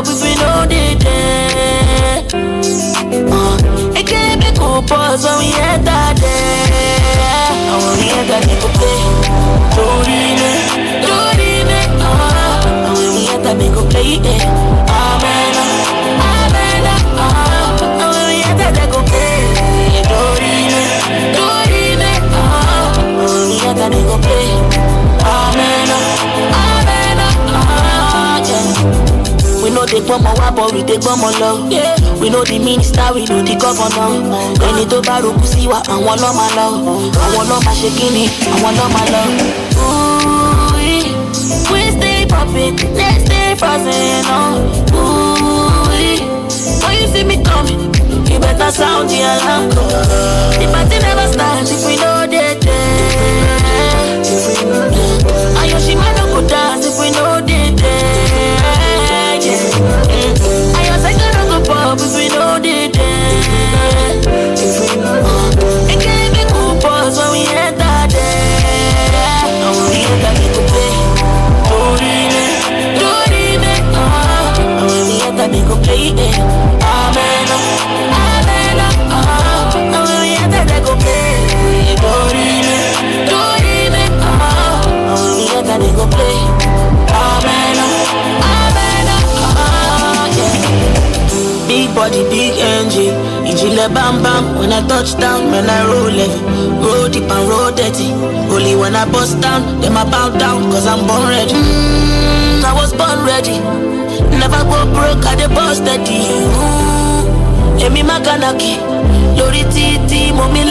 up if we know they there. Uh, it can't be cool when we enter day. I want to hear that people play. Dorine, Dorine, ah. I want to enter, that go play it. Amen, uh, play. Uh, dey gbọ́mọ wá bọ̀ we dey gbọ́mọ lọ. we know the minister we know the governor. ẹni tó bá rògbò sí wa àwọn lọ́ máa lọ. àwọn lọ́ máa ṣe kíni àwọn lọ́ máa lọ. we stay popping let's stay frozen on. Oh. when you see me coming you better sound the alarm. the party never start if we know that. there. and your shima no go dance. body, big engine. Ijile bam bam, when I touch down, man I roll heavy. Roll deep and roll dirty. Only when I bust down, them I bow down, cause I'm born ready. Mm, I was born ready. never go broke, I the boss steady. Ooh, èmi má kànàkì lórí títí mo mi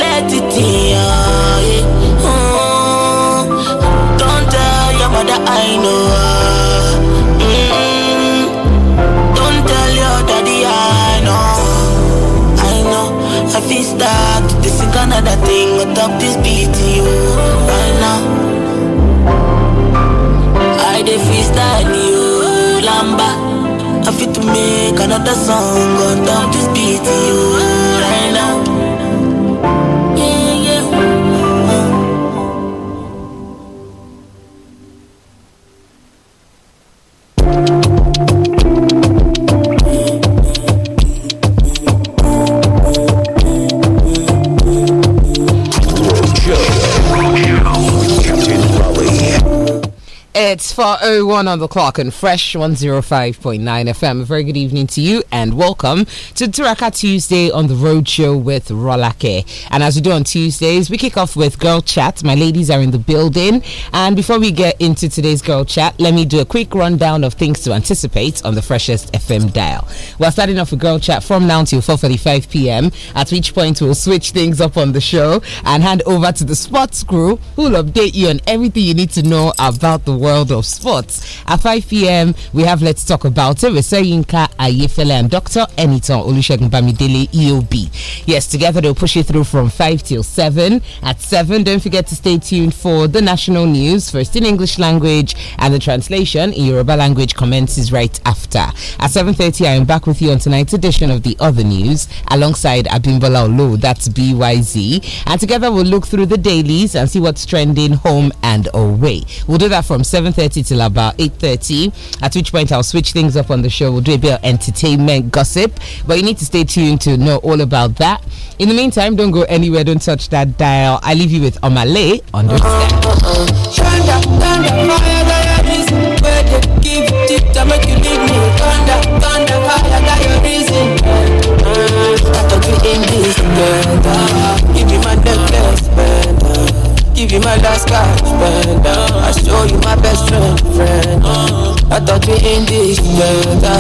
Don't tell your mother I know. Don't tell your daddy I know. I know. I feel start this is another thing. I talk this beat you right now. I dey freestyle you. make another song on top this beat, you. 4.01 on the clock and Fresh 105.9 FM. A very good evening to you and welcome to Turaka Tuesday on the Road Show with Rolake. And as we do on Tuesdays, we kick off with Girl Chat. My ladies are in the building. And before we get into today's Girl Chat, let me do a quick rundown of things to anticipate on the Freshest FM dial. We're starting off with Girl Chat from now till 4.45 p.m. At which point we'll switch things up on the show and hand over to the sports crew who'll update you on everything you need to know about the world of sports. At 5 p.m., we have Let's Talk About It with Sayinka Ayefele and Dr. Eniton Olusegun Bamidele, EOB. Yes, together they'll push you through from 5 till 7. At 7, don't forget to stay tuned for the national news, first in English language, and the translation in Yoruba language commences right after. At 7.30, I am back with you on tonight's edition of The Other News alongside Abimbola Olu, that's BYZ. And together we'll look through the dailies and see what's trending home and away. We'll do that from 7.30 till about 8.30, at which point I'll switch things up on the show. We'll do a bit of entertainment gossip, but you need to stay tuned to know all about that. In the meantime, don't go anywhere. Don't touch that dial. I leave you with Omale on the uh-uh, step give you my last cash, friend. Uh, I show you my best friend, friend. Uh, I thought we in this better.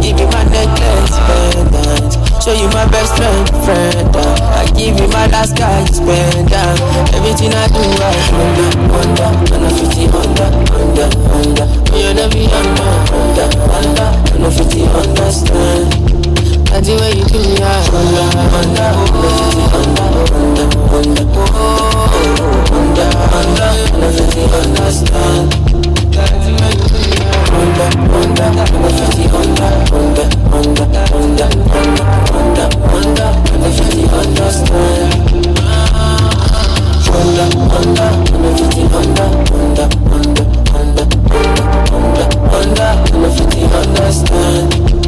Give you my necklace, friend. Uh. Show you my best friend, friend. Uh, I give you my last cash, friend. Uh, everything I do, I wonder, wonder. Man, I'm 50 under, under, under. Oh, You're never under, under, under. Man, I'm 50 understand. That's the way you do me I understand. you understand.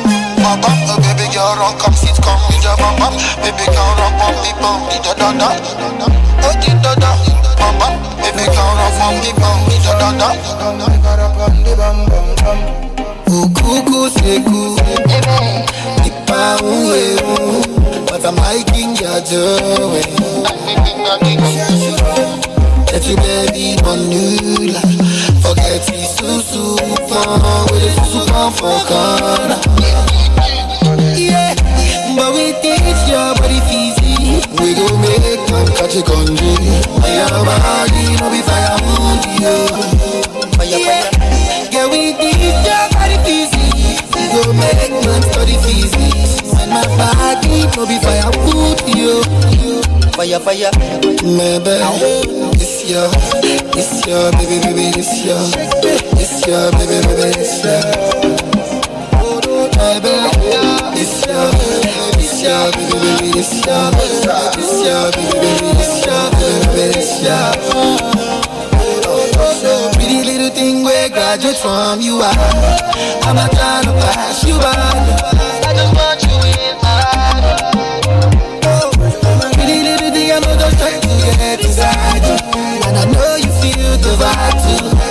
bam bam Oh baby girl rock come sit come with your bam bam Baby girl rock on me bam di da da da Oh di da da bam bam Baby girl rock on me bam di da da da I got up on the bam bam bam Oh kuku seku pa uwe u But I'm liking your joy eh. Let you baby manula Forget it so super With it super for corner country. Fire body, no be fire booty, Fire, fire. Yeah, we this, your body busy. You make man study physics. And my body, no be fire booty, Fire, fire. Maybe it's your, it's your baby, baby, it's your, it's your baby, baby, it's your. Maybe it's your this ya, baby, baby, baby, baby, baby, baby, from you are. I'm a trying of pass you by. I just want you in my life. Pretty little thing, I'm just trying to get inside you, and I know you feel the vibe too.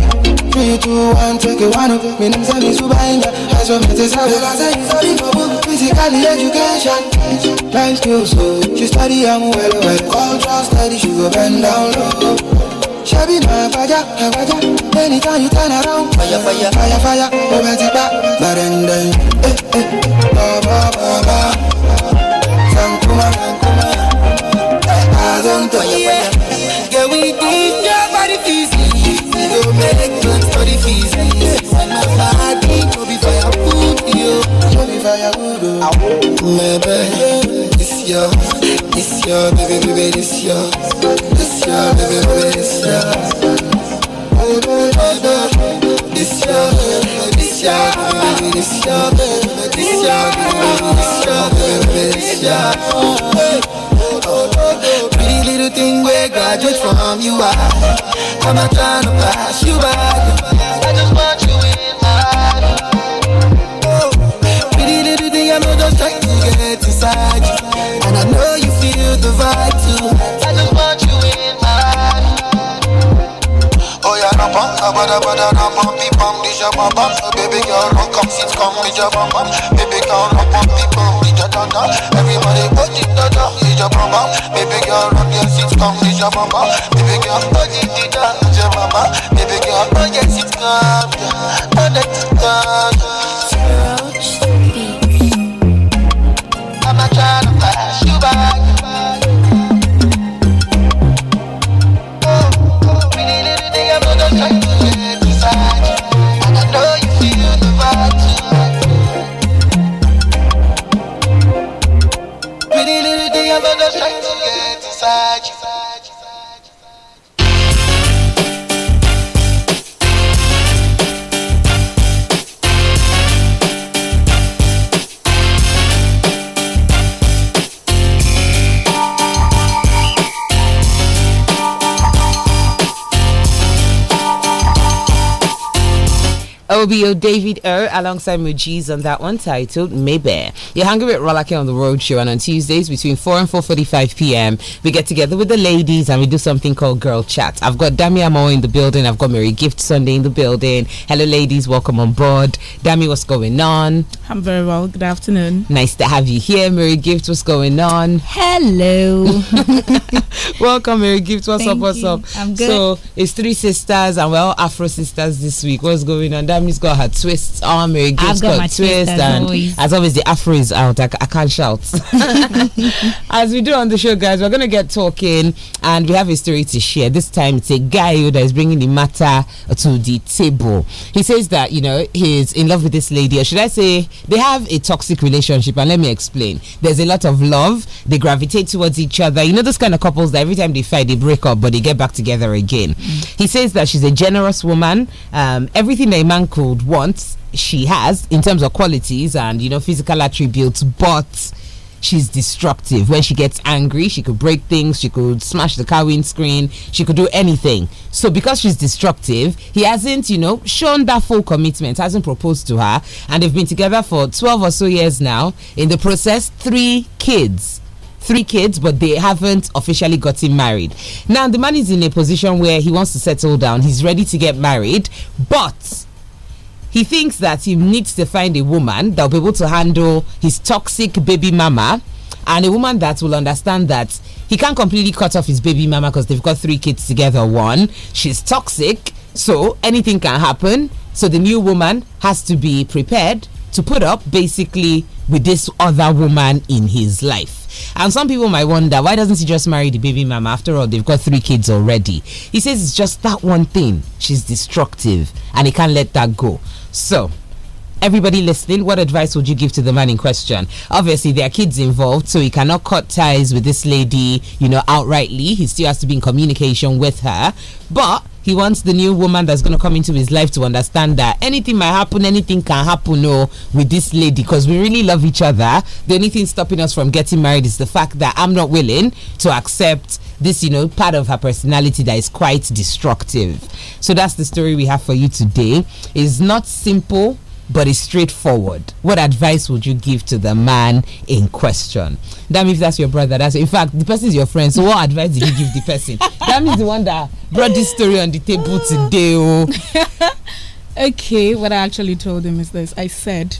Three, two, one, take it one. Oh. Me name say Miss Ubainga. I swear me say sorry. Girl, I say you sorry for book. Physically education, life skills. So oh. she study I'm well well. Cultural study, she go bend down low. She be my baja, my baja. Anytime you turn around, fire, fire, fire, fire. Oh, my tipa, barenden. Eh, eh, ba, ba, ba, ba. Sankuma, sankuma. I don't know. firewood. Maybe this year, this year, baby, baby, this year, this year, baby, baby, this year. This year, this year, baby, this year, this year, baby, this year, baby, this year. Pretty little thing where graduate from you are. I'm not trying to pass you by. I just want inside And I know you feel the vibe too. I just want you in my Oh yeah, no pump, no bada bada, no pumpy pump, this your bum bum. Baby girl, no come sit, come with your bum bum. Baby girl, no pumpy pump, this your dun dun. Everybody put it dun dun, this your bum bum. Baby girl, rock your sit, come with your bum bum. Baby girl, put it dun dun, this your bum bum. Baby girl, rock your sit, come, put it. OBO David O alongside Mujiz on that one titled Maybe. You're hanging with Rolake on the road show and on Tuesdays between 4 and 4.45 p.m. we get together with the ladies and we do something called Girl Chat. I've got Dami Amo in the building. I've got Mary Gift Sunday in the building. Hello ladies, welcome on board. Dami, what's going on? I'm very well. Good afternoon. Nice to have you here. Mary Gift, what's going on? Hello. welcome Mary Gift. What's Thank up? What's you. up? I'm good. So it's three sisters and we're all Afro sisters this week. What's going on? Dami, has got her twists. Army oh, gabe got, my twist, twist as and always. as always the afro is out. I, I can't shout. as we do on the show, guys, we're gonna get talking, and we have a story to share. This time, it's a guy that is bringing the matter to the table. He says that you know he's in love with this lady, or should I say they have a toxic relationship? And let me explain. There's a lot of love. They gravitate towards each other. You know those kind of couples that every time they fight, they break up, but they get back together again. Mm. He says that she's a generous woman. Um, everything that a man could could want, she has in terms of qualities and you know physical attributes, but she's destructive. When she gets angry, she could break things, she could smash the car windscreen, she could do anything. So because she's destructive, he hasn't, you know, shown that full commitment, hasn't proposed to her, and they've been together for 12 or so years now. In the process, three kids. Three kids, but they haven't officially gotten married. Now, the man is in a position where he wants to settle down. He's ready to get married, but he thinks that he needs to find a woman that will be able to handle his toxic baby mama and a woman that will understand that he can't completely cut off his baby mama because they've got three kids together. One, she's toxic, so anything can happen. So the new woman has to be prepared to put up basically with this other woman in his life. And some people might wonder why doesn't he just marry the baby mama? After all, they've got three kids already. He says it's just that one thing. She's destructive and he can't let that go. So, everybody listening, what advice would you give to the man in question? Obviously, there are kids involved, so he cannot cut ties with this lady, you know, outrightly. He still has to be in communication with her. But he wants the new woman that's going to come into his life to understand that anything might happen, anything can happen, no, with this lady because we really love each other. The only thing stopping us from getting married is the fact that I'm not willing to accept this, you know, part of her personality that is quite destructive. So that's the story we have for you today. It's not simple, but it's straightforward. What advice would you give to the man in question? That means that's your brother. That's in fact the person is your friend. So what advice did you give the person? that means the one that brought this story on the table today. Oh. okay, what I actually told him is this. I said,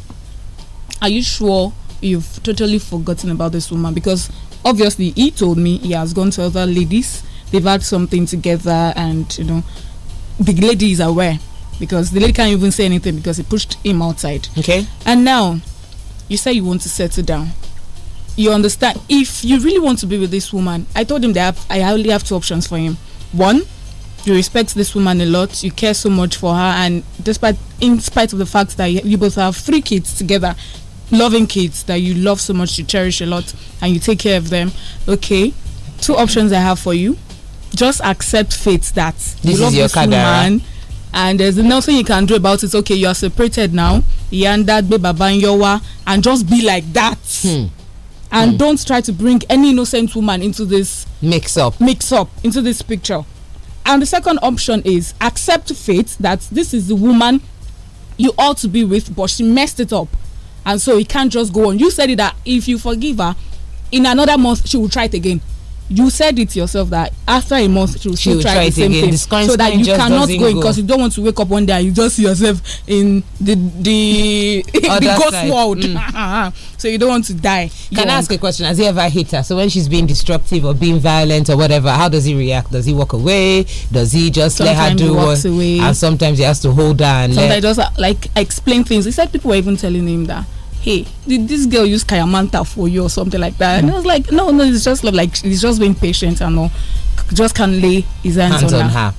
Are you sure you've totally forgotten about this woman? Because obviously he told me he has gone to other ladies they've had something together and you know the lady is aware because the lady can't even say anything because he pushed him outside okay and now you say you want to settle down you understand if you really want to be with this woman i told him that i only have two options for him one you respect this woman a lot you care so much for her and despite in spite of the fact that you both have three kids together loving kids that you love so much, you cherish a lot, and you take care of them. Okay, two options I have for you: just accept fate that this you love this man, and there's nothing you can do about it. Okay, you are separated now. Yanda baba yowa, and just be like that. Hmm. And hmm. don't try to bring any innocent woman into this mix up. Mix up into this picture. And the second option is accept fate that this is the woman you ought to be with, but she messed it up and so he can't just go on you said it that if you forgive her in another month she will try it again you said it yourself that after a month she, will try the same again. thing so that you cannot go in because you don't want to wake up one day and you just see yourself in the the, the ghost side. world mm. so you don't want to die can young. I ask a question has he ever hit her so when she's being destructive or being violent or whatever how does he react does he walk away does he just sometimes let her do what away. and sometimes he has to hold her and sometimes let, just like explain things he said people were even telling him that hey, did this girl use Kayamanta for you or something like that? And I was like, no, no, it's just Like, he's just being patient and all. Just can lay his hands, hands on, on, her. her.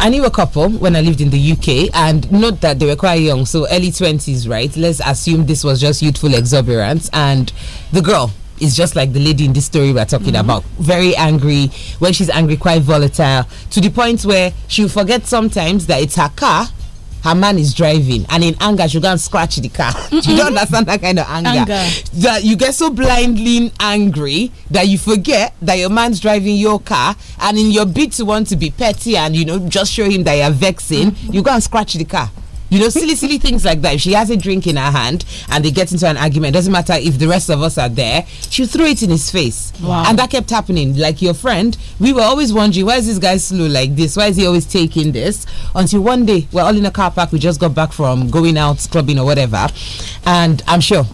I knew a couple when I lived in the UK, and not that they were quite young, so early 20s, right? Let's assume this was just youthful exuberance. And the girl is just like the lady in this story we're talking mm -hmm. about. Very angry. When she's angry, quite volatile, to the point where she'll forget sometimes that it's her car her man is driving and in anger she go and scratch the car you don't mm-hmm. understand that kind of anger. anger that you get so blindly angry that you forget that your man's driving your car and in your bid to want to be petty and you know just show him that you're vexing mm-hmm. you go and scratch the car you know, silly, silly things like that. If she has a drink in her hand and they get into an argument, doesn't matter if the rest of us are there, she'll throw it in his face. Wow. And that kept happening. Like your friend, we were always wondering, why is this guy slow like this? Why is he always taking this? Until one day, we're all in a car park. We just got back from going out, clubbing or whatever. And I'm sure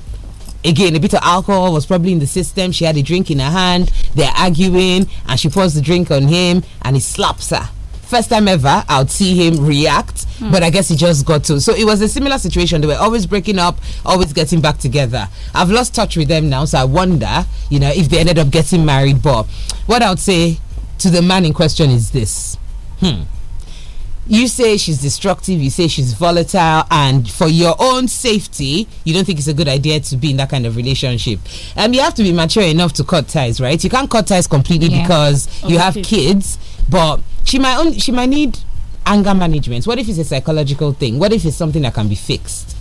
again a bit of alcohol was probably in the system she had a drink in her hand they're arguing and she pours the drink on him and he slaps her first time ever, I'd see him react, mm. but I guess he just got to. So it was a similar situation. They were always breaking up, always getting back together. I've lost touch with them now, so I wonder, you know, if they ended up getting married. But what I would say to the man in question is this. Hmm you say she's destructive, you say she's volatile, and for your own safety, you don't think it's a good idea to be in that kind of relationship. And um, you have to be mature enough to cut ties, right? You can't cut ties completely yeah. because you have kids, but she might only, she might need anger management. What if it's a psychological thing? What if it's something that can be fixed?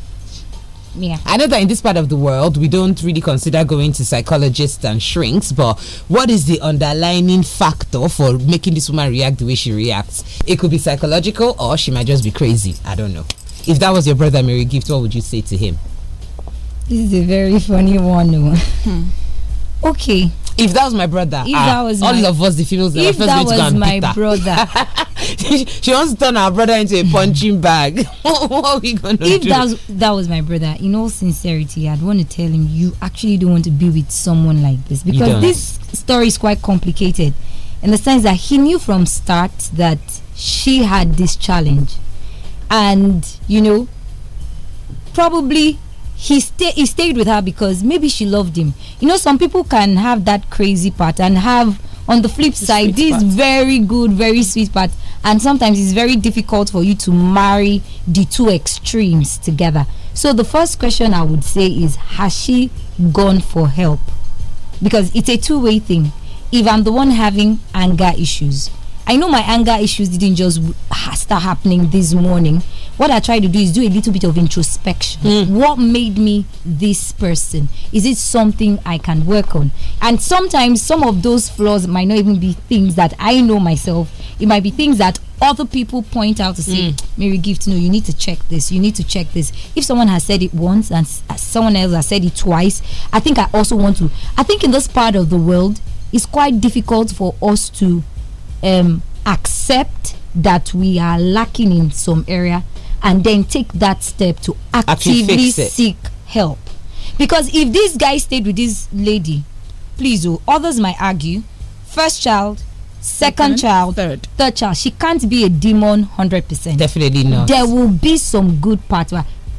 Yeah. I know that in this part of the world, we don't really consider going to psychologists and shrinks, but what is the underlying factor for making this woman react the way she reacts? It could be psychological or she might just be crazy. I don't know. If that was your brother, Mary Gift, what would you say to him? This is a very funny one. Oh. Hmm. Okay. If that was my brother, if ah, that was all my, of us, the females, if that going was my brother, she wants to turn our brother into a punching bag. what are we gonna if do? If that was my brother, in all sincerity, I'd want to tell him you actually don't want to be with someone like this because this story is quite complicated, in the sense that he knew from start that she had this challenge, and you know, probably he stay he stayed with her because maybe she loved him. You know, some people can have that crazy part and have on the flip the side this part. very good, very sweet part. And sometimes it's very difficult for you to marry the two extremes together. So the first question I would say is has she gone for help? Because it's a two-way thing. If I'm the one having anger issues, I know my anger issues didn't just start happening this morning what I try to do is do a little bit of introspection. Mm. What made me this person? Is it something I can work on? And sometimes some of those flaws might not even be things that I know myself. It might be things that other people point out to say, mm. Mary Gift, no, you need to check this. You need to check this. If someone has said it once and uh, someone else has said it twice, I think I also want to. I think in this part of the world, it's quite difficult for us to um, accept that we are lacking in some area and then take that step to actively seek help. Because if this guy stayed with this lady, please, oh, others might argue first child, second, second child, third. third child. She can't be a demon 100%. Definitely not. There will be some good part.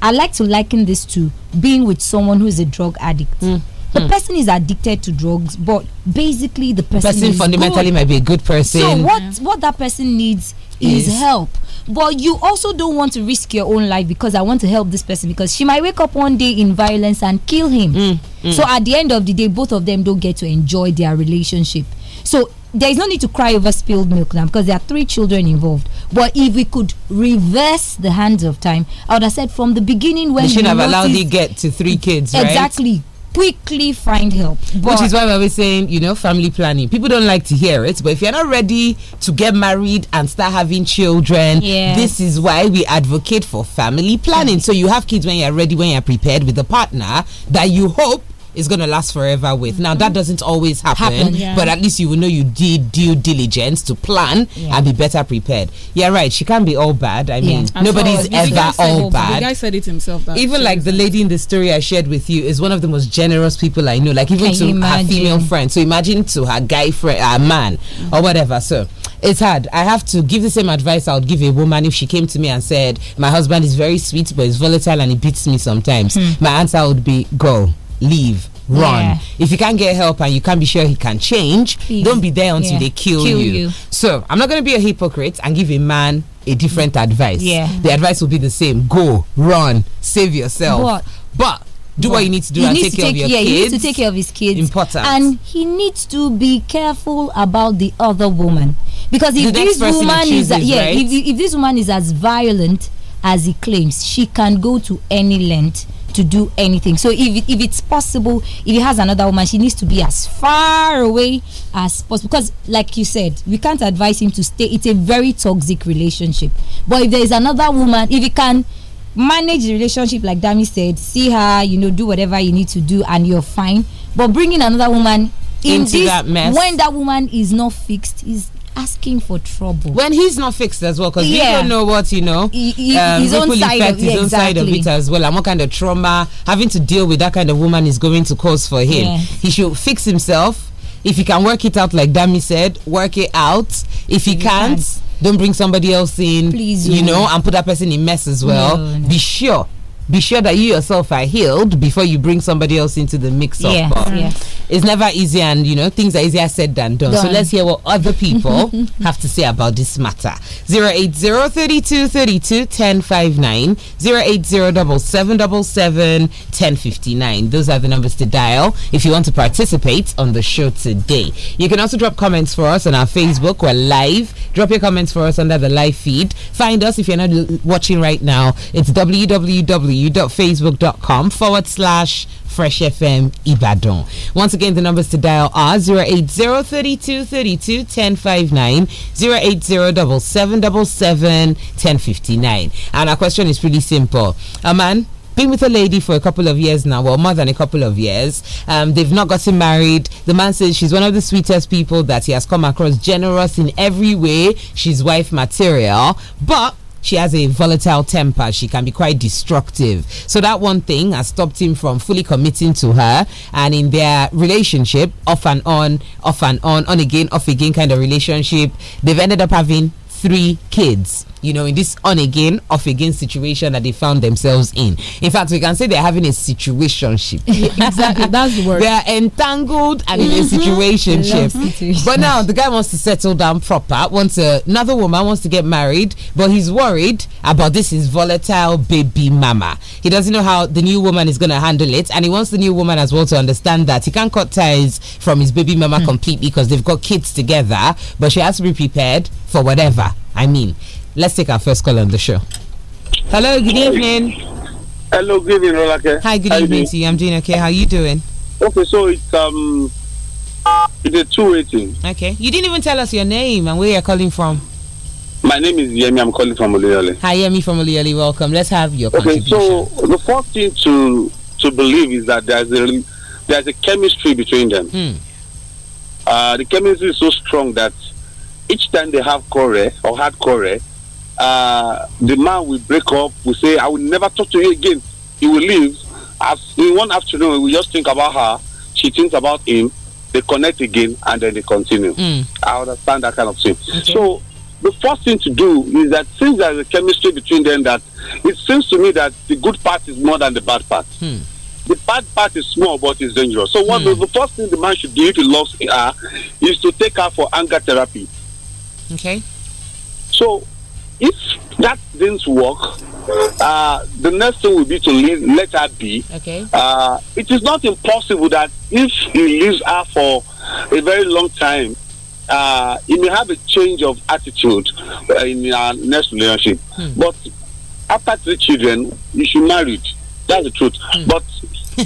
I like to liken this to being with someone who is a drug addict. Mm. The mm. person is addicted to drugs, but basically the person, the person fundamentally good. might be a good person. So what yeah. what that person needs is help but you also don't want to risk your own life because I want to help this person because she might wake up one day in violence and kill him. Mm, mm. So at the end of the day, both of them don't get to enjoy their relationship. So there is no need to cry over spilled milk now because there are three children involved. But if we could reverse the hands of time, I would have said from the beginning when you should have allowed you get to three kids. Right? Exactly quickly find help. But Which is why we're always saying, you know, family planning. People don't like to hear it, but if you're not ready to get married and start having children, yeah. this is why we advocate for family planning. So you have kids when you're ready, when you're prepared with a partner that you hope is going to last forever with. Mm -hmm. Now, that mm-hmm. doesn't always happen, happen yeah. but at least you will know you did due diligence to plan yeah. and be better prepared. Yeah, right. She can't be all bad. I mean, yeah. nobody's so, ever all bad. The guy said it himself. even like the lady in the story I shared with you is one of the most generous people I know, like even Can to her female friend. So imagine to her guy friend, her man, mm -hmm. or whatever. So, it's hard. I have to give the same advice I would give a woman if she came to me and said, My husband is very sweet, but he's volatile and he beats me sometimes. Hmm. My answer would be, Go leave run yeah. if you can't get help and you can't be sure he can change Please. don't be there until yeah. they kill, kill you. you. so i'm not going to be a hypocrite and give a man a different advice yeah the advice will be the same go run save yourself but, but do what you need to do and take care take, of your yeah, kids. Yeah, he needs to take care of his kids. Important. And he needs to be careful about the other woman because if this woman chooses, is yeah, right? if, if this woman is as violent as he claims, she can go to any length to do anything. So if if it's possible, if he has another woman, she needs to be as far away as possible. Because like you said, we can't advise him to stay. It's a very toxic relationship. But if there is another woman, if he can manage the relationship like Dami said, see her, you know, do whatever you need to do, and you're fine. But bringing another woman in Into this that when that woman is not fixed is asking for trouble. When he's not fixed as well, because yeah. we don't know what, you know, he, he, um, his, own side, of, his exactly. own side of it as well. And what kind of trauma having to deal with that kind of woman is going to cause for him. Yeah. He should fix himself. If he can work it out, like Dami said, work it out. If he, can't, can. do not bring somebody else in. Please, you yeah. know, and put that person in mess as well. No, no. Be sure be sure that you yourself are healed before you bring somebody else into the mix yes, up. Yes. It's never easy, and you know, things are easier said than done. done. So let's hear what other people have to say about this matter. 080 32 1059, 080 Those are the numbers to dial if you want to participate on the show today. You can also drop comments for us on our Facebook. We're live. Drop your comments for us under the live feed. Find us if you're not watching right now. It's www www.facebook.com forward slash Fresh FM Ibadan. Once again, the numbers to dial are 080 32 32 1059, 080 777 1059. And our question is pretty simple. A man been with a lady for a couple of years now, well, more than a couple of years. Um, they've not gotten married. The man says she's one of the sweetest people that he has come across, generous in every way. She's wife material. But she has a volatile temper. She can be quite destructive. So that one thing has stopped him from fully committing to her. And in their relationship, off and on, off and on, on again, off again kind of relationship, they've ended up having three kids you know, in this on again, off again situation that they found themselves in. In fact, we can say they're having a situationship. exactly, that's the word. They are entangled and in a mm-hmm. situationship. ship. But now the guy wants to settle down proper, wants a, another woman, wants to get married, but he's worried about this is volatile baby mama. He doesn't know how the new woman is going to handle it, and he wants the new woman as well to understand that he can't cut ties from his baby mama mm. completely because they've got kids together, but she has to be prepared for whatever. I mean, Let's take our first call on the show. Hello, good evening. Hello, good evening, Rolake. Hi, good How evening to you. I'm doing okay. How are you doing? Okay, so it's um it's a two rating. Okay. You didn't even tell us your name and where you're calling from. My name is Yemi. I'm calling from Oluyole. Hi, Yemi from Oluyole. Welcome. Let's have your okay. So the first thing to to believe is that there's a there's a chemistry between them. Hmm. Uh, the chemistry is so strong that each time they have core or had core, uh, the man will break up, will say, I will never talk to you again. He will leave. As in one afternoon, we just think about her. She thinks about him. They connect again and then they continue. Mm. I understand that kind of thing. Okay. So the first thing to do is that since there's a chemistry between them, that it seems to me that the good part is more than the bad part. Mm the bad part is small but it's dangerous so one mm. the first thing the man should do if he loves her is to take her for anger therapy okay so if that didn't work, uh, the next thing will be to leave, let her be. Okay. Uh, it is not impossible that if he leaves her for a very long time, uh, he may have a change of attitude uh, in our next relationship. Hmm. But after three children, you should marry. It. That's the truth. Hmm. But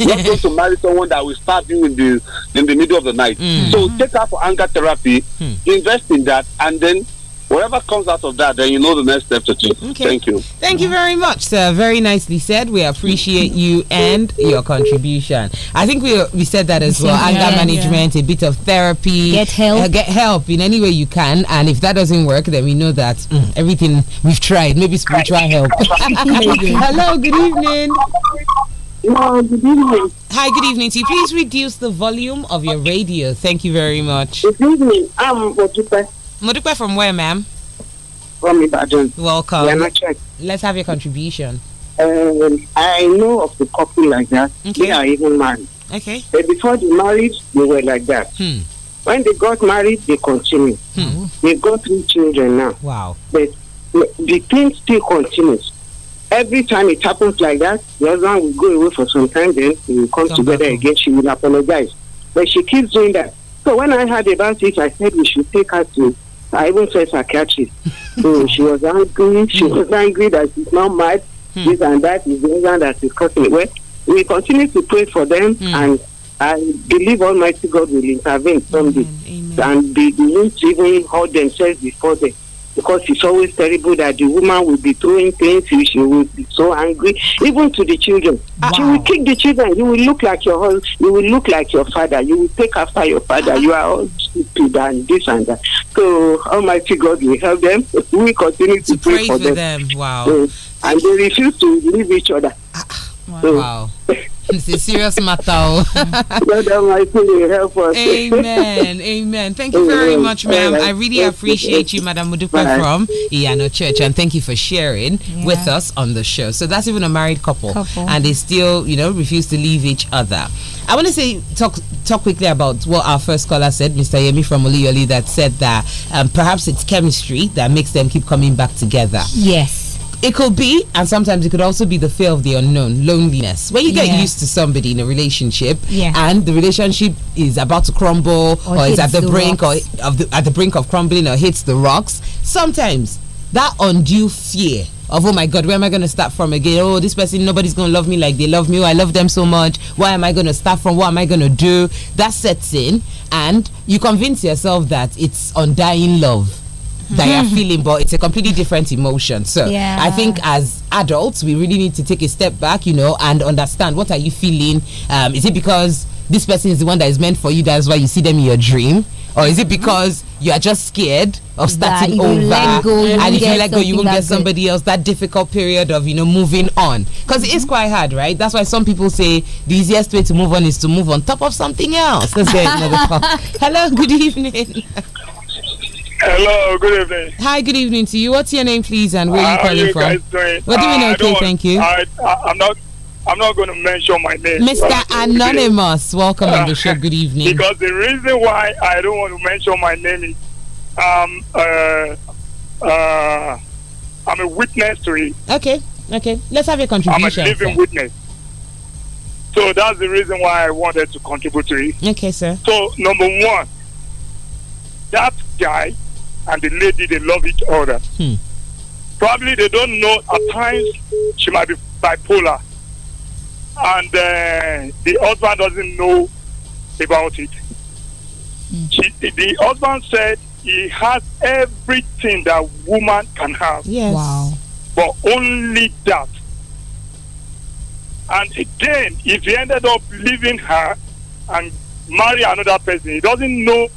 not going to marry someone that will stab you in the in the middle of the night. Hmm. So take her for anger therapy, hmm. invest in that, and then whatever comes out of that, then you know the next step to take. Okay. Thank you. Thank you very much, sir. Very nicely said. We appreciate you and your contribution. I think we we said that as well. Yeah, Anger management, yeah. a bit of therapy, get help, uh, get help in any way you can. And if that doesn't work, then we know that mm, everything we've tried, maybe spiritual help. Hello. Good evening. No, good evening. Hi, good evening to you. Please reduce the volume of your radio. Thank you very much. Good evening. I'm Ojupe. Modipe from where, ma'am? From Ibadan. Welcome. Let's have your contribution. Um, I know of the couple like that. Okay. They are even married. Okay. But before the marriage, they were like that. Hmm. When they got married, they continued. Hmm. They got three children now. Wow. But the thing still continues. Every time it happens like that, the husband will go away for some time, then he will come some together problem. again. She will apologize. But she keeps doing that. So when I heard about it, I said we should take her to I even saw a psychiatrist. so she was angry. She was angry that she's not mad. Hmm. This and that is the reason that is causing it. Well, we continue to pray for them, hmm. and I believe Almighty God will intervene someday, Amen. and they, they need to even hold themselves before them because it's always terrible that the woman will be throwing things she will be so angry even to the children wow. Ah, she will kick the children you will look like your husband you will look like your father you will take after your father you are all stupid and this and that so almighty god will help them we continue to, to pray, pray, for, them. them. wow so, and they refuse to leave each other ah, ah, wow so, it's a serious matter. Oh. help us. Amen. Amen. Thank you very much, ma'am. I really appreciate you, Madam Mudupa from Iano Church, and thank you for sharing yeah. with us on the show. So that's even a married couple, couple, and they still, you know, refuse to leave each other. I want to say talk talk quickly about what our first caller said, Mr. Yemi from Oliyoli, that said that um, perhaps it's chemistry that makes them keep coming back together. Yes it could be, and sometimes it could also be the fear of the unknown, loneliness. When you get yeah. used to somebody in a relationship, yeah. and the relationship is about to crumble, or, or is at the, the brink, rocks. or the, at the brink of crumbling, or hits the rocks. Sometimes that undue fear of oh my god where am i going to start from again oh this person nobody's going to love me like they love me oh, i love them so much why am i going to start from what am i going to do that sets in and you convince yourself that it's undying love that you're mm-hmm. feeling, but it's a completely different emotion. So yeah. I think as adults, we really need to take a step back, you know, and understand what are you feeling. Um, is it because this person is the one that is meant for you? That's why you see them in your dream, or is it mm-hmm. because you are just scared of starting over? Go, and if you let go, you won't get somebody good. else. That difficult period of you know moving on, because mm -hmm. it is mm-hmm. quite hard, right? That's why some people say the easiest way to move on is to move on top of something else. Let's get another call. Hello, good evening. Hello, good evening. Hi, good evening to you. What's your name, please, and where uh, are you calling from? Doing? We're doing uh, okay, thank you. I, am not. I'm not going to mention my name. Mr. Uh, Anonymous, welcome uh, on the show. Good evening. Because the reason why I don't want to mention my name is, um, uh, uh, I'm a witness to it. Okay, okay. Let's have your contribution. I'm a living sir. witness. So that's the reason why I wanted to contribute to it. Okay, sir. So number one, that guy and the lady, they love each other. Hmm. Probably they don't know at times she might be bipolar. And uh, the husband doesn't know about it. Hmm. She, the husband said he has everything that woman can have. Yes. Wow. But only that. And again, if he ended up leaving her and marry another person, he doesn't know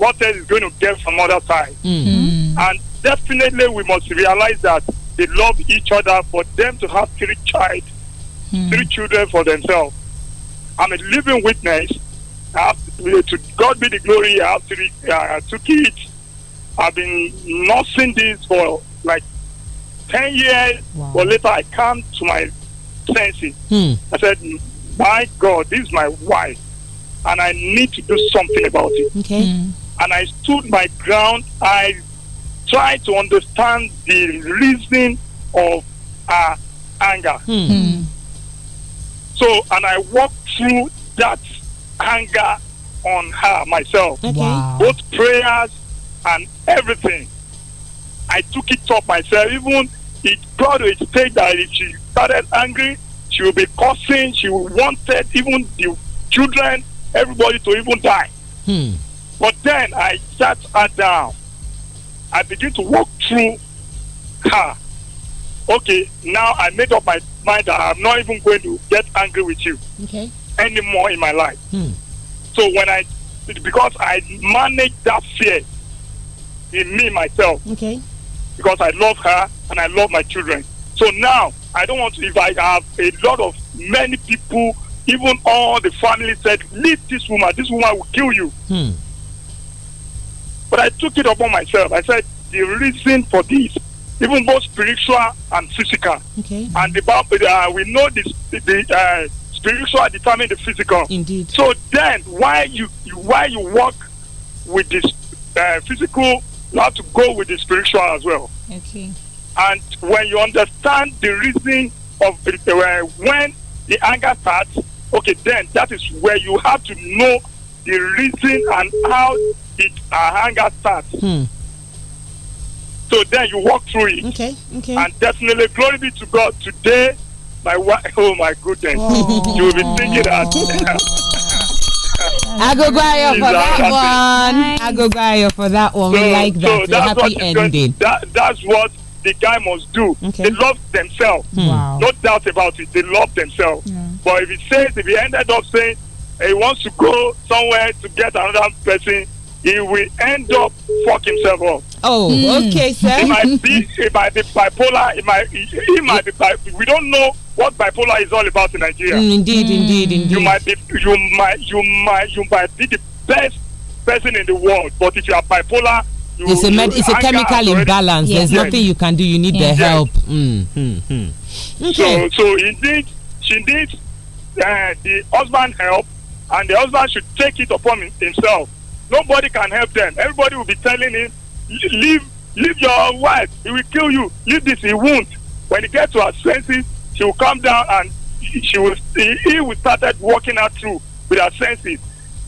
what else is going to get from other side. Mm. And definitely we must realize that they love each other for them to have three child, mm. three children for themselves. I'm a living witness. Have, eh, to God be the glory. I have three, uh, two kids. I've been nursing this for like 10 years. Wow. But later I come to my senses. Mm. I said, my God, this is my wife. And I need to do something about it. Okay. Mm and I stood my ground. I tried to understand the reason of her anger. Mm. So, and I walked through that anger on her myself. Okay. Wow. Both prayers and everything. I took it up myself. Even it got to a stage that if she started angry, she would be cursing. She wanted even the children, everybody to even die. Hmm. But then I sat her down. I began to walk through her. Okay, now I made up my mind that I'm not even going to get angry with you okay. anymore in my life. Hmm. So when I, because I managed that fear in me myself. Okay. Because I love her and I love my children. So now I don't want to. If I have a lot of many people, even all the family said, leave this woman. This woman will kill you. Hmm. But I took it upon myself. I said, the reason for this, even both spiritual and physical. Okay. And the Bible, uh, we know this, the uh, spiritual determine the physical. Indeed. So then, why you, why you work with this uh, physical, you have to go with the spiritual as well. Okay. And when you understand the reason of uh, when the anger starts, okay, then that is where you have to know the reason and how it a hunger starts. Hmm. So then you walk through it. Okay, okay. And definitely, glory be to God. Today, my wife, oh my goodness, oh. you will be thinking that. I go Agogo for that one. I go Agogo for that one. So, we like that. So the happy ending. That, that's what the guy must do. Okay. They love themselves. Hmm. Wow. No doubt about it. They love themselves. Yeah. But if he says, if he ended up saying he wants to go somewhere to get another person he will end up fuck himself up. Oh, mm. okay, sir. It might be, it might be bipolar. It might, it, it might be. We don't know what bipolar is all about in Nigeria. Mm, indeed, mm. indeed, indeed. You might be, you might, you might, you might be the best person in the world, but if you are bipolar. You, it's a, med- it's a chemical imbalance. There's yes. nothing you can do. You need yeah. the help. Mm, okay. So, so indeed, she needs uh, the husband help, and the husband should take it upon himself Nobody can help them. Everybody will be telling him, leave, leave your wife. He will kill you. Leave this. He won't. When he gets to her senses, she will come down and she will. He, he will started walking her through with her senses.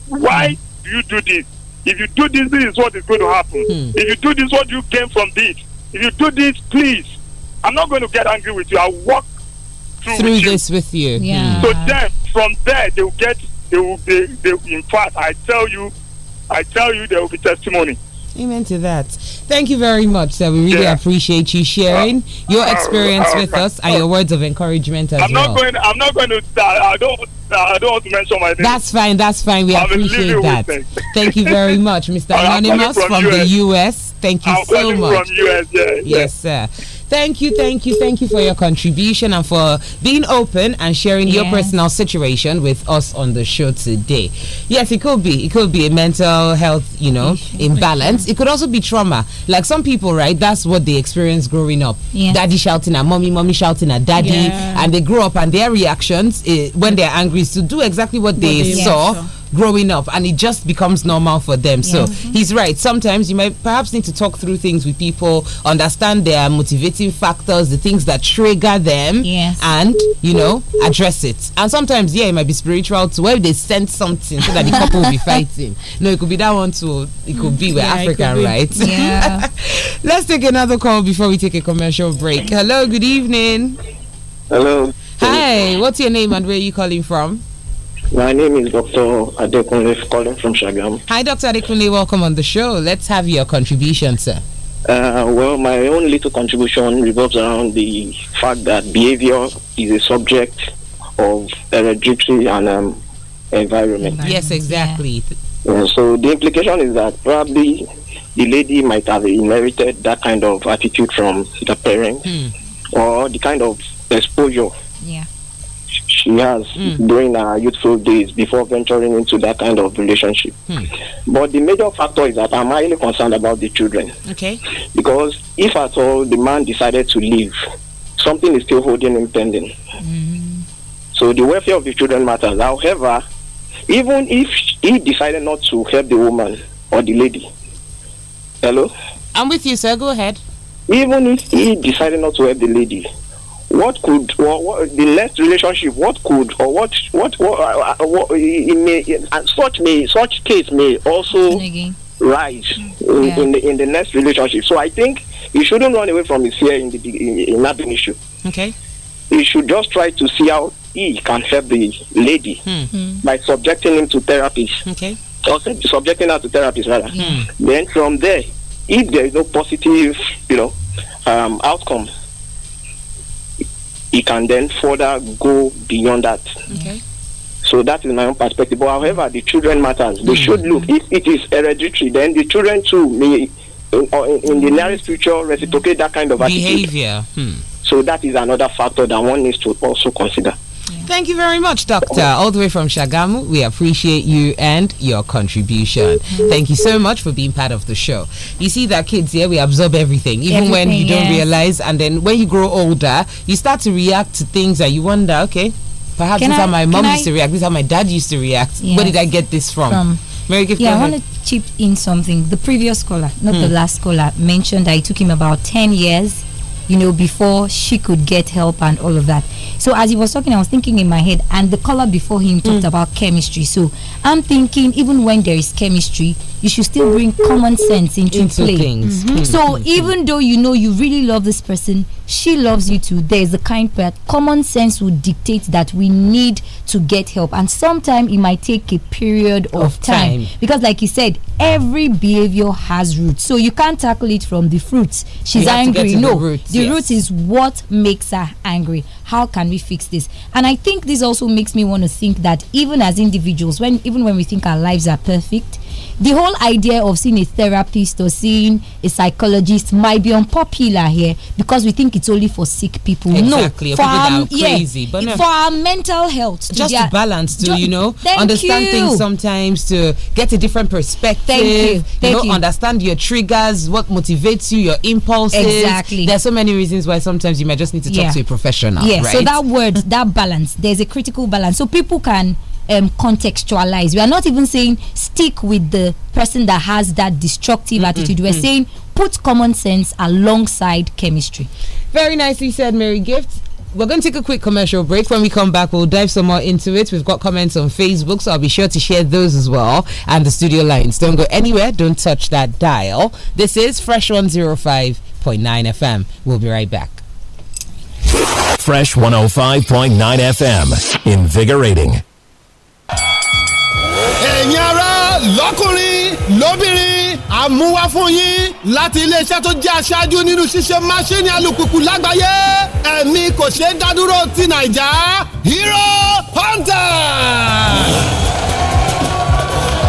Why do you do this? If you do this, this is what is going to happen. Hmm. If you do this, what you gain from this. If you do this, please. I'm not going to get angry with you. I'll walk through, through with this you. with you. Yeah. So then, from there, they will get. They will. be. they, in fact, I tell you, I tell you, there will be testimony. Amen to that. Thank you very much, sir. We really yeah. appreciate you sharing uh, your uh, experience uh, uh, with us and your uh, words of encouragement as I'm well. I'm not going. I'm not going to. Uh, I don't. I don't want to mention my name. That's fine. That's fine. We I appreciate that. Thank you very much, Mr. Anonymous from, from US. the U.S. Thank you I'm so much. From US, yeah, yes, yeah. sir. Thank you, thank you, thank you for your contribution and for being open and sharing yeah. your personal situation with us on the show today. Yes, it could be. It could be a mental health, you know, imbalance. It could also be trauma. Like some people, right? That's what they experience growing up. Yeah. Daddy shouting at mommy, mommy shouting at daddy, yeah. and they grow up and their reactions eh, when they're angry is to do exactly what, what they, they saw growing up and it just becomes normal for them. Yeah. So mm -hmm. he's right. Sometimes you might perhaps need to talk through things with people, understand their motivating factors, the things that trigger them, yes. and you know, address it. And sometimes, yeah, it might be spiritual too, where they sent something so that the couple will be fighting. No, it could be that one too. It could be we're yeah, African, right? Yeah. Let's take another call before we take a commercial break. Hello, good evening. Hello. Hi, what's your name and where are you calling from? My name is Dr. Adekunle calling from Shagam. Hi, Dr. Adekunle. Welcome on the show. Let's have your contribution, sir. Uh, well, my own little contribution revolves around the fact that behavior is a subject of hereditary and um, environment. Yes, exactly. Yeah. Uh, so the implication is that probably the lady might have inherited that kind of attitude from the parent hmm. or the kind of exposure yeah she has mm. during her youthful days before venturing into that kind of relationship. Mm. But the major factor is that I'm highly concerned about the children. Okay. Because if at all the man decided to leave, something is still holding him pending. Mm. So the welfare of the children matters. However, even if he decided not to help the woman or the lady. Hello? I'm with you, sir. Go ahead. Even if he decided not to help the lady, what could or what, the less relationship what could or what what, what, uh, uh, what may, uh, such may such case may also rise hmm. in, yeah. in, the in the next relationship so i think you shouldn't run away from his fear in the in, in that issue okay you should just try to see how he can help the lady hmm. hmm. by subjecting him to therapies. okay also subjecting her to therapies rather hmm. then from there if there is no positive you know um, he can then further go beyond that. Okay. So that is my own perspective. But however, the children matters. They mm -hmm. should look. If it is hereditary, then the children too may, in, in the mm. nearest future, reciprocate that kind of behavior. Hmm. So that is another factor that one needs to also consider. Thank you very much, Doctor. All the way from Shagamu, we appreciate you and your contribution. Mm-hmm. Thank you so much for being part of the show. You see that kids here, yeah, we absorb everything, even everything, when you don't realize. And then when you grow older, you start to react to things that you wonder, okay, perhaps can this how my mom used I? to react, this is how my dad used to react. Yes. Where did I get this from? from Mary, yeah, I want to chip in something. The previous caller, not hmm. the last caller, mentioned that it took him about 10 years you know, before she could get help and all of that. So as he was talking, I was thinking in my head, and the caller before him talked mm. about chemistry. So I'm thinking, even when there is chemistry, you should still bring common sense into, into play. Mm -hmm. So mm-hmm. even though you know you really love this person, she loves you too. There is a kind part. Common sense will dictate that we need to get help, and sometimes it might take a period of, of time. time. because, like you said, every behavior has roots, so you can't tackle it from the fruits. She's angry. no, the root, the yes. root is what makes her angry. How can we fix this? And I think this also makes me want to think that even as individuals, when even when we think our lives are perfect, the whole idea of seeing a therapist or seeing a psychologist might be unpopular here because we think it's only for sick people. Exactly, no, for our, crazy, yeah, but no. for our mental health, just their, to balance, to you know, understand you. things sometimes, to get a different perspective. Thank you. Thank you know, you. understand your triggers, what motivates you, your impulses. Exactly. There's so many reasons why sometimes you might just need to talk yeah. to a professional. Yeah. Right? So that word, that balance, there's a critical balance, so people can um, contextualize. We are not even saying stick with the person that has that destructive mm attitude. We're mm. Mm-hmm. saying put common sense alongside chemistry. Very nicely said, Mary Gift we're going to take a quick commercial break. When we come back, we'll dive some more into it. We've got comments on Facebook, so I'll be sure to share those as well. And the studio lines. Don't go anywhere. Don't touch that dial. This is Fresh 105.9 FM. We'll be right back. Fresh 105.9 FM. Invigorating. ẹ̀yin ará lọ́kùnrin lóbìnrin àmúwá fún yín láti iléeṣẹ́ tó jẹ́ aṣáájú nínú ṣíṣe máṣíìnì alùpùpù lágbàáyé ẹ̀mí kò ṣeé dádúró ti nàìjà Hero Hunter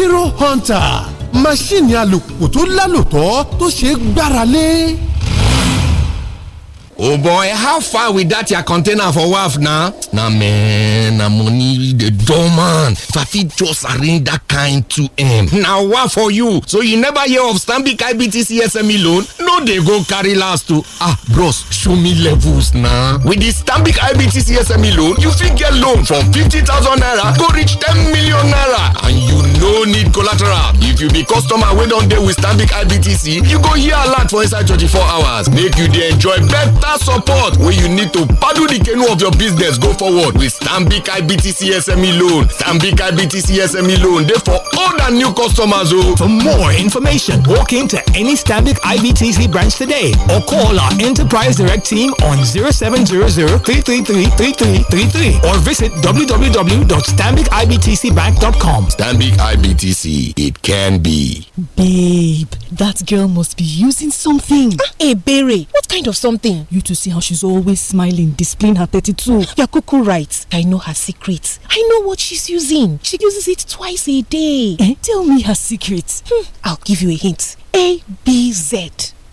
hero hunter máṣíìnì alùpùpù tó lálòtọ́ tó ṣeé gbára lé oh boy how far with that your container for waf na. na man na money dey dull man if i fit just arrange that kind to m na waf for you so you never hear of stanbic ibtc sme loan no dey go carry last to. ah bros show me levels na. with the stanbic ibtc sme loan you fit get loan from fifty thousand naira go reach ten million naira and you no need collateral if you be customer wey don dey with stanbic ibtc you go hear alert for inside twenty-four hours make you dey enjoy better. support wey you need to paddle the canoe of your business go forward with stanbic ibtc sme loan stanbic ibtc sme loan dey for old and new customers o. Oh. for more information walk into any stanbic ibtc branch today or call our enterprise direct team on 0700-333-3333 or visit www.stambicibtcbank.com. Stambic IBTC, it can be. Babe, that girl must be using something. Ah, hey, eh, Barry, what kind of something? You you to see how she's always smiling, displaying her 32. You're cuckoo right. I know her secret. I know what she's using. She uses it twice a day. Eh? Tell me her secret. Hmm. I'll give you a hint. A B Z.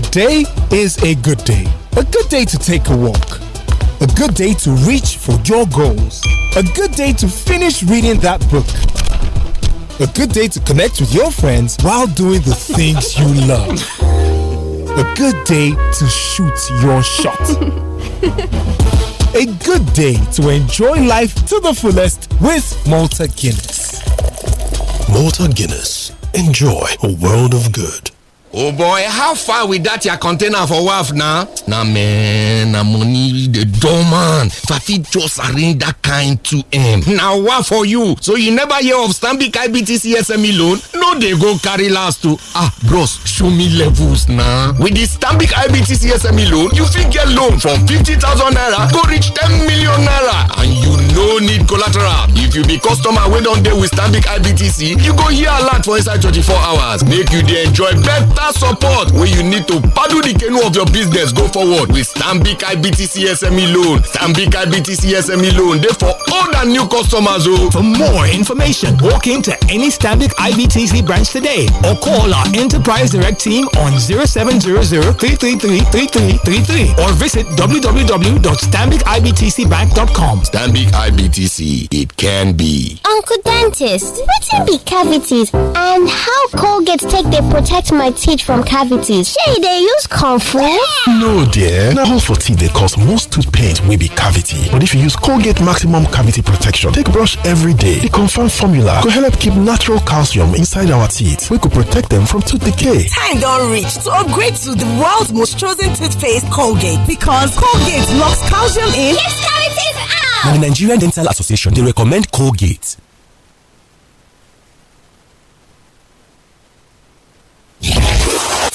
Today is a good day. A good day to take a walk. A good day to reach for your goals. A good day to finish reading that book. A good day to connect with your friends while doing the things you love. A good day to shoot your shot. a good day to enjoy life to the fullest with Malta Guinness. Malta Guinness. Enjoy a world of good. Oh boy, how far with that your container for waft now? Nah man, na money the doorman. Fafi just arrange that kind to him. Now what for you? So you never hear of Stambik IBTC SME loan? No, they go carry last to. Ah, bros, show me levels now. With the Stambik IBTC SME loan, you fit get loan from 50,000 naira go reach 10 million naira and you no need collateral. If you be customer wey don dey with Stambik IBTC, you go hear lot for inside 24 hours. Make you dey enjoy better financial support wey you need to paddle the canoe of your business go forward with stanbic ibtc sme loan stanbic ibtc sme loan dey for old and new customers o. Oh. for more information walk into any stanbic ibtc branch today or call our enterprise direct team on 0700 333 3333 or visit www.stanbicibtcbank.com. stanbic ibtc it can be. uncle dentist wetin be cavities and how colgate take dey protect my teeth from cavities shey they use comfort? no dear Now, hole for teeth dey cause most tooth pains will be cavity but if you use colgate maximum cavity protection take brush every day the confirmed formula could help keep natural calcium inside our teeth We could protect them from tooth decay time don't reach to upgrade to the world's most chosen toothpaste colgate because colgate locks calcium in yes cavities out The nigerian dental association They recommend colgate Yeah.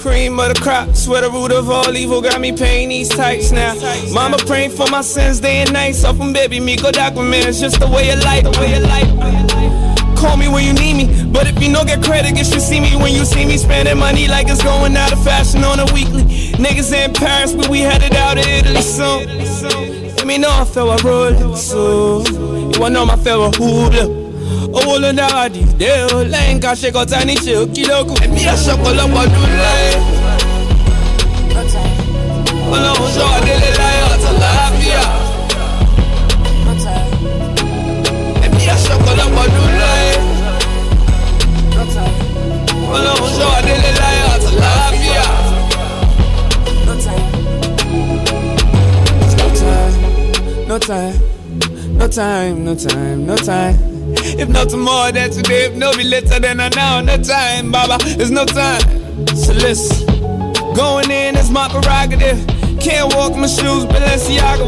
cream of the crop. Swear the root of all evil got me paying these types now. Mama praying for my sins day and night. So from baby me, go documents. Just the way of life, the way of life. Call me when you need me, but if you don't get credit, you see me when you see me spending money like it's going out of fashion on a weekly. Niggas in Paris, but we headed out to Italy soon. Let me know I feel I roll soon. You wanna know my fellow hoodlum? owó ló dára dìde o lẹ́yìn ká ṣe kọta níṣe ó kí lókun ẹ̀mí ẹ̀ṣọ́ pọ̀lọpọ̀ dún láyé ọlọ́run ṣọ́ adélé láyé ọ̀tọ̀ láàbíà ẹ̀mí ẹ̀ṣọ́ pọ̀lọpọ̀ dún láyé ọlọ́run ṣọ́ adélé láyé ọ̀tọ̀ láàbíà. No time, no time, no time, no time. If not tomorrow, then today. If no be later than an hour. No time, Baba. There's no time. So listen. Going in is my prerogative. Can't walk my shoes, Balenciaga.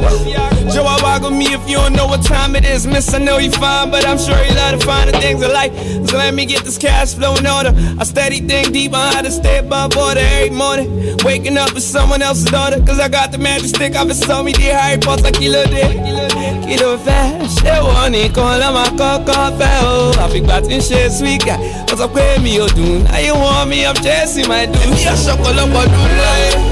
Joe, I walk with me if you don't know what time it is. Miss, I know you fine, but I'm sure you love to find the things I like. So let me get this cash flow in order. I steady think deep on how to stay above water every morning. Waking up with someone else's daughter, cause I got the magic stick. I've been so many Harry Potter, kilo day, Kilo fast, ṣé want nìkan call máa kọ́kọ́ fẹ́ I be tí ń ṣe sweet guy, wọ́n sọ pé mi ò dùn. Ayé want me, I'm chasing my dude. Èmi àṣọ̀pọ̀lọpọ̀ dùn láyé.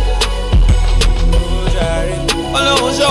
lose your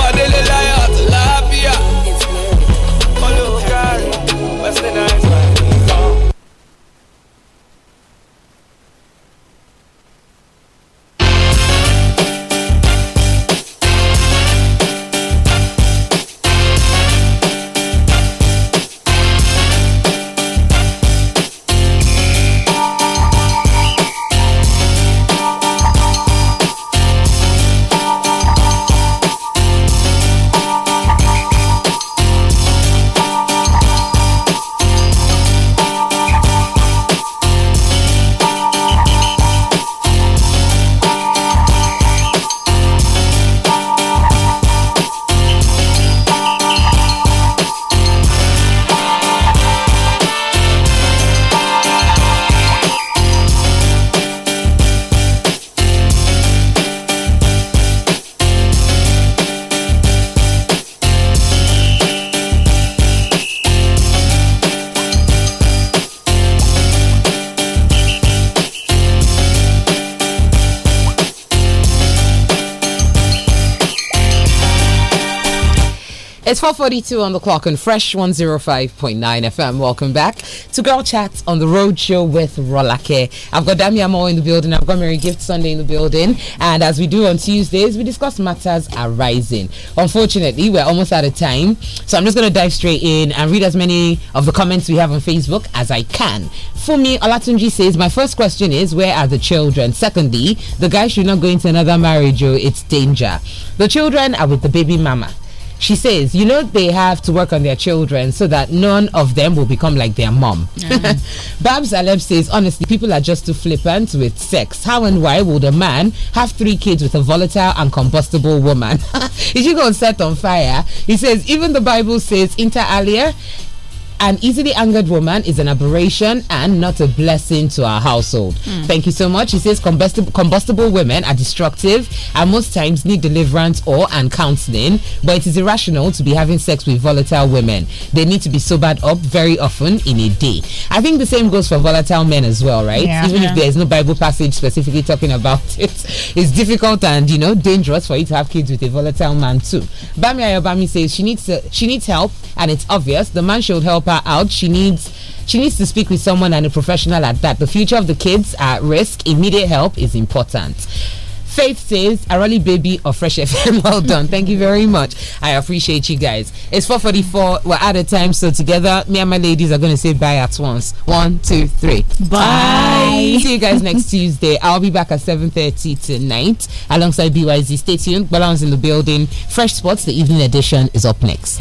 4:42 on the clock on Fresh 105.9 FM. Welcome back to Girl Chat on the Road Show with Rolake. I've got Damia Moore in the building. I've got Mary Gift Sunday in the building. And as we do on Tuesdays, we discuss matters arising. Unfortunately, we're almost out of time, so I'm just going to dive straight in and read as many of the comments we have on Facebook as I can. For me, Olatunji says, "My first question is, where are the children? Secondly, the guy should not go into another marriage. or it's danger. The children are with the baby mama." she says, you know, they have to work on their children so that none of them will become like their mom. Mm. Babs Aleb says, honestly, people are just too flippant with sex. How and why would a man have three kids with a volatile and combustible woman? Is she going to set on fire? He says, even the Bible says, inter alia, an easily angered woman is an aberration and not a blessing to our household. Mm. Thank you so much. He says combustible, combustible women are destructive and most times need deliverance or and counseling, but it is irrational to be having sex with volatile women. They need to be sobered up very often in a day. I think the same goes for volatile men as well, right? Yeah. Even yeah. if there is no Bible passage specifically talking about it, it's difficult and you know dangerous for you to have kids with a volatile man too. Bami Ayobami says she needs uh, she needs help and it's obvious the man should help her out. She needs she needs to speak with someone and a professional at that. The future of the kids at risk. Immediate help is important. Faith says, Arali Baby of Fresh FM. well done. Thank you very much. I appreciate you guys. It's 4.44. We're out of time. So together, me and my ladies are going to say bye at once. One, two, three. Bye. bye. See you guys next Tuesday. I'll be back at 7.30 tonight alongside BYZ. Stay tuned. Balance in the building. Fresh Sports, the evening edition, is up next.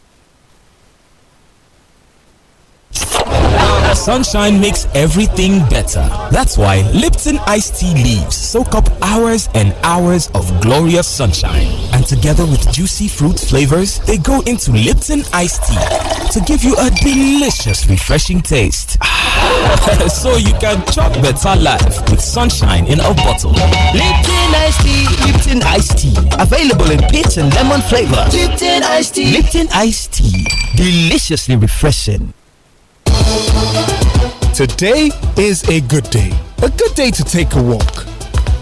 sunshine makes everything better. That's why Lipton iced tea leaves soak up hours and hours of glorious sunshine. And together with juicy fruit flavors, they go into Lipton iced tea to give you a delicious, refreshing taste. so you can chop better life with sunshine in a bottle. Lipton iced tea, Lipton iced tea. Available in peach and lemon flavor. Lipton iced tea. Lipton iced tea. Deliciously refreshing. Today is a good day. A good day to take a walk.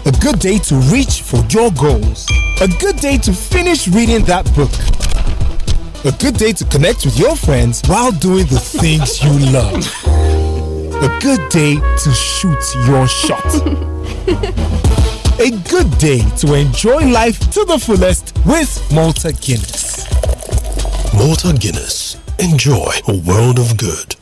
A good day to reach for your goals. A good day to finish reading that book. A good day to connect with your friends while doing the things you love. A good day to shoot your shot. a good day to enjoy life to the fullest with Malta Guinness. Malta Guinness. Enjoy a world of good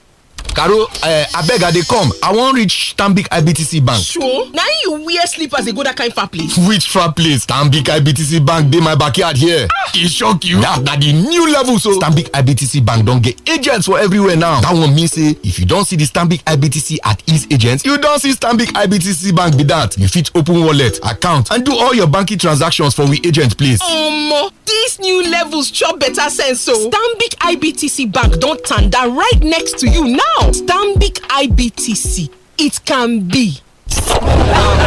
caro eh, abeg i dey come i wan reach stanbic ibtc bank sure na you wear slippers dey go that kind far place which far place stanbic ibtc bank dey my backyard here ah, e shock you na the new level so stanbic ibtc bank don get agents for everywhere now That one mean say if you don see the stanbic ibtc at ease agent you don see stanbic ibtc bank be that. you fit open wallet account and do all your banking transactions for we agent place omo dis new levels chop better sense o stanbic ibtc bank don tanda right next to you now now, Stambic IBTC, it can be.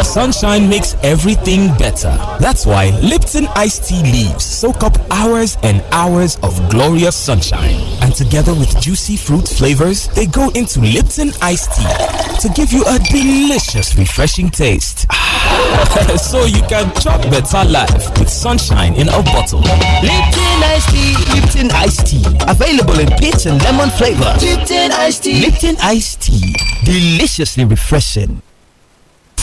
Sunshine makes everything better. That's why Lipton iced tea leaves soak up hours and hours of glorious sunshine. And together with juicy fruit flavors, they go into Lipton iced tea to give you a delicious, refreshing taste. so you can chop better life with sunshine in a bottle. Lipton iced tea, Lipton iced tea. Available in peach and lemon flavor. Lipton iced tea. Lipton iced tea. Deliciously refreshing.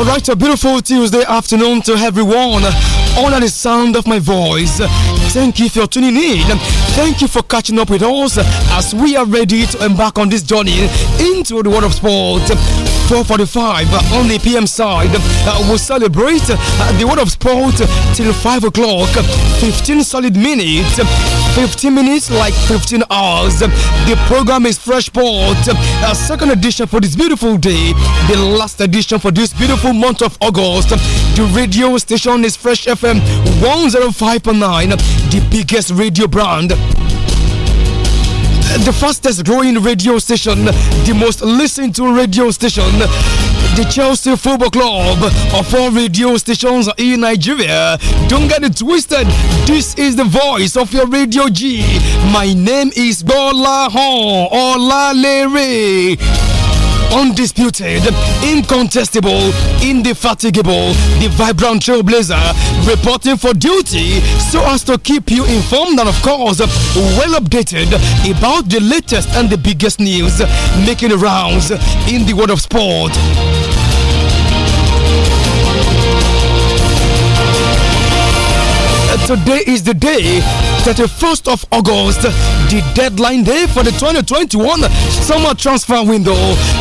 All right, a beautiful Tuesday afternoon to everyone. Honor the sound of my voice. Thank you for tuning in Thank you for catching up with us as we are ready to embark on this journey into the world of sport. 4.45 on the PM side. Uh, we'll celebrate uh, the world of sport till 5 o'clock. 15 solid minutes. 15 minutes like 15 hours. The program is Fresh Sport. Uh, second edition for this beautiful day. The last edition for this beautiful month of August. The radio station is Fresh FM 105.9, the biggest radio brand the fastest growing radio station, the most listened to radio station, the Chelsea Football Club of all radio stations in Nigeria. Don't get it twisted. This is the voice of your radio G. My name is Bola Hon Ola Lere undisputed, incontestable, indefatigable, the vibrant trailblazer, reporting for duty so as to keep you informed and, of course, well updated about the latest and the biggest news making rounds in the world of sport. Today is the day 31st of August, the deadline day for the 2021 summer transfer window.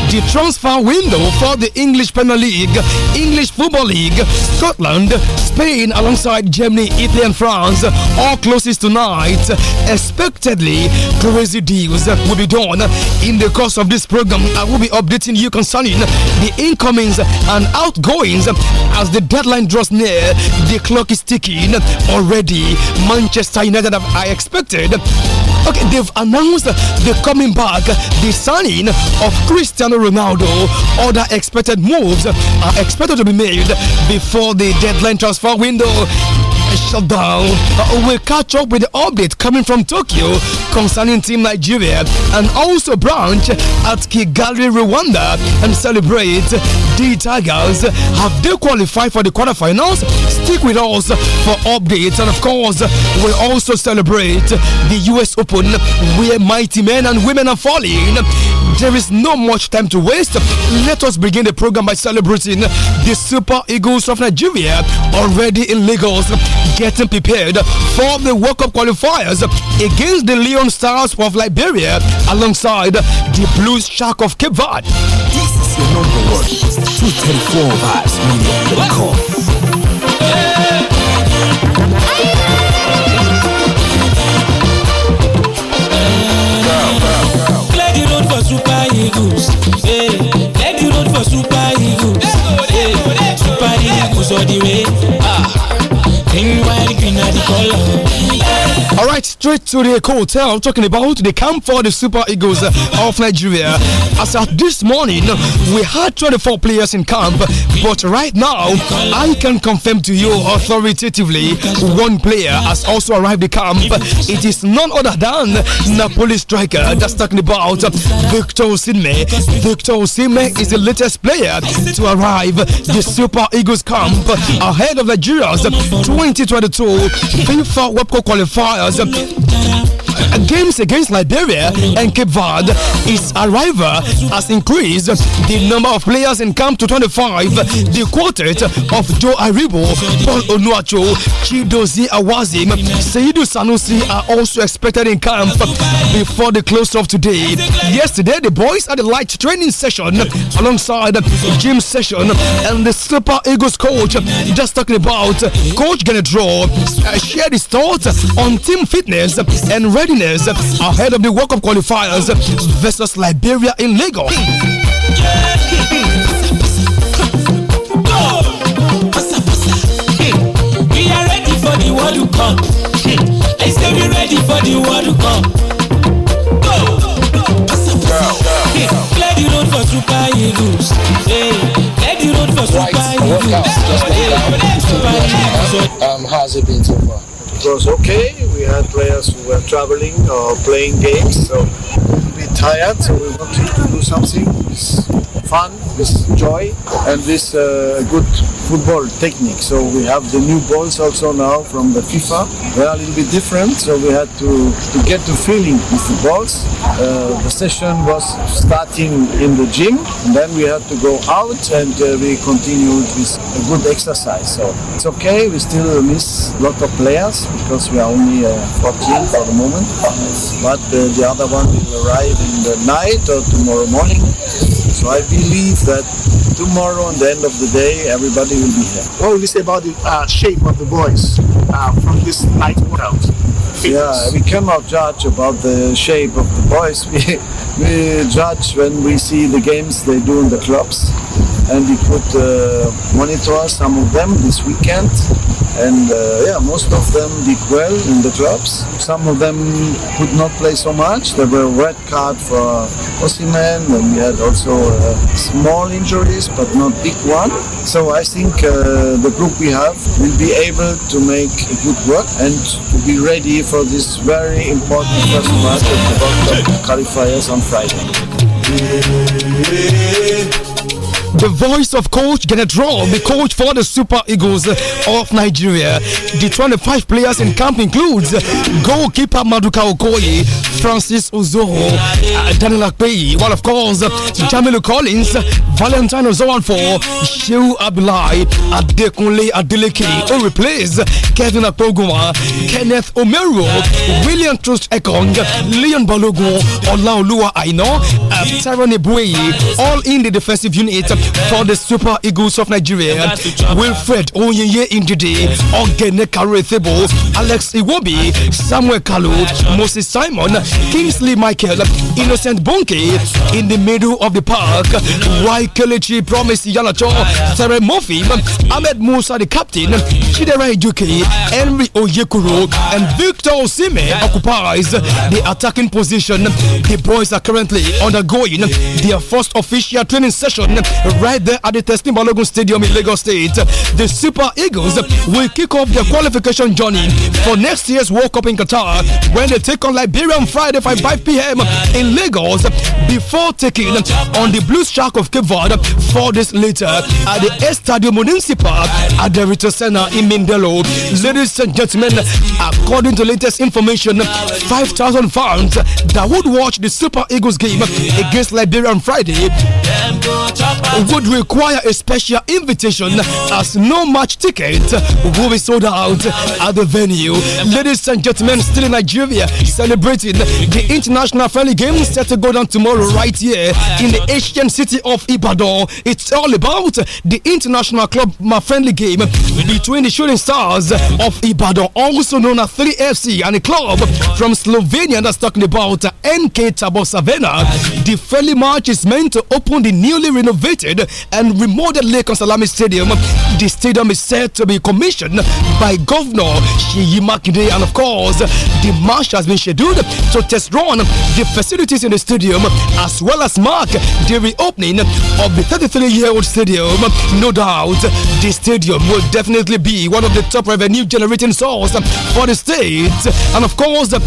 The transfer window for the English Premier League, English Football League, Scotland, Spain, alongside Germany, Italy, and France, all closes tonight. Expectedly, crazy deals will be done in the course of this program. I will be updating you concerning the incomings and outgoings as the deadline draws near. The clock is ticking already. Manchester United than I expected. Okay, they've announced the coming back, the signing of Cristiano Ronaldo. Other expected moves are expected to be made before the deadline transfer window shutdown. Uh, we'll catch up with the update coming from Tokyo concerning Team Nigeria and also branch at Kigali, Rwanda, and celebrate the Tigers. Have they qualified for the quarterfinals? Stick with us for updates, and of course, we'll also celebrate the US Open where mighty men and women are falling. There is no much time to waste. Let us begin the program by celebrating the Super Eagles of Nigeria already in Lagos getting prepared for the World Cup qualifiers against the Leon Stars of Liberia alongside the Blue Shark of Cape Verde. This is your number one, 234 Vibes Media.com. Clear the road for Super Eagles. color right straight to the hotel. I'm talking about the camp for the Super Eagles of Nigeria. As of this morning, we had 24 players in camp, but right now, I can confirm to you authoritatively one player has also arrived the camp. It is none other than Napoli striker that's talking about Victor Osimhen. Victor Osimhen is the latest player to arrive the Super Eagles camp ahead of Nigeria's 2022 FIFA World Cup qualifiers Let that out games against Liberia and Cape Verde, his arrival has increased the number of players in camp to 25. The quartet of Joe Aribo, Paul Onuacho, Chidozie Awazim, Seidu Sanusi are also expected in camp before the close of today. Yesterday, the boys had a light training session alongside gym session and the Super Eagles coach just talking about Coach Gennett uh, shared his thoughts on team fitness and ready readiness ahead of the World Cup qualifiers versus Liberia in Lagos. We are ready for the World Cup. I say we ready for the World Cup. the road the road Um, how's it been so far? it was okay. We had players who were traveling or playing games, so tired, so we want to do something with fun, with joy, and with uh, good football technique. So we have the new balls also now from the FIFA. They are a little bit different, so we had to, to get the feeling with the balls. Uh, the session was starting in the gym, and then we had to go out and uh, we continued with a good exercise. So it's okay, we still miss a lot of players because we are only uh, 14 for the moment, but uh, the other one will arrive the night or tomorrow morning. So I believe that tomorrow and the end of the day, everybody will be here. What will you say about the uh, shape of the boys uh, from this night world? Yeah, we cannot judge about the shape of the boys. We, we judge when we see the games they do in the clubs and he put uh, monitor some of them this weekend and uh, yeah most of them did well in the clubs some of them could not play so much there were red card for Osiman and we had also uh, small injuries but not big one so I think uh, the group we have will be able to make a good work and to be ready for this very important first match of the World Cup qualifiers on Friday the voice of Coach Genetro, the coach for the Super Eagles of Nigeria. The 25 players in camp includes goalkeeper Maduka Okoye, Francis Uzoro, uh, Daniel Akpei, while of course, Jamilu Collins, Valentine Ozoanfo, Sheu Abilai, Adekunle Adeleke, who replaces Kevin Apoguma, Kenneth Omero, William Trust Ekong, Leon Balogun, Olaoluwa Aino, uh, Taron all in the defensive unit for the Super Eagles of Nigeria, Wilfred Oyeye Indidi, Ogene Karethebo, Alex Iwobi, Samuel Kalu, Moses Simon, Kingsley Michael, Innocent Bonke, in the middle of the park, Y Kelechi Promise Yalacho, Sarah Murphy, Ahmed Musa the captain, Chidera Ijuke, Henry Oyekuru, and Victor Osime occupies the attacking position. The boys are currently undergoing their first official training session right there at the Testing Balogun Stadium in Lagos State. The Super Eagles will kick off their qualification journey for next year's World Cup in Qatar when they take on Liberia on Friday 5, 5 p.m. in Lagos before taking on the Blue Shark of Cape Verde four days later at the Estadio Municipal at the Rita Center in Mindelo. Ladies and gentlemen, according to latest information, 5,000 fans that would watch the Super Eagles game against Liberia on Friday would require a special invitation as no match ticket will be sold out at the venue. Ladies and gentlemen, still in Nigeria, celebrating the international friendly game set to go down tomorrow right here in the ancient city of Ibadan. It's all about the international club friendly game between the shooting stars of Ibadan, also known as 3FC, and a club from Slovenia that's talking about NK Tabo Savena. The friendly match is meant to open the newly renovated upgraded and remodeled Lake Salami Stadium. The stadium is set to be commissioned by Governor Shiyi Makinde, and of course, the match has been scheduled to test run the facilities in the stadium as well as mark the reopening of the 33-year-old stadium. No doubt, the stadium will definitely be one of the top revenue-generating sources for the state, and of course, the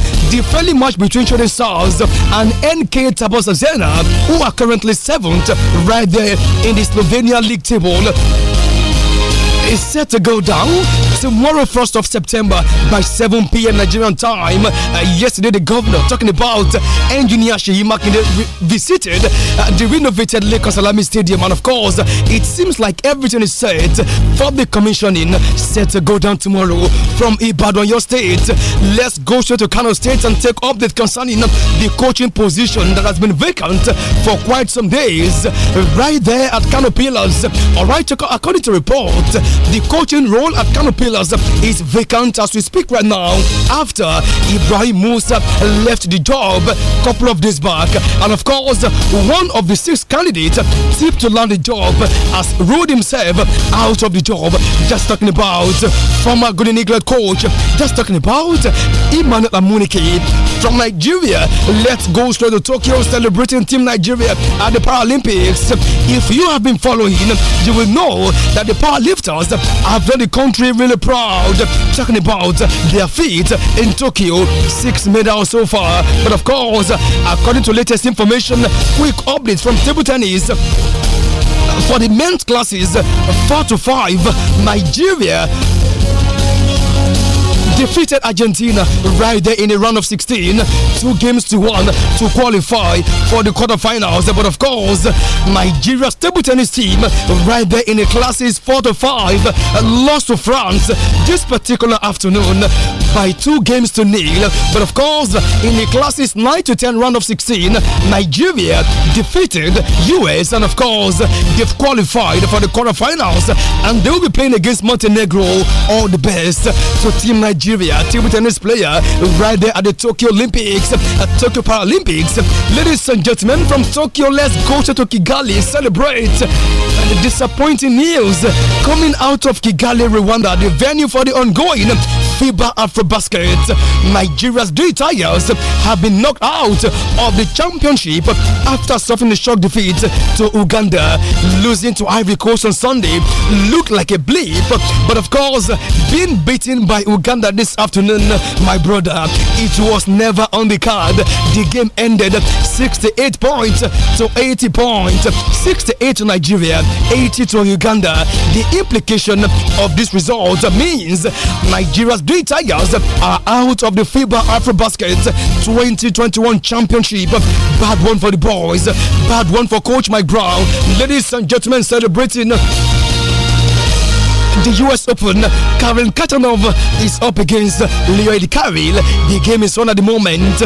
friendly match between Trading Stars and NK Tabos Zena, who are currently seventh right there in the Slovenia League table is set to go down tomorrow, 1st of September, by 7 p.m. Nigerian time. Uh, yesterday, the governor, talking about engineer Sheyi Makinde, visited uh, the renovated Lagos Salami Stadium. And of course, it seems like everything is set for the commissioning set to go down tomorrow from Ibadan, your state. Let's go straight to Kano State and take update concerning the coaching position that has been vacant for quite some days right there at Kano Pillars. All right, according to report, the coaching role at Kano Pillars is vacant as we speak right now after Ibrahim Musa left the job a couple of days back. And of course, one of the six candidates tipped to land the job has ruled himself out of the job. Just talking about former Golden Eagle coach, just talking about Emmanuel Amunike from Nigeria. Let's go straight to Tokyo celebrating Team Nigeria at the Paralympics. If you have been following, you will know that the powerlifter stars have done the country really proud. Talking about their feat in Tokyo, six medals so far. But of course, according to latest information, quick updates from table tennis for the men's classes 4 to 5 Nigeria defeated Argentina right there in the round of 16, two games to one to qualify for the quarterfinals. But of course, Nigeria's table tennis team right there in the classes 4 to 5 lost to France this particular afternoon by two games to nil. But of course, in the classes 9 to 10 round of 16, Nigeria defeated US and of course, they've qualified for the quarterfinals and they will be playing against Montenegro. All the best to Team Nigeria Nigeria table tennis player right there at the Tokyo Olympics, at uh, Tokyo Paralympics. Ladies and gentlemen, from Tokyo, let's go to Kigali, celebrate the disappointing news coming out of Kigali, Rwanda, the venue for the ongoing FIBA AfroBasket. Nigeria's D-Tires have been knocked out of the championship after suffering a shock defeat to Uganda, losing to Ivory Coast on Sunday. Looked like a blip, but of course, being beaten by Uganda this afternoon, my brother. It was never on the card. The game ended 68 points to 80 points. 68 to Nigeria, 80 to Uganda. The implication of this result means Nigeria's three Tigers are out of the FIBA AfroBasket 2021 Championship. Bad one for the boys. Bad one for Coach Mike Brown. Ladies and gentlemen, celebrating the US Open. Karen Katanov is up against Leoid Karil. The game is on at the moment.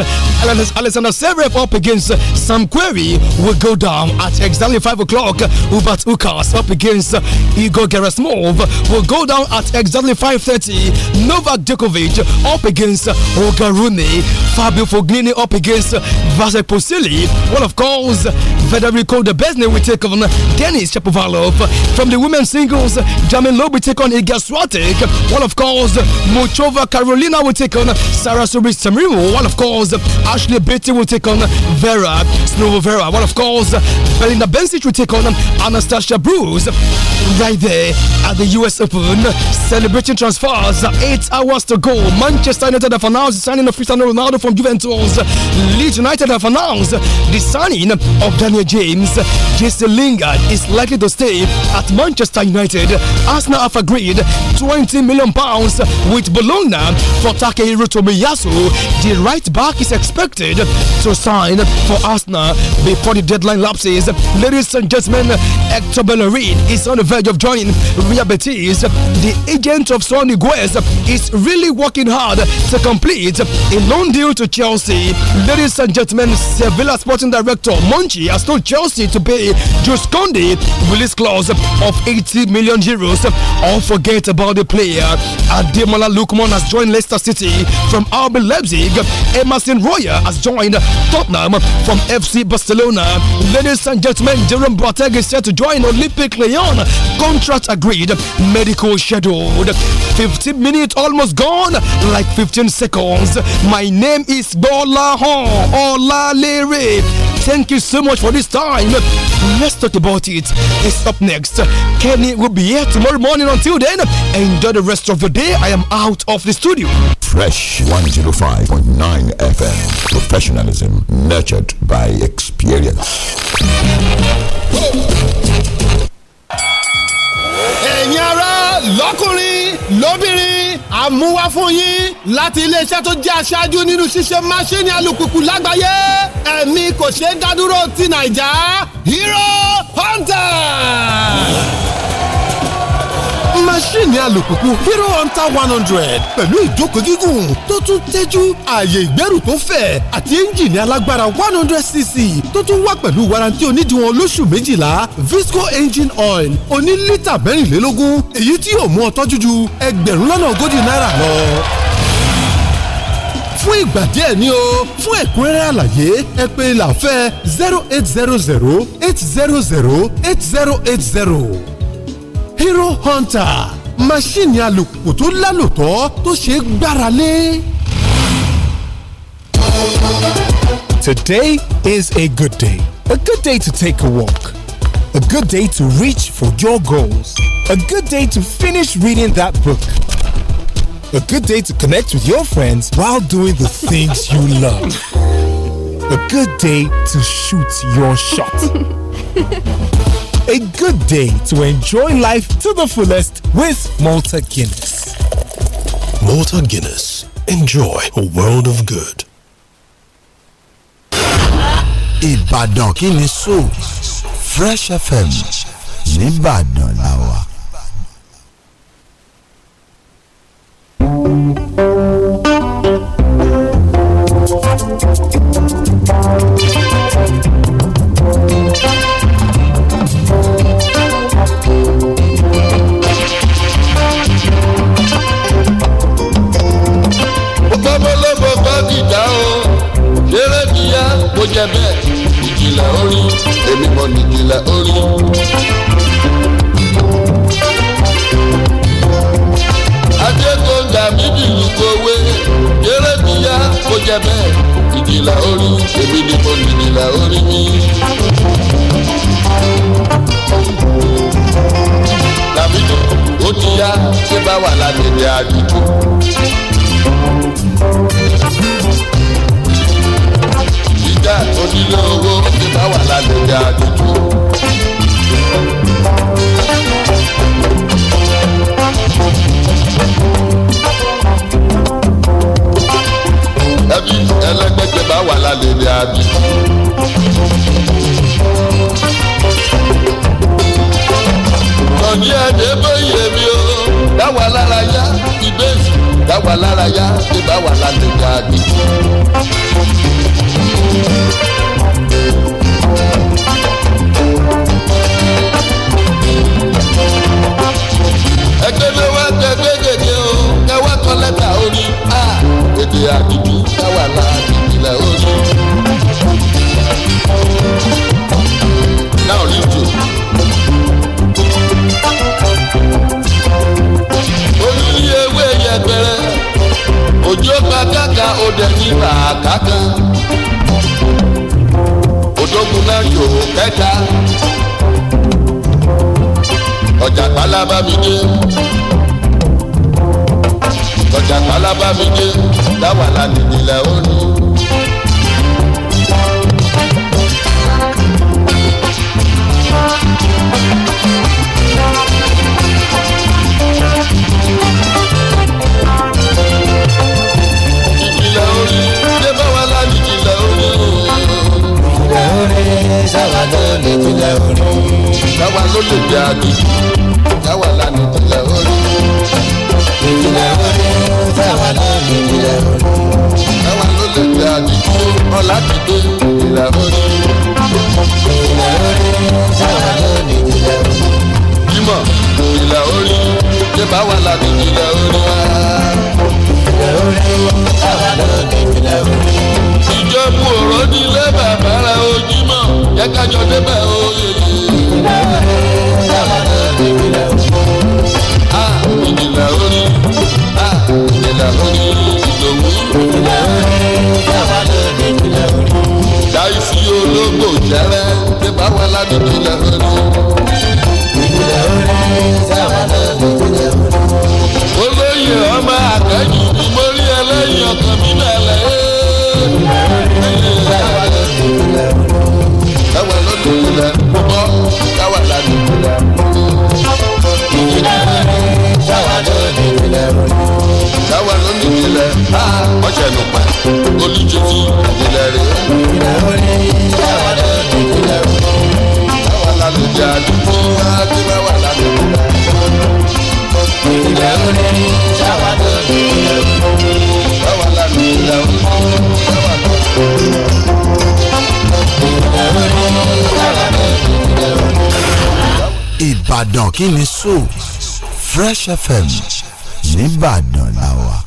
Alexander Serev up against Sam Query will go down at exactly 5 o'clock. Hubert Ukas up against Igor Gerasimov will go down at exactly 5.30. Novak Djokovic up against Ogaruni. Fabio Fognini up against Vasek Posili. Well, of course, Federico De will take on Denis Chapovalov From the women's singles, Jamin Lobo will take on Iga Swatik, One of course Mochova Carolina will take on Sarah Sobris Samiro, One of course Ashley Betty will take on Vera Snow Vera, One of course Belinda Bencic will take on Anastasia Bruce right there at the US Open. Celebrating transfers, eight hours to go. Manchester United have announced the signing of Cristiano Ronaldo from Juventus. Leeds United have announced the signing of Daniel James. Jesse Lingard is likely to stay at Manchester United. Arsenal agreed 20 million pounds with Bologna for Takehiro Tomiyasu. The right back is expected to sign for Arsenal before the deadline lapses. Ladies and gentlemen, Hector Bellerin is on the verge of joining Real Betis. The agent of Sonny Guez is really working hard to complete a loan deal to Chelsea. Ladies and gentlemen, Sevilla sporting director Monchi has told Chelsea to pay Jus release clause of 80 million euros or forget about the player Ademola Lukman has joined Leicester City from RB Leipzig. Emerson Royer has joined Tottenham from FC Barcelona. Ladies and gentlemen, Jerome Boateng is set to join Olympic Lyon. Contract agreed, medical scheduled. 15 minutes almost gone, like 15 seconds. My name is Bola Hon Olalere. Thank you so much for this time. Let's talk about it. It's up next. Kenny will be here tomorrow morning. Until then, enjoy the rest of the day. I am out of the studio. Fresh 105.9 FM. Professionalism nurtured by experience. ẹ̀yin ará lọ́kùnrin lóbìnrin àmúwá fún yín láti iléeṣẹ́ tó jẹ́ aṣáájú nínú ṣíṣe máṣíìnì alùpùpù lágbàáyé ẹ̀mí kò ṣeé dádúró ti nàìjà Hero Hunter máṣíìnì alùpùpù hero hunter one hundred pẹ̀lú ìjókòó gígùn tó tún tẹ́jú ààyè ìgbẹ́rù tó fẹ̀ àti ẹ́ńjìnì alágbára one hundred cc tó tún wá pẹ̀lú warranty onídìíwọ̀n olóṣù méjìlá visco engine oil oní lítà mẹ́rìnlélógún èyí tí yóò mú ọ tọ́jú ju ẹgbẹ̀rún lọ́nà ogójì náírà lọ fún ìgbà díẹ̀ ni o fún ẹ̀kúnrẹ́rẹ́ àlàyé ẹ pè làfẹ́ zero eight zero zero eight zero zero eight zero eight zero Hero Hunter máṣíìnì alùpùpù tó lálòtọ́ tó ṣeé gbára lé. Today is a good day. A good day to take a walk. A good day to reach for your goals. A good day to finish reading that book. A good day to connect with your friends while doing the things you love. A good day to shoot your shot. A good day to enjoy life to the fullest with Malta Guinness. Malta Guinness. Enjoy a world of good. Ibadan Guinness Fresh FM. Nìbàdàn Outro jẹ́ bẹ́ẹ̀ ìdìlà orí èmi ni mo lè dìlà orí mi. dàbídò ó ti yá ṣé bá wà lálẹ́ àdúgbò. ìjà onílé owó ṣé bá wà lálẹ́ àdúgbò. Thank you. ẹbí ẹlẹ́gbẹ́jẹ bá wà lálẹ́ ní àbí. Tọ̀ní ẹ̀dẹ́ bóyè mi o, dáwà lára yá ìbéèsì, dáwà lára yá ti bá wà lálẹ́ ní àbí. Ẹgbẹ́ mi wá tẹ gbẹ́gẹ́dẹ́ o, ẹ kọ́ lẹ́tà orí èdè àdìdì táwa la àdìdì la ó sùn. Now listen. Olúrí ewé yẹpẹrẹ, òjò pa kàkà òdẹ ní bàákà kan. Òdògùn náà yòó kẹta. Ọjà pálábá mi dé ọjà pálábàmídé mi nìbílẹ̀ olú. ìbílẹ̀ orí dé báwàlà nìbílẹ̀ orí. ìbílẹ̀ orí sáwà ló lè bílẹ̀ orí. sáwà ló lè ẹwà ló lè dé ẹwà ló lè dé àdìgbò ọ̀la ti dé ìlà òní. ìlà òní ẹwà ló lè dé ìmọ̀ ìlà òní ṣé bá wà láti ìlà òní wá. ìlà òní ẹwà ló lè dé òní. ìjọba òrò ní ilé bàbá ojúmọ̀ yẹ kájọ débẹ̀ oyè. ìlà òní ẹwà ló lè dé òní. ìlà òní orí ìdòwú ìpìlẹ̀ orí bàbá lè ní ìpìlẹ̀ orí. dáìsí ológbò jẹrẹ ṣé báwa ládùn ìpìlẹ̀ orí. ìpìlẹ̀ orí bàbá lè ní ìpìlẹ̀ orí. olóyè ọmọ àkẹ́jù ọ̀ṣẹ̀ ló pẹ́ olùjẹ́ ìpìlẹ̀ rẹ̀. ìpìlẹ̀ ó ìyáwó ló ìpìlẹ̀ ó. ìyáwó lálejò àdúgbò àdúgbò lálejò. ìpìlẹ̀ ó ní ìyáwó ìpìlẹ̀ ó. ìyáwó lálejò ìpìlẹ̀ ó. ìpìlẹ̀ ó ní ìyáwó ìpìlẹ̀ ó. Ìbàdàn kí ni sọ Fresh FM nìbàdàn làwà.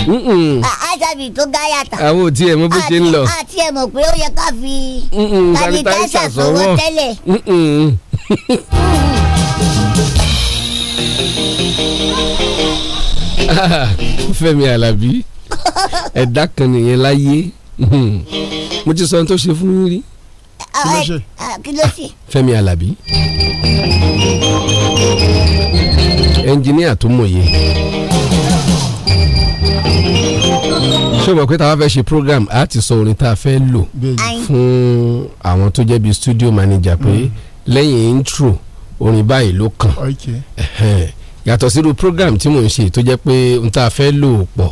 àṣàbì ah, ah, tó ga yàtọ̀. àwọn ò tiẹ̀ mọ̀ bó ṣe ń lọ. àti ẹ̀ mọ̀ pé ó yẹ ká fi sanitaisa sọ̀wọ́ tẹ́lẹ̀. Fẹ́mi Alábí ẹ̀dá kan nìyẹn láyé mo ti sọ ohun tó ṣe fún yín rí. kí ló ṣe. Fẹ́mi Alábí ẹnjìníà tó mọ̀ yẹn. ṣé o mọ̀ pé táwa fẹ́ ṣe program a ti sọ orin tá a fẹ́ lò fún àwọn tó jẹ́ bíi studio manager pé mm. lẹ́yìn intro orin báyìí ló kàn yàtọ̀ sírú program tí mò ń ṣe tó jẹ́ pé n tá a fẹ́ lò pọ̀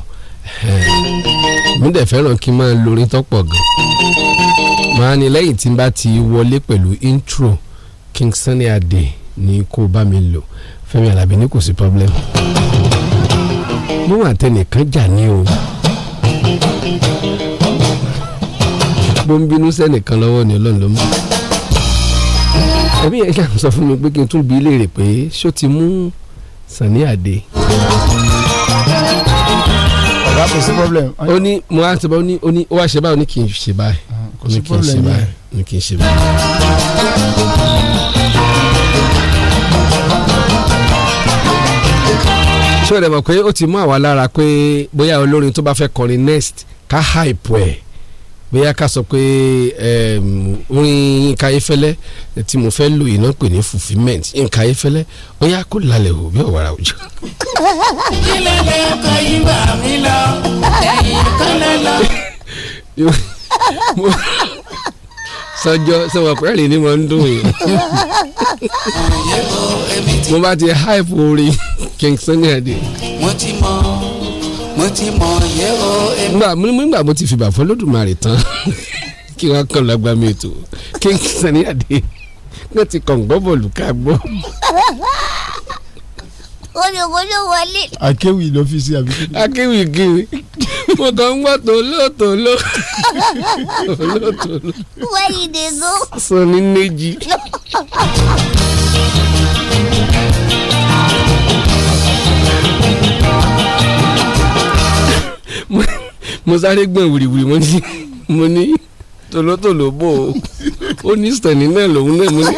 mi dẹ̀ fẹ́ràn kí n máa lorin tọ́pọ̀ gan máa ní lẹ́yìn tí n bá ti wọlé pẹ̀lú intro King Sunny Adé ni kó bá mi lò Fẹ́mi Alábí ní kò sí problem mo wà tẹnìkan jà ní o bó ń bínú sẹ́nìkan lọ́wọ́ ni ọlọ́run ló mú ẹ̀mí yẹn sọ fún mi pé kí n tún bi léèrè pé ṣó ti mú Sàní Àdé. ọ̀gá kò sí problem. ó ní mo á ti bá ó ní ó ní ó wá ṣe báyìí ó ní kì í ṣe báyìí ah, ó ní kì ní kì í ṣe báyìí. ṣé o rẹ̀ mọ̀ pé ó ti mú àwa lára pé bóyá olórin tó bá fẹ́ kọrin next ká hype ẹ̀ bóyá ká sọ pé ehm, orin Yínká Ayéfẹ́lẹ́ tí mo fẹ́ lò iná pè ní fulfilment Yínká Ayéfẹ́lẹ́ bóyá kó lálẹ́ wò bí ọ̀wàrà òjò. ilé lẹ́kọ̀ọ́ yìí bà mí lọ ẹ̀yìn kan lọ́lọ́. sọjọ sọwọ pẹ́ẹ́lì ni mo ń dùn yìí mo bá ti hype orin King Sunny Adé. wọ́n ti nígbà mo ti fìbà fún Olódùmarè tán kí wọ́n kàn lágbàmì ètò King Sunny Adé wọ́n ti kàn gbọ́ bọ̀lù ká gbọ́. olùwọlé wọlé. akéwì lọ́fíìsì àbí. akéwì kéwì mo kàn ń gbọ́ tòló tòló tòló tòló. where you dey go. sọ ní méjì. mo sáré gbọ̀n wìrìwìrì mo ní mo ní tòlótòló bò ó ní sànni náà lòun náà mo ní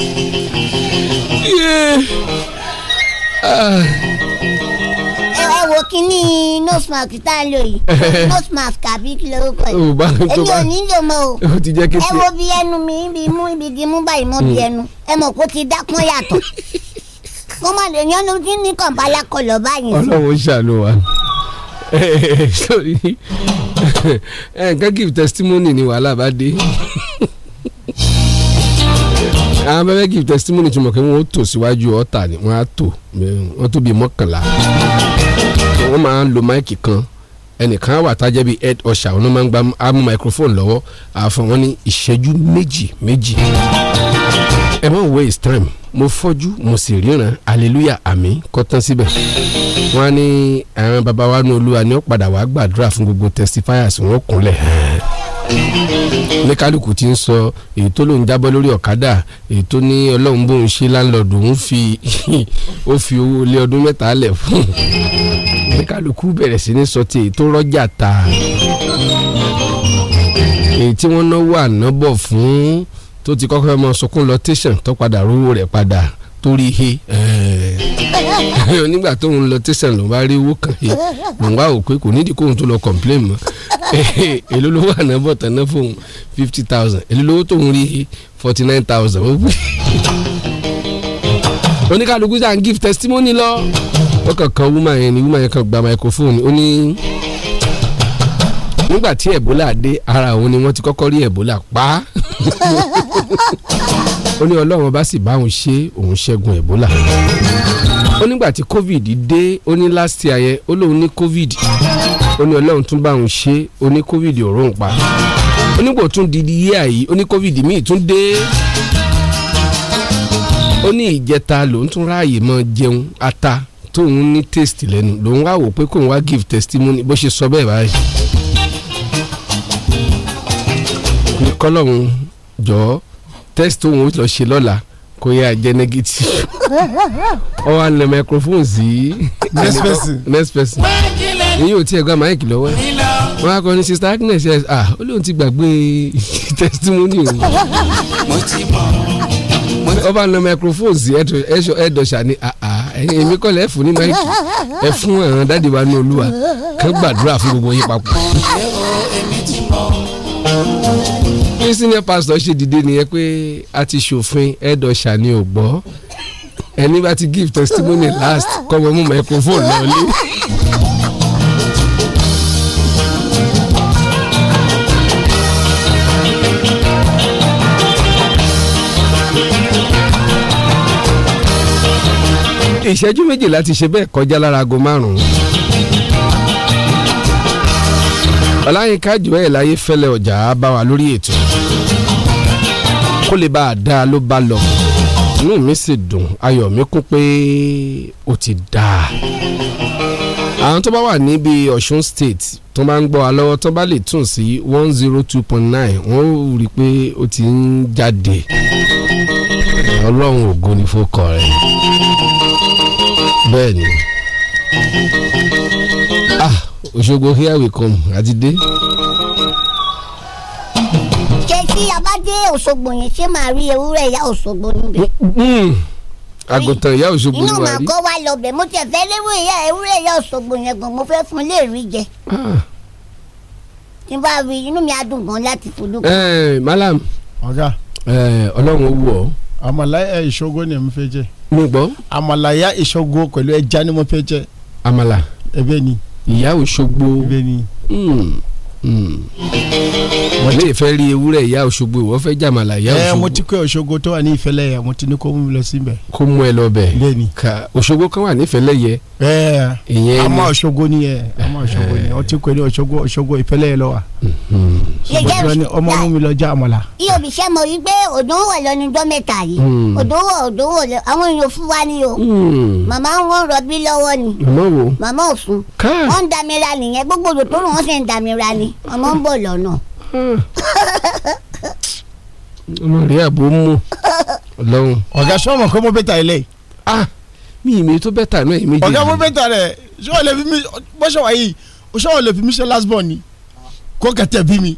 ẹ wá wo kínní nose mask tá a lò yìí nose mask àbí kí lorúkọ yìí èmi ò ní lò mọ o ẹ wo bí ẹnu mi ibi mú ibi gímú báyìí mọ bí hmm. ẹnu ẹ mọ̀ kó ti dápọ́n yàtọ̀ kó má lè yan ló ti ní kànbálà kọlọ̀ báyìí. ọlọ́run ṣàánú wa ẹ ẹ nǹkan give testimony ni wàhálà bá dé àwọn bẹ́ẹ̀ give testimony ti mọ̀ kí wọ́n tò síwájú ọ̀tà ni wọ́n á tò wọ́n tó bíi mọ́kànlá wọ́n máa ń lo máìkì kan ẹnìkan wà tájẹ́ bíi head usher wọn máa ń gba amú microphone lọ́wọ́ àfọ̀n wọn ní ìṣẹ́jú méjì méjì ẹ má waste time mo fọ́jú mo sì ríran hallelujah àmín kọ́ tán síbẹ̀ wọ́n á ní àwọn baba wa ní olúwa ni ó padà wàá gbàdúrà fún gbogbo testifiers wọn kúnlẹ̀ ní kálukú ti ń sọ èyí tó ló ń jábọ́ lórí ọ̀kadà èyí tó ní ọlọ́run bóun ṣe láńlọ́ọ̀dù ń fi ó fi owó lé ọdún mẹ́ta lẹ̀ fún ní kálukú bẹ̀rẹ̀ sí ní sọ ti èyí tó rọ́jà tà èyí tí wọ́n náwó ànábọ̀ fún tó ti kọ́kọ́ mọ sọkún lọ tẹ̀sán tó padà rówó rẹ̀ padà torí he ẹ̀ẹ́ nígbà tó ń lọ tẹsán ló bá rí owó kan yìí mò wá oku pé kò nídìí kóhun tó lọ complain mọ́ èló ló wà náà bọ̀ tán náà thousand èló lówó tó ń rí forty nine thousand oníkàlùkù sàn give testimony lọ ó kàn kan wuma yẹn ni woman yẹn kan gba microphone ó ní. nígbà tí Ebola dé ara òun ni wọ́n ti kọ́kọ́ rí Ebola pa ó ní Ọlọ́run bá sì bá òun ṣe òun ṣẹ́gun Ebola ó nígbà tí covid dé ó ní last year yẹn ó lóun ní covid ó ní Ọlọ́run tún bá òun ṣe ó ní covid òórùn pa ó nígbà tún di yíyà yìí ó ní covid míì tún dé ó ní ìjẹta lòun tún ráàyè mọ jẹun ata tóun ní taste lẹ́nu lòun wá wò pé kóun wá give testimony bó ṣe sọ bẹ́ẹ̀ báyìí. kọ́lọ́hún jọ test òun ó lọ ṣe lọ́la kò yá jẹ́ negative ọ wá lẹ microphone sí next person next person èyí ò tiẹ̀ gba máìkì lọ́wọ́ ẹ̀ wọ́n á sista Agnes ẹ̀ ah ó lóun ti gbàgbé testimony o. mo ti mọ̀ ọ bá lọ microphone sí ẹ̀ṣọ́ ẹ̀dọ̀ṣà ni ah, ah, èmi kọ́ lẹ́ fún ní máìkì ẹ̀ fún ẹ̀ràn dáàdi wa ní olúwa kàn gbàdúrà fún gbogbo yín papọ̀ bí senior pastor ṣe dìde nìyẹn pé a ti ṣòfin ẹ̀ẹ́dọ̀ṣà ni ò gbọ́ ẹni bá ti give testimony last kọ́mọ mú microphone lọ́ọ́lé. ìṣẹ́jú méjìlá ti ṣe bẹ́ẹ̀ kọjá lára aago márùn-ún ọláyínká jùwẹ́ ìláyé fẹ́lẹ́ ọjà bá wa lórí ètò kó lè bá a dá ló bá lọ inú mi sì dùn ayọ̀ mi kún pé ó ti dà àwọn tó bá wà níbi Ọ̀ṣun state tó bá ń gbọ́ wa lọ́wọ́ tó bá lè tún sí one zero two point nine wọ́n rí i pé ó ti ń jáde ọlọ́run ògo ni fókọ rẹ̀ bẹ́ẹ̀ ni. Òṣogbo here we come àti dé. ṣé tí a bá dé Òṣogbo yẹn ṣé màá rí ewúrẹ́ ìyá Òṣogbo níbẹ̀. Mm, mm. àgùntàn ìyá Òṣogbo ni wàá rí. inú màá wa lọ mo tẹ̀ fẹ́ léwu ìyá ewúrẹ́ ìyá Òṣogbo yẹn gan mo fẹ́ fún lè rí jẹ. Ah. tí n bá rí inú mi á dùn gan láti fojú. ẹ eh, malam. ọ̀gá. Eh, ọlọ́run ó wù ọ́. àmàlà ìṣògo ni mo fẹ́ jẹ. mo gbọ́. àmàlà ìyá pẹ̀lú ẹja ni mo fẹ́ jẹ. àmàlà. ẹ̀bẹ̀ ni. ìyá òṣogbo hmm, hmm. wọ́n lè fẹ́ rí ewúrẹ́ ìyá òṣogbo ìwọ́ fẹ́ jàmàlà ìyá eh, òṣogbo. ẹ mo ti kọ́ òṣogbo tó wà ní ìfẹ́lẹ́ yẹ mo ti ní kó mú mi lọ síbẹ̀. kó mú ẹ lọ bẹ̀ ká òṣogbo kan wà ní ìfẹ́lẹ́ yẹ. Eh, ìyẹn ni àmọ́ òṣogbo ni ẹ àmọ́ òṣogbo ni ọtí kò ní òṣogbo òṣogbo ìfẹ́lẹ́ yẹ lọ wà. Hmm, ọmọ mú mi lọ já àmọ́là. iye òbíṣẹ́ mọ̀ wípé òdòwò wà lọ́nu yìí òdòwò hmm. òdòwò àwọn èèyàn fún wa ni o hmm. màmá wọn rọbí lọ́wọ́ ni màmá ò fún wọn ń damira nìyẹn gbogbo odò tó rùn wọn sì ń damira ni ọmọ ń bọ̀ lọ́nà. Hmm. ọmọ rí àbò mú lọ́hùn. ọ̀gá sọ́mọ̀ kó mọ́ bẹ́tà ilé. Ah, mi ì mi tó bẹ́tà náà èmi jẹ́ ọ̀gá mọ́ bẹ́tà rẹ̀ sọ́wọ́ lè fi mí sọ́wọ́ lè fi mí ṣe lásìbọ̀ ni kó kẹ̀tẹ̀ bí mi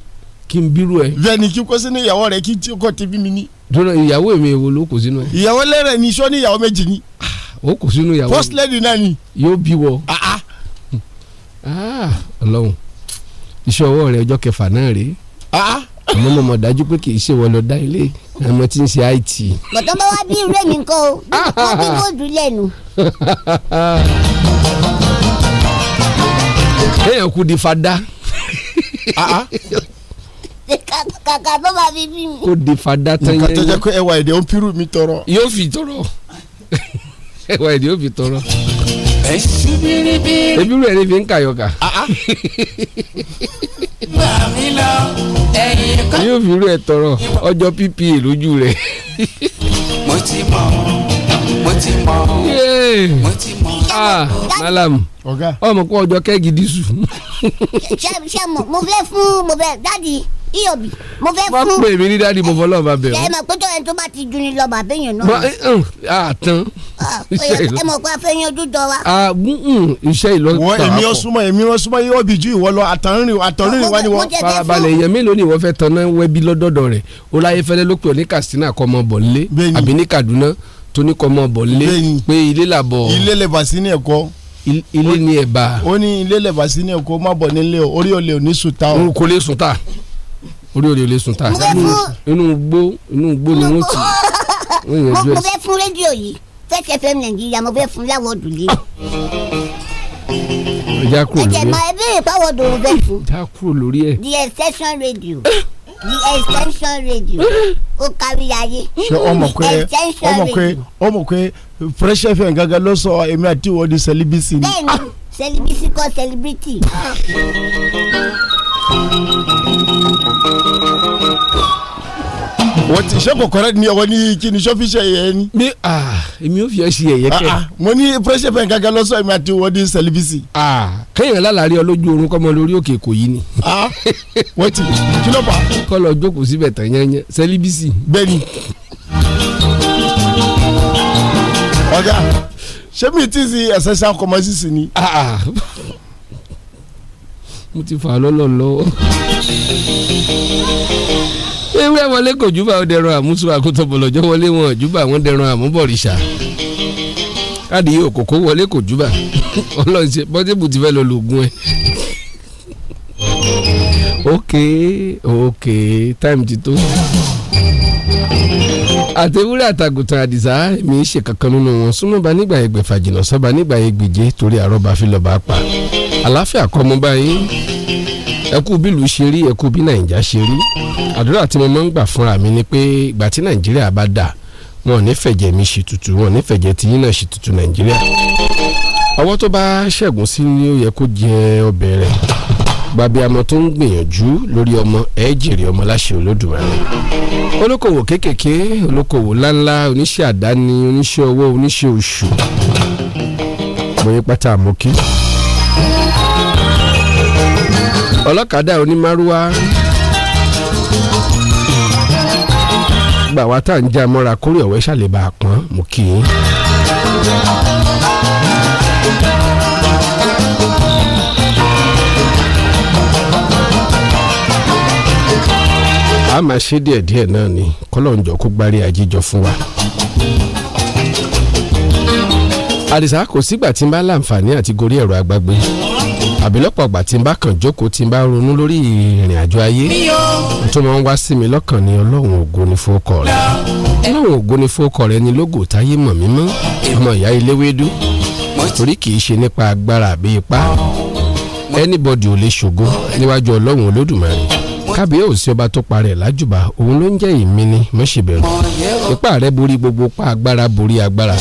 kí n bírú ẹ. bẹ́ẹ̀ ni kí kó sínú ìyàwó rẹ kí tí kò ti bí mi ní. dúró ìyàwó mi èwo ló kó sínú ẹ. ìyàwó lẹ́rẹ̀ ni sọ ní ìyàwó méjì ni. ó kó sínú ìyàwó. first lady náà ni. yóò bí wọ. Ah, ah. Ah, ọlọ́run iṣẹ́ ọwọ́ rẹ ọjọ́ kẹfà náà rèé. àmọ́ mo mọ̀ dájú pé kì í ṣe wọ́n lọ dá ilé àmọ́ tí ń ṣe it. bọ̀dọ̀ bá wá bí irú èmi nǹkan o bí wọ́n bí wọ́n dùn lẹ́nu. èèyàn kù di fada kàkà tó bá fi bí mi. ó de fada tán yẹn. nǹkan tó jẹ́ pé ẹwà èdè ń pírù mi tọrọ. yóò fi tọrọ ẹwà èdè yóò fi tọrọ. ebi rẹ̀ ni fi ń kàyọ̀kà. yóò fi rẹ̀ tọrọ ọjọ́ ppa lójú rẹ̀. mo ti mọ̀ mo ti mọ̀ mo ti mọ̀. ah malam ọmọ kó ọjọ́ kẹ́gì dísù. ṣé mo fẹ́ fún mo fẹ́ dádì iyobi mo fẹ́ fún. wọ́n pè mí ní dáàdi mo fọlọ́ ọba bẹ̀rù. ẹ mọ̀ pé tọ́yẹn tó bá ti ju ni lọ bàbá èèyàn náà. àtàn. Ah, ẹ mọ̀ pé a fẹ́ yanjú jọ wa. iṣẹ́ ìlọ tààpọ̀. wọ́n èmi ó súnmọ́ èmi ó yóò bí ju ìwọ lọ àtọ̀rìn àtọ̀rìn wá ni wọ́n. farabalẹ̀ èèyàn mélòó ni ìwọ fẹ́ tan náà wẹ́bí lọ́dọ̀dọ̀ rẹ̀ ó láyé fẹ́lẹ́ ló pè ọ́ ní Kaduna tó ní kọ́ ọmọ bọ̀ lé pé ilé làbọ̀. ilé lè bà sí ní ẹ̀kọ́ ilé ni ẹ̀bà. ó ní ilé lè bà sí ní ẹ̀kọ́ má bọ̀ nílé o orí olè ò ní sùn ta o. n kò lè sùn ta. orí òde lè sùn tà inú gbó inú gbó ni wọ́n ti mo fẹ́ fún rédíò yìí Nàìjíríà mo fẹ́ fún kúrò lórí ẹ máa ẹbí mo fẹ́ fún. kúrò lórí ẹ. the extension radio the extension radio ó kárí ayé. ṣé ọmọ pé ọmọ pé ọmọ pé Fresh FM gángan ló sọ èmi àti ìwọ di celibacy ni. bẹ́ẹ̀ni kọ celebrity. wọ́n ti ṣe kọ̀kọ́rẹ́ ni ọ̀wọ́ ní kí ni sọ́fíṣẹ́ yẹn ni. mi ah, èmi ò fi ẹ ṣe yẹ̀yẹ́ kẹ́. Ah, ah, mo ní fresh fm kankan lọ́sọ̀ èmi àti wọ́n ní sẹ́lifísì. kéèyàn lálàárí ọlójú oorun kọ́mọ lórí òkè kò yí ni. wọ́n ti kí ló fà. kọ́ lọ jókòó síbẹ̀ tán yẹn sẹ́lifísì. bẹ́ẹ̀ni. ọ̀gá ṣé mi ti sin ẹ̀sẹ̀ sàn kọ́mọ́sí sí ni mo ti fà lọ́lọ́ lọ́wọ́. ewúrẹ́ wọlé kò júbà ó dẹran àmúṣu àkótó bọ̀lọ̀jọ́ wọlé wọn júbà wọn dẹran àmúbọ̀rìṣà káàdì òkòkò wọlé kò júbà ọlọ́run ṣe ti fẹ́ lọ lògùn ẹ̀. ok ok time ti tó. àtẹwúrẹ́ àtàgùntàn àdìsá mi ṣe kankan nínú wọn súnmọ́ba nígbà ẹgbẹ̀fà jìnnà sọ́ba nígbà ẹgbẹ̀je torí àrọ́bà fi lọ́ba pa àlàáfíà kọ́ mo bá yín ẹ kú bílù ṣe rí ẹ kú bí nàìjà ṣe rí àdúrà tí mo máa ń gbà fúnra mi ni pé ìgbà tí nàìjíríà bá dà wọn ò ní fẹ̀jẹ̀ mi ṣì tutù wọn ò ní fẹ̀jẹ̀ tí yín náà ṣì tutù nàìjíríà ọwọ́ tó bá ṣẹ́gun sí ni ó yẹ kó jẹ ọbẹ̀ rẹ̀ bàbí àmọ́ tó ń gbìyànjú lórí ọmọ ẹ jèrè ọmọ láṣẹ olódùmarè olókòwò kéékèèké olókòwò ńláńlá oníṣẹ́ àdáni oníṣẹ́ owó oníṣẹ́ oṣù bóyá pátá àmókí ọlọ́kadà onímárúwá gbà wá tá à ń já mọ́ra kórè ọ̀wẹ́ ṣàlèbà àpọ́n mú kí n. a máa ṣe díẹ̀díẹ̀ náà ni kọ́lọ́njọ́ kó gbárí ajíjọ fún wa àdìsá kò sígbà tí n bá láǹfààní àti gorí ẹ̀rọ agbágbé àbí lọ́pọ̀ ọgbà tí n bá kàn jókòó tí n bá ronú lórí ìrìn àjò ayé n tó máa ń wá sí mi lọ́kàn ni ọlọ́run ògo ni fowókọ rẹ ọlọ́run ògo ni fowókọ rẹ ni lógo táyé mọ̀ mí mọ́ ọmọ ìyá eléwédú torí kì í ṣe nípa agbára àbí ipá anybody ò lè ṣògo níwájú ọlọ́run olódùmarè kábíyèsí ọba tó parẹ́ lájùbà òun ló ń jẹ́ ìmí ni mọ́ṣẹ́bẹ̀rù ipá rẹ borí gbogbo pa agbára borí agbára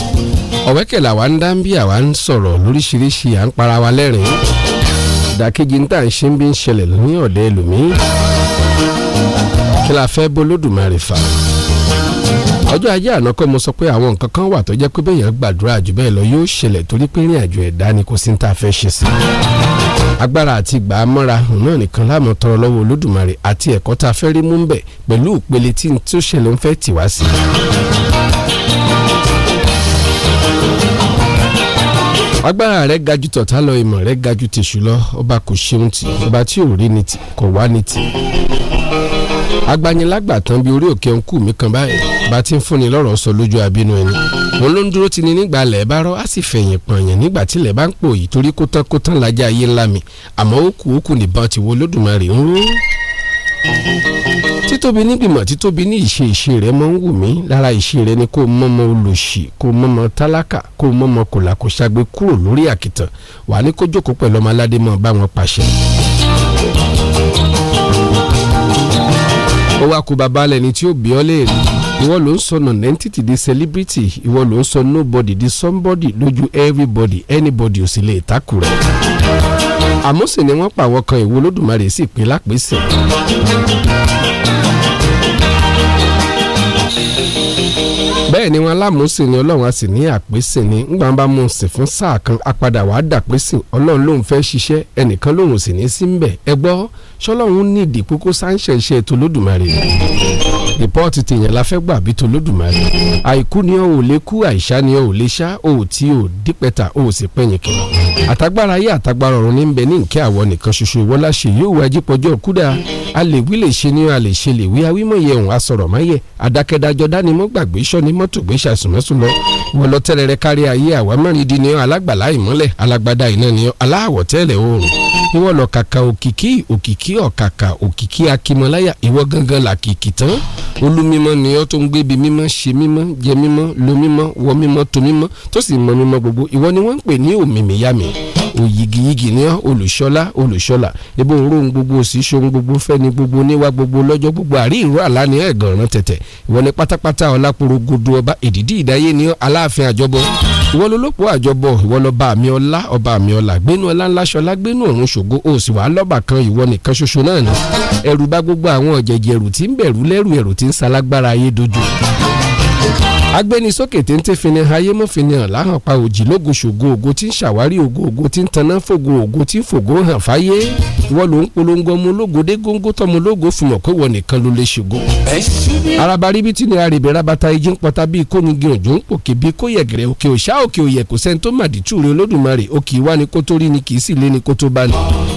ọ̀wẹ́kẹ̀lá wa ń dá ń bí àwa ń sọ̀rọ̀ lóríṣiríṣi à ń para wa lẹ́rìn-ín ìdàkejì ń tà ń ṣe ń bí ń ṣẹlẹ̀ ní ọ̀dẹ́ ẹlòmíín kí la fẹ́ bọ́lódùmarè fà ọjọ́ ajé àná kọ́ mo sọ pé àwọn nǹkan kan wà tó jẹ́ pé bẹ́yàn gbàdúrà jù bẹ́ẹ̀ lọ yóò ṣẹlẹ̀ torí pé ìrìn àjò ẹ̀dá ni kò sí ní tá fẹ́ ṣe sí agbára àti ìgbà mọ́ra náà nìkan láàmú tọrọ lọ́wọ́ olódùmarè àti ẹ̀kọ́ tá fẹ́ rí mú ń bẹ̀ pẹ̀lú ìpele tí n agbára rẹ̀ ga ju tọ̀tá lọ ìmọ̀ rẹ̀ ga ju tèṣù lọ ọba kò ṣeun tì ọba tí ò rí ni tì kò wá ni tì agbanilágbà tán bí orí òkè òǹkù mi kan báyìí bá ti ń fúnni lọ́rọ̀ sọ lójú abínú ẹni òun ló ń dúró ti ni nígbà lẹ̀ bá rọ́ á sì fẹ̀yìn pọ̀nyàn nígbà tí lẹ̀ bá ń pò yìí torí kó tán kó tán lájà ayé ńlá mi àmọ́ ó kù ó kù nìbọn ti wo lódùmarè ń rú títóbi nígbìmọ̀ títóbi ní ìṣe ìṣe rẹ̀ máa ń wù mí lára ìṣe rẹ̀ ni kó mọ́mọ́ olòṣì kó mọ́mọ́ tálákà kó mọ́mọ́ kòlà kó ṣàgbé kúrò lórí àkìtàn wà ní kó jókòó pẹ̀lú ọmọ aládé mọ́ bá wọn pàṣẹ. ó wá kú bàbá lẹni tí ó bí ọ léèrè ìwọ ló ń sọ nonentity di celebrity ìwọ ló ń sọ nobody di somebody lójú everybody anybody ò sì lè takùrẹ́ àmọ́ sì ni wọ́n pa àwọn kan ìwo olódùmarè sí ìpín lápèsè. bẹ́ẹ̀ ni wọn aláàmúsìn ni ọlọ́run a sì ní àpèsìn ni ńgbà ń bá mú un sìn fún sáà kan apadà wàá dàpèsìn ọlọ́run lòun fẹ́ ṣiṣẹ́ ẹnìkan lòun sì ní sí ń bẹ̀ ẹ gbọ́ ṣọlọ́run ní kókó sáńṣẹ̀ iṣẹ́ ètò olódùmarè. ìpọ́ọ̀tì tèèyàn la fẹ́ gbà bí tolódùmarè àìkú ni ò lè kú àìsá ni ò lè sá ò tí ò dípẹ́ta ò sì pẹ́yìn kí àtagbára ayé àtagbára ọ̀run ní bẹ ní nkẹ́ àwọ̀ nìkan ṣoṣo ìwọ́lá ṣe yóò kúdà a lè wí lè ṣe ni a lè ṣe lè wí awímọ̀ yẹ òun asọ̀rọ̀ máyẹ adákẹ́dájọ́ dánimọ̀ gbàgbé sọ́ni mọ́tò gbé ṣàṣùmọ́sùn lọ wọn lọ tẹ́rẹ̀rẹ̀ kárí ayé àwa mẹ́rin di ni alágbàlá ìmọ́lẹ̀ alágbádá iná ni aláwọ̀ tẹ́lẹ̀ oòrùn ìwọ lọ kàkà òkìkí òkìkí ọ̀kàkà òkìkí akímọláyà ìwọ gangan làkìkì tán olúmímọ́ ni ọ́ tó ń gbébi mímọ́ ṣe mímọ́ jẹ mímọ́ lo mímọ́ wọ mímọ́ to mímọ́ tó sì mọ mímọ́ gbogbo ìwọ ni wọ́n ń pè ní òmìmíyàmì òyìgìyìgì ní ọ́ olùṣọ́lá olùṣọ́là ebó ń rohun gbogbo òsì ṣohun gbogbo fẹ́ni gbogbo níwá gbogbo lọ́jọ́ gbogbo àrí ìró àlá ni ẹ̀gànràn tẹ̀tẹ̀ ìwọ ni pátápátá ọlápòrò godo ọba èdìdí ìdáyé ni ọ́ aláàfin àjọbọ ìwọ lólópò àjọbọ ìwọ lọba àmì ọlá ọba àmì ọlá gbénu ọlá ńlá ṣọlá gbénu ọ̀run ṣògo ó sì wàá lọ́bà kan ìwọ nìkan ṣoṣo náà ni ẹ̀rù bá gbogbo àwọn ọ̀jẹ̀jẹ̀ ẹ̀rù tí ń bẹ̀rù lẹ́rù ẹ̀rù tí ń salágbára ayé dojú agbẹnisókè téńté fini ayé mọ́ fini hàn láhàn pa òjì lógo ògo tí ń ṣàwárí ògo ògo tí ń taná fògo ògo tí ń fògo hàn fáyé ìwọ ló ń polongo ọmọ ológo góńgó tọmọ ológo fìmọ̀ pé wọ nìkan ló lè ṣògo. araba ríbitì ni arìbẹ̀ rabata ijì ń pọta bíi kónigi òjò ń pòkè bíi kó yẹ̀gẹ̀rẹ̀ òkè òṣà òkè òyẹ̀ kò sẹ́ni tó mà dìtú rẹ olódùmarè ó kì í wá ni kó tó rí ni kì í sì lé ni kó tó bá ni.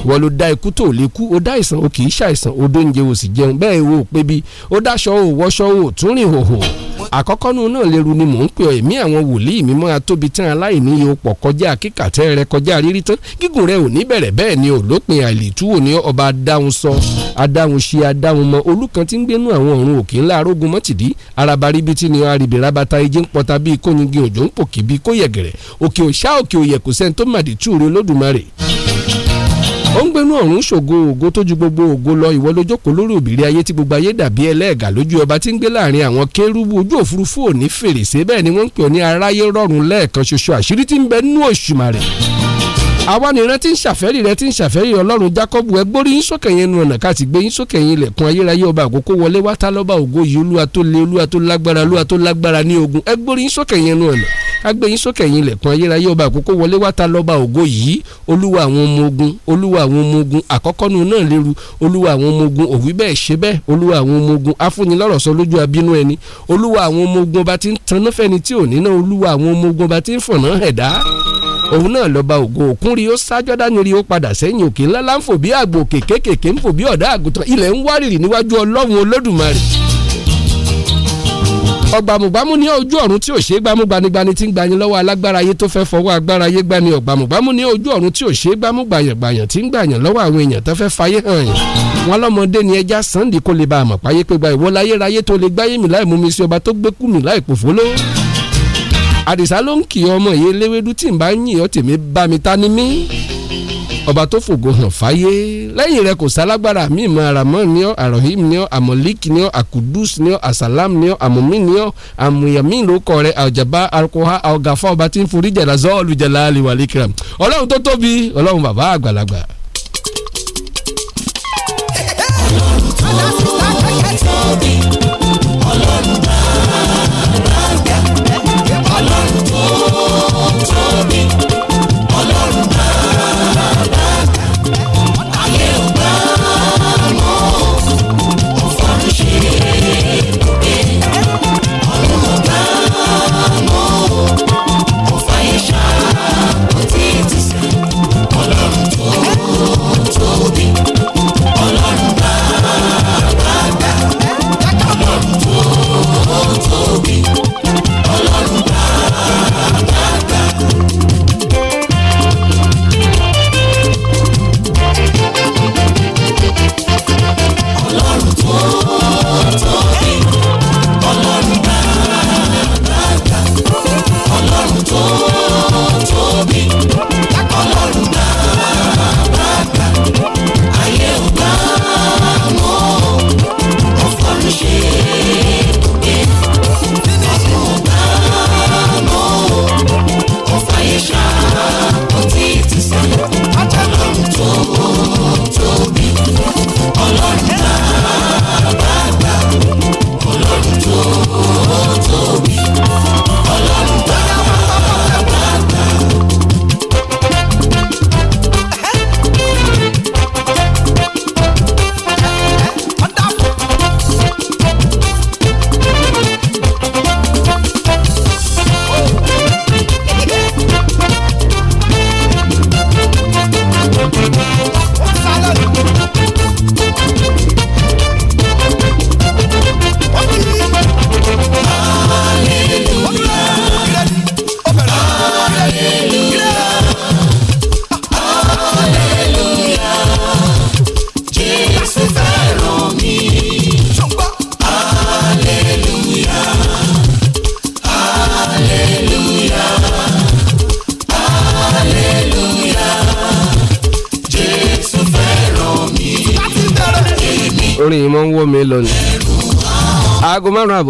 wọ́n ló dá ikú tó lè kú ó dá ìsàn ó kì í ṣàìsàn ó dóúnjẹ ó sì jẹun bẹ́ẹ̀ wo òpébi ó dáṣọ ó wọṣọ ó tún hòhò àkọ́kọ́ nù náà lérú ni mò ń pè ọ́ ẹ̀mí àwọn wòlíì mímọ́ atóbi tán aláìníye pọ̀ kọjá kíkàtẹ́ rẹ kọjá rírí tán gígùn rẹ ò ní bẹ̀rẹ̀ bẹ́ẹ̀ ni ò lópin àìlètúwò ní ọba adáhùn sọ adáhùn ṣe adáhùn mọ olùkan tí ń gbénú àwọn ọ̀run òkè ńlá arógun mọ́tìdí arabarí bíi ti ni arìbì rabata ijé ń pọta bíi kóyingin òjò ń pòkì bíi kóyẹ̀gẹ̀rẹ̀ òkè òṣà òkè òyẹ̀kùsẹ́ tó màdìtúrò lódùmarè ó ń gbénú ọ̀run ṣògo ògo tó ju gbogbo ògo lọ ìwọ ló jókòó lórí òbírí ayé tí gbogbo ayé dàbí ẹlẹ́ẹ̀gà lójú ọba tí ń gbé láàrin àwọn kérúbù ojú òfurufú ò fèrèsé bẹ́ẹ̀ ni wọ́n ń pè ọ́ ní aráyé rọ̀rùn lẹ́ẹ̀kan ṣoṣo àṣírí tí ń bẹ nú Òṣùmàrè àwa nìran tí ń ṣàfẹ́rí rẹ tí ń ṣàfẹ́rí ọlọ́run Jákọ́bù ẹ gbórí yín sókè yẹn nu ọ̀nà káàtì gbé yín sókè yẹn ilẹ̀kùn ayérayé ọba àkókò wọlé wá tá lọ́ba ògo yìí olúwa tó le olúwa tó lágbára olúwa tó lágbára ní ogun ẹ gbórí yín sókè yẹn nu ọ̀nà kágbé yín sókè yẹn ilẹ̀kùn ayérayé ọba àkókò wọlé wá tá lọ́ba ògo yìí olúwa àwọn ọmọ ogun olúwa àwọn ọmọ ogun àkọ́kọ́ nu náà léru olúwa àwọn ọmọ ogun òwí bẹ́ẹ̀ ṣe bẹ́ẹ̀ olúwa àwọn ọmọ ogun afúnilọ́rọ̀ sọ lójú abínú ẹni olúwa àwọn ọmọ ogun ọba tí ń tanáfẹ́ni tí ò ní náà olúwa àwọn ọmọ ogun ọba tí ń fọ̀nà ẹ̀dá òun náà lọ ba ògo òkun rí ó sájọ́ dání rí ó padà sẹ́yìn òkè ńlá láǹfò bí àgbò òkè kéékèèké ń fò bí ọ̀dà àgùntàn ilẹ̀ ń wárìrì níwájú ọlọ́run olódùmarè ọgbàmùgbàmù ní ojú ọ̀run tí ò ṣe é gbámú gbanigbani tí ń gbani lọ́wọ́ alágbára ayé tó fẹ́ fọwọ́ agbára ayé gbani ọgbàmùgbàmù ní ojú ọ̀run tí ò ṣe é gbámú gbàyàngbàyàn tí ń gbàyàn lọ́wọ́ àwọn èèyàn tó fẹ́ fayé hàn yàn wọn lọ́mọdé ni ẹja Sunday kó lè ba àmọ̀ páyé pé gba ìwọ láyé ráyé tó lè gbáyé mi láì mú mi sí ọba tó gbé kú mi láì pòfó lówó àdìsá ló ń kì í ọmọ yìí léwédú tí n bá ń yìn ọ́ tèmi bá mi ta ni mí ọba tó fògo hàn fáyé lẹ́yìn rẹ kò sálágbára mi mọ ni ọ́ arohim ni ọ́ amọ̀lík ni ọ́ akudus ni ọ́ asalam ni ọ́ amumi ni ọ́ amuyami ló kọ rẹ àjàbá alkoha ọ̀gáfà ọba tí ń forí jẹ̀dá zọ́ọ̀lù jẹ̀dá aliwalikiram ọlọ́run tó tóbi ọlọ́run bàbá àgbàlagbà. ọlọ́run tó tóbi ọlọ́run bàbá.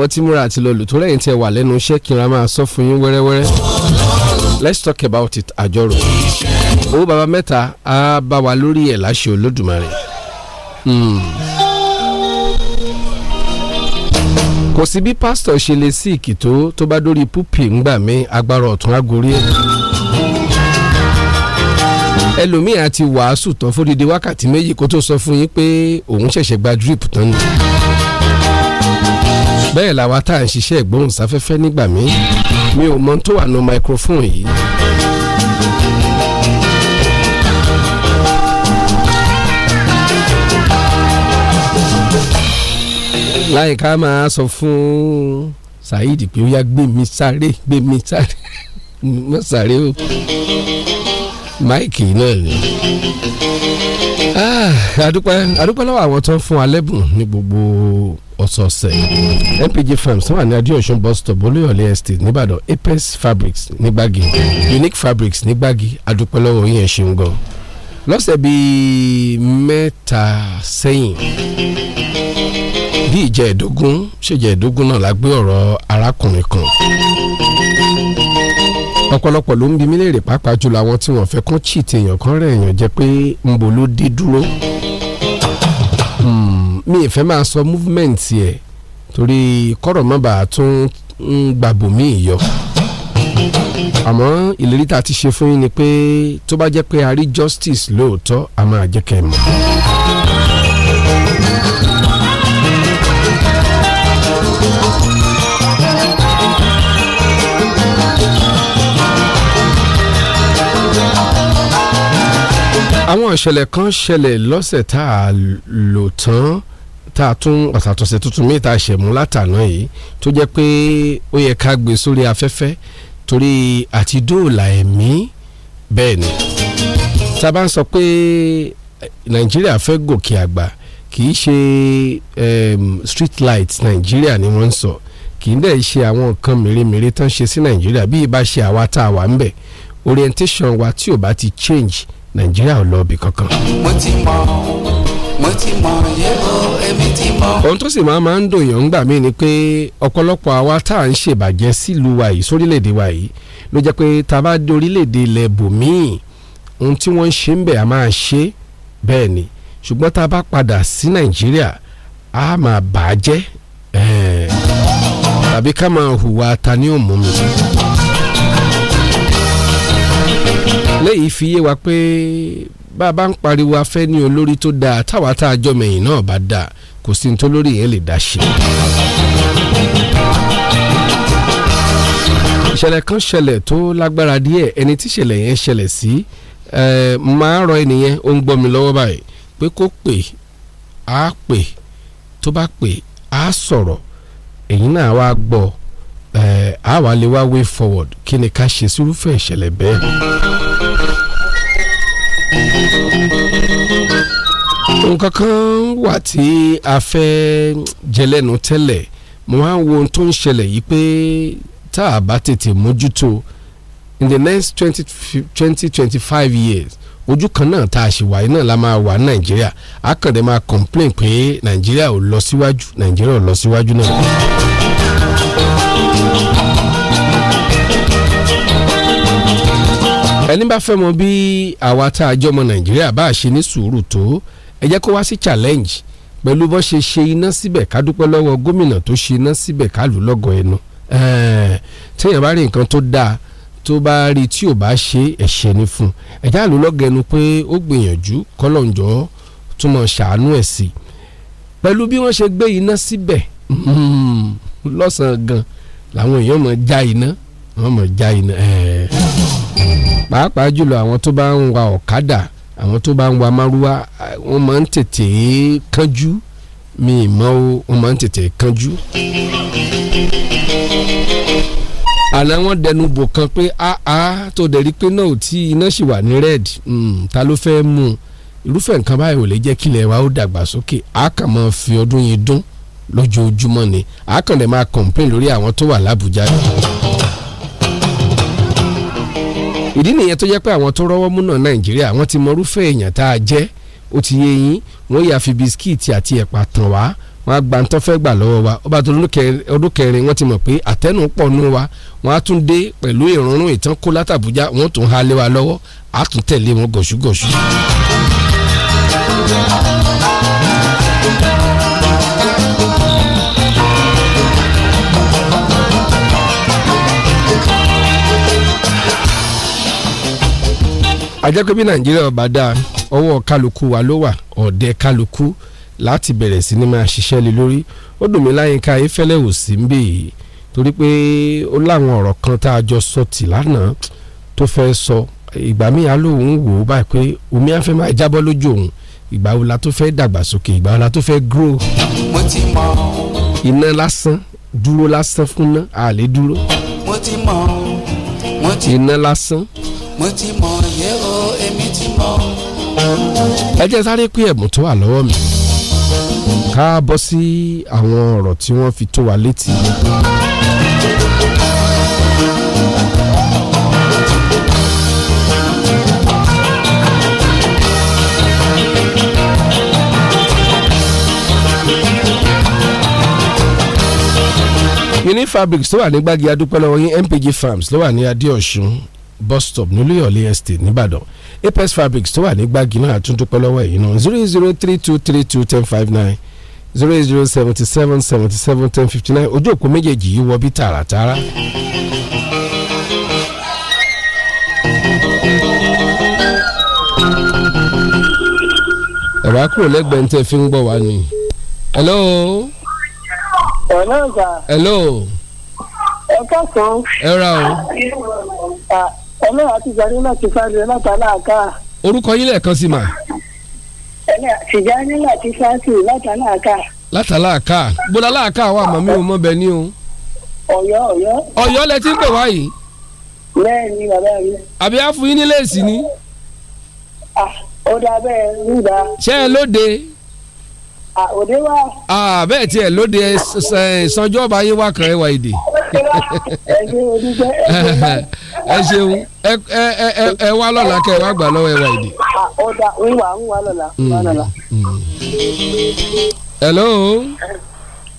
àmọ́ àti lọ́lù tó rẹ̀yìn tí ẹ wà lẹ́nu iṣẹ́ kí n ra máa sọ fún yín wẹ́rẹ́wẹ́rẹ́ let's talk about it àjọrò owó baba mẹ́ta á bá wa lórí ẹ̀ láṣẹ olódùmarè hmm. kò sí bí pásítọ̀ ṣe lè sí ìkìtó tó bá dórí púpì ńgbà mí agbára ọ̀tún agorí ẹ̀ ẹlòmíì àti wàásù tán fódìdí wákàtí méjì kó tó sọ fún yín pé òun ṣẹ̀ṣẹ̀ gba drip tán ni bẹ́ẹ̀ làwa tá à ń ṣiṣẹ́ ìgbóhùnsáfẹ́fẹ́ nígbà míì mi ò mọ tó wà nù microphone yìí. láìka máa sọ fún Saheed pé ó yá gbé mi sáré gbé mi sáré mọ́ sáré o máìkì náà ni adúpẹ́ ah, adúpẹ́ lọ́wọ́ àwọn tó ń fún wa lẹ́bùn ní gbogbo ọ̀sọ̀ọ̀sẹ̀ MPG Farms wà ní adéọ̀sùn bus stop olóyọ̀lé estate nìbàdàn Apex Fabrics ní Gbági Unique Fabrics ní Gbági adúpẹ́ lọ́wọ́ yín ẹ ṣeun gan lọ́sẹ̀ bíi mẹ́ta sẹ́yìn bí ìjẹ́ ẹ̀dógún ṣèjẹ́ ẹ̀dógún náà la ọ̀rọ̀ arákùnrin kan ọ̀pọ̀lọpọ̀ ló ń bi mí léèrè pàápàá jùlọ àwọn tí wọ́n fẹ́ kán cheat èèyàn kan rẹ̀ èèyàn jẹ́ pé nbo ló dé dúró hmm, mi ì fẹ́ máa sọ movement yẹ torí kọ́rọ̀ má bàa tún ń gbàbò mí yọ àmọ́ ìlérí tá a ti ṣe fún yín ni pé tó bá jẹ́ pé a rí justice lóòótọ́ a máa jẹ́ kẹ́ ẹ mọ̀. àwọn ìṣẹ̀lẹ̀ kan ṣẹlẹ̀ lọ́sẹ̀ tá a lò tán tá a tún àtàtọ̀sẹ̀ tuntun míì tá a ṣẹ̀mú látàná yìí tó jẹ́ pé ó yẹ ká gbé sórí afẹ́fẹ́ torí àti dóòlà ẹ̀mí bẹ́ẹ̀ ni tá bá ń sọ pé nàìjíríà fẹ́ gòkè àgbà kì í ṣe ehm, street light nàìjíríà ni wọ́n ń sọ kì í dẹ̀ ṣe àwọn nǹkan mèremère tán ṣe sí nàìjíríà bí ibà ṣe àwa tá a wà ń bẹ̀ orientation wa tí ò bá ti change nàìjíríà ò lọ ibì kankan. mo ti mọ mo ti mọ yẹ́bù èmi ti mọ. ohun tó sì máa máa ń dùn yàn ń gbà mí ni pé ọ̀pọ̀lọpọ̀ àwa tá à ń ṣèbàjẹ́ sílùú wa yìí sórílẹ̀‐èdè wa yìí ló jẹ́ pé tá a bá dé orílẹ̀‐èdè ilẹ̀ bòmíì ohun tí wọ́n ń ṣe ń bẹ̀ a máa ṣe bẹ́ẹ̀ ni ṣùgbọ́n tá a bá padà sí nàìjíríà a máa bà jẹ́ tàbí ká máa hùwà ta ni ó eléyìí fi yé wa pé bá a bá ń pariwo afẹ́ ní olórí tó dáa táwa tá a jọmọ̀yìn náà bá dáa kò sí ní tó lórí yẹn lè dá ṣe. ìṣẹ̀lẹ̀ kan ṣẹlẹ̀ tó lágbára díẹ̀ ẹni tí ìṣẹ̀lẹ̀ yẹn ṣẹlẹ̀ sí máa rọ ẹnìyẹn ó ń gbọ́ mi lọ́wọ́ báyìí pé kó pè á pè tó bá pè á sọ̀rọ̀ èyí náà wá gbọ́ á lè wá way forward kí ni ká ṣe sírúfẹ́ ìṣẹ̀lẹ̀ bẹ́ẹ̀. nǹkan kan wà tí a fẹ́ jẹlẹ́nu tẹ́lẹ̀ mo máa ń wo ohun tó ń ṣẹlẹ̀ yìí pé tá a bá tètè mójútó in the next twenty twenty twenty five years ojú kan náà tá a ṣe wáyé náà la máa wà nàìjíríà a kàn dé máa complain pé nàìjíríà ò lọ síwájú nàìjíríà ò lọ síwájú náà. ẹni bá fẹ́ mọ bí àwa tá a jọmọ nàìjíríà bá a ṣe ní sùúrù tó ẹ jẹ́ kó wá sí challenge pẹ̀lú bó ṣe ṣe iná síbẹ̀ ká dúpẹ́ lọ́wọ́ gómìnà tó ṣe iná síbẹ̀ ká lù lọ́gọ̀ ẹnu téèyàn bá rí nǹkan tó dáa tó bá rí tí ò bá ṣe ẹ̀ṣẹ̀ ni fún ẹ já lù lọ́gọ̀ ẹnu pé ó gbìyànjú kọ́lọ́njọ́ túmọ̀ ṣàánú ẹ̀ sí pẹ̀lú bí wọ́n ṣe gbé iná síbẹ̀ hmm, lọ́sàn gan làwọn èèyàn mọ̀ já iná wọ́n mọ̀ já iná pàápàá jùlọ àwọn tó bá ń wa ọ̀kadà àwọn tó bá ń wa márúwá wọ́n máa ń tètè kánjú mi mọ́ o wọ́n máa ń tètè kánjú. àná wọ́n dẹnu bò kan pé aa tó dẹ̀ rí pé náà ò tí iná sì wà ní red hmm, ta ló fẹ́ mú un irúfẹ́ nǹkan báyìí ò lè jẹ́ kílẹ̀ wa ó dàgbà sókè a kàn máa fi ọdún yìí dún lójoojúmọ́ ni a kàn lè máa complain lórí àwọn tó wà lábújá yìí ìdí nìyẹn tó jẹ́ pé àwọn tó rọ́wọ́ múnà nàìjíríà wọ́n ti mọrúfẹ́ èèyàn tá a jẹ́ ó ti yé yín wọ́n yà fi bisikíìtì àti ẹ̀pà tàn wá wọ́n á gba ń tọ́fẹ́ gbà lọ́wọ́ wa ó tó ọdún kẹrin wọ́n ti mọ̀ pé àtẹnu pọ̀ nù wa wọ́n á tún dé pẹ̀lú ìrọ̀rùn ìtàn kó látàbújá wọ́n tún halẹ̀ wa lọ́wọ́ á tún tẹ̀lé wọn gọ̀ṣúgọ̀ṣú. ajẹ́ pé bí nàìjíríà bá dáa ọwọ́ kálukú wa ló wà ọ̀dẹ kálukú láti bẹ̀rẹ̀ sí ni máa ṣiṣẹ́ lé lórí ó dùn mí láyínká ifẹ̀lẹ̀ ò sí ń bè yìí torí pé ó láwọn ọ̀rọ̀ kan tá a jọ sọ tì lánàá tó fẹ́ sọ ìgbà míì á wò ó báyìí pé omi á fẹ́ máa jábọ́ lójú òun ìgbà wo la tó fẹ́ dàgbàsókè ìgbà wo la tó fẹ́ grow iná lásán dúró lásán fún ná àlè dúró iná lásán mo ti mọ̀ yẹ́ o èmi ti mọ̀. ẹ jẹ́ sáré pé ẹ̀bùn tó wà lọ́wọ́ mi ká bọ́ sí àwọn ọ̀rọ̀ tí wọ́n fi tó wa létí. Unifabrics tó wà ní gbági adúpẹ́ MPG Farms ló wà ní Adéọ̀sùn bus stop nílùyọ̀lé estate nìbàdàn apex fabrics tó wà ní gbági náà àtúndúpẹ́ lọ́wọ́ ẹ̀yìn náà zero zero three two three two ten five nine zero eight zero seventy seven seventy seven ten fifty nine ojú òpó méjèèjì yìí wọ bí tààràtààrà. ẹ̀rọ akúrò lẹ́gbẹ̀ẹ́ ń tẹ́ fi ń gbọ́ wá ni. hello. hello. hello. ẹ káàsán. ẹ ra o ọlọ́run àti ìjànì náà ti fáre láta láàká. orúkọ yín lẹ́ẹ̀kan sí mà. tìjànì náà ti fáre láta láàká. láta láàká bọ́lá láàká wà màmí o mọ́ bẹ ní o. ọ̀yọ́ ọ̀yọ́. ọ̀yọ́ lẹ ti ń pè wá yìí. bẹ́ẹ̀ni bàbá mi. àbí á fún yín nílé èsì ni. Ah, ó dáa bẹ́ẹ̀ ń gbà. ṣé ẹ lóde. Ah, òde wà. Ah, bẹ́ẹ̀ tiẹ̀ lóde sanjọ́ ọba yín wá é ẹwà èdè ẹ ṣeun ẹ wá lọ́la kẹ́ ẹ wá gbà lọ́wọ́ ẹ wá ìdè. ọ̀dà ń wà ń wà lọ́la wà lọ́la. Mm. hello.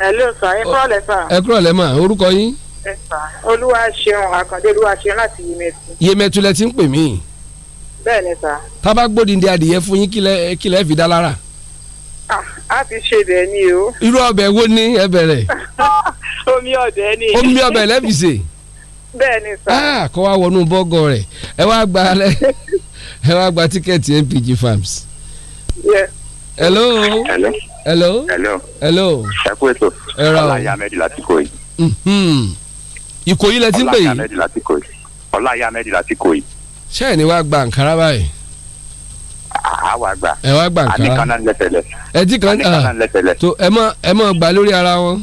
hello sir ẹ kúrọ̀ lẹ́ sà. ẹ kúrọ̀ lẹ́ mà orúkọ yín. ẹ sà olúwa ṣeun àkàndé olúwa ṣeun láti yemẹtu. yemẹtu lẹ ti ń pè mí. bẹ́ẹ̀ ni sà. tá gbódìndé adìyẹ fún yín kí lẹ fi Ah, a ti ṣe bẹ́ẹ̀ ni o. irú ọbẹ̀ wo ni ẹ bẹ̀rẹ̀. omi ọbẹ̀ ni. omi ọbẹ̀ lẹ́bìsè. bẹ́ẹ̀ ni sá. kọ́ wa wọnú bọ́gọ̀ rẹ̀ ẹ wá gba alẹ́ ẹ wá gba tíkẹ́ẹ̀tì MPG Farms. yes. hello. hello. hello. hello. hello. ẹ kú ètò. ẹ ra o ọlá ya mẹ́rin láti kò yìí. Mm-hmm. Ìkòyí lẹ ti ń pè yìí. ọlá ya mẹ́rin láti kò yìí. ṣé ni wàá gba àǹkárá báyìí àwa gbà ẹ wá gbà nkàrà àníkan náà lẹsẹlẹ ẹtí kan náà lẹsẹlẹ ah, tó ẹ mọ ẹ mọ gbà lórí ara wọn.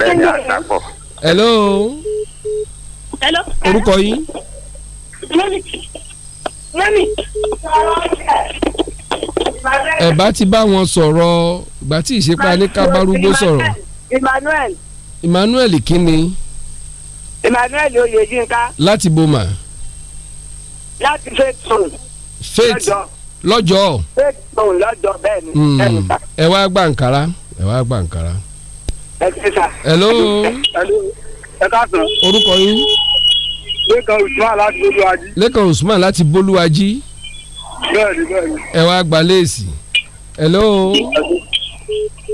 bẹ́ẹ̀ni àdàpọ. hello. hello. orúkọ yín. mami mami. ẹ bá ti bá wọn sọ̀rọ̀ ìgbà tí ìṣepá ní kábárúgbó sọ̀rọ̀. Emmanuel. Emmanuel kí ni. Emmanuel Oyèyínká. láti boma. láti faith zone. faith lọ́jọ́. take stone lọ́jọ́ bẹ́ẹ̀ ni. Hmm. ẹ wá gba Ankara ẹ wá gba Ankara. ẹ ti sà. hello. hello ẹ káàsán. orúkọ yín. lẹ́kàn usman láti bolúwájí. lẹ́kàn usman láti bolúwájí. bẹ́ẹ̀ni bẹ́ẹ̀ni. ẹ wá gba léèsì. hello.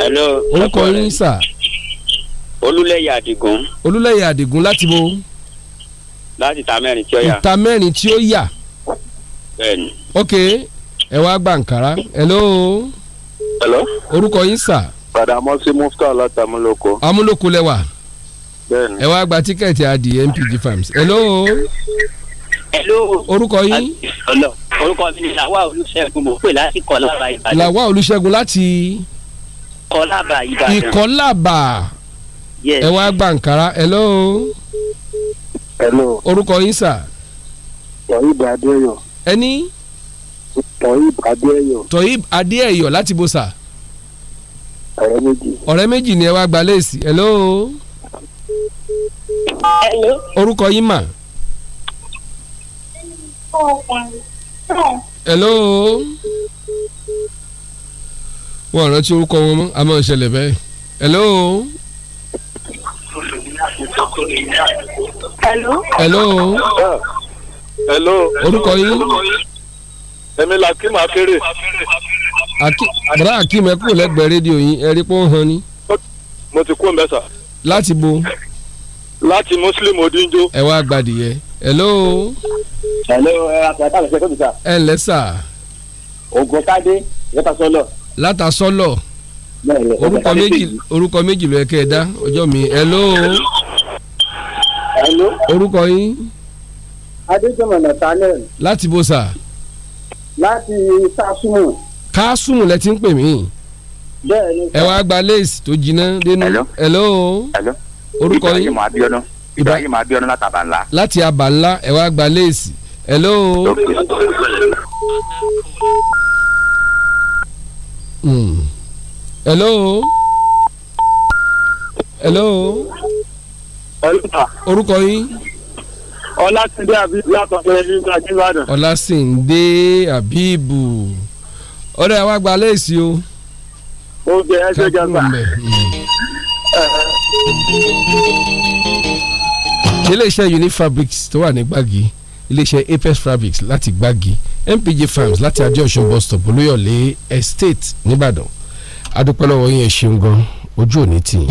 hello. orúkọ yín sà. olúlẹ̀yẹ àdìgún. olúlẹ̀yẹ àdìgún láti bo. láti ìta mẹ́rin tí ó yà. ìta mẹ́rin tí ó yà. bẹ́ẹ̀ni. ok ẹ wá gba hello. hello. orúkọ yín sà. padà mọ́ sí mufta láti amúlòkó. amúlòkó lẹ́wà. bẹ́ẹ̀ni. ẹ wá gba tíkẹ́ẹ̀tì adi MPG farms. hello. hello. orúkọ yín. orúkọ mi ni làwa olùṣègùn mo pè láti kọlábà Ìbàdàn. Lawa olùṣègùn láti. kọlábà Ìbàdàn. ìkọlábà. ẹ wá gba Ankara. hello. hello. orúkọ yín sà. wàhíì bàdéyọ. ẹni tohib adéẹyọ. tohib adéẹyọ láti bó sà. ọ̀rẹ́ méjì. ọ̀rẹ́ méjì ni ẹ wá gba léèsì hello. hello. orúkọ yín mà. hello. wọ́n rántí orúkọ wọn mọ́ a máa ṣẹlẹ̀ bẹ́ẹ̀. hello. hello. hello. hello. orúkọ yín èmi la kí màá kéré. bàrà akim ẹ kúrò lẹ́gbẹ̀ẹ́ rédíò yín ẹ rí pé ó ń han ni. mo ti kú mẹ́sà. láti bo. láti muslim odinjo. ẹ wá gbadìyẹ. hello. hello ẹ àpẹẹrẹ tàbí ṣe tóbi sá. ẹ ǹlẹ́ sà. ògùn sáde látàsọ́lọ̀. látàsọ́lọ̀ orúkọ méjì orúkọ méjì ló yẹ kẹ́ ẹ dá ọjọ́ mi hello. hello. orúkọ yín. adéjọmọ̀nà talẹ̀. láti bo sà láti kásùmù. kásùmù lẹ ti ń pè mí. bẹ́ẹ̀ni. ẹ wá gba lace tó jiná dénú. hello hello. orúkọ yín Ibrahim Abiodun Ibrahim Abiodun láti Àbànlá. láti Àbànlá ẹ wá gba lace. hello. Mm. hello. hello. orúkọ yín ọlásìndé àbíbù látọ̀kẹ́ nígbà nìbàdàn. ọlásìndé àbíbù ọ̀rẹ́ wa gba léèsì o. oúnjẹ ẹ ṣe jàmbá. Hmm. Eh, eh. iléeṣẹ́ unifabrics tó wà ní gbági iléeṣẹ́ apex fabrics láti gbági mpg farms láti adé ọ̀ṣun bus stop olóyọ̀lé estate nìbàdàn adúpẹ́ lọ́wọ́ yín ẹ ṣeun gan ojú òní tì yín.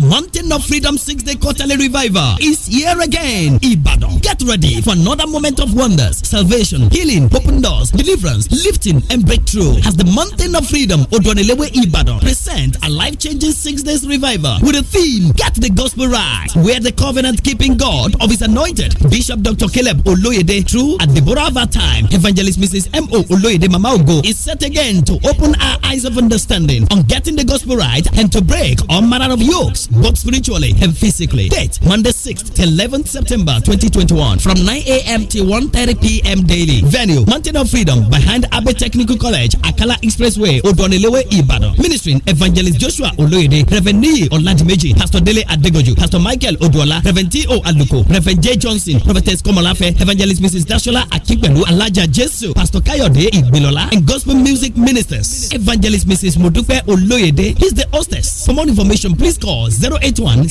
Mountain of Freedom Six Day Quarterly Revival is here again. Ibadan. Get ready for another moment of wonders, salvation, healing, open doors, deliverance, lifting, and breakthrough. As the Mountain of Freedom, Odonilewe Ibadan, present a life changing six days revival with a theme Get the Gospel Right, where the covenant keeping God of His anointed Bishop Dr. Caleb Oloyede, true at the Bora of our time, Evangelist Mrs. M.O. Oloyede Mamaogo, is set again to open our eyes of understanding on getting the gospel right and to break all manner of yoke works, both spiritually and physically. Date Monday 6th to 11th September 2021 from 9 a.m. to 1.30 p.m. daily. Venue Mountain of Freedom behind Abbey Technical College, Akala Expressway, Odonilewe, Ibadan. Ministering Evangelist Joshua Oloyede, Reverend Niyi Oladimeji, Pastor Dele Adegoju, Pastor Michael Oduola, Reverend T.O. Aluko, Reverend J. Johnson, Prophetess Komolafe, Evangelist Mrs. Dashola Akipelu, Alaja Jesu, Pastor Kayode Igbilola, and Gospel Music Ministers. Evangelist Mrs. Modupe Oloyede is the hostess. For more information, please call or 081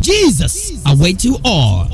Jesus, await you all.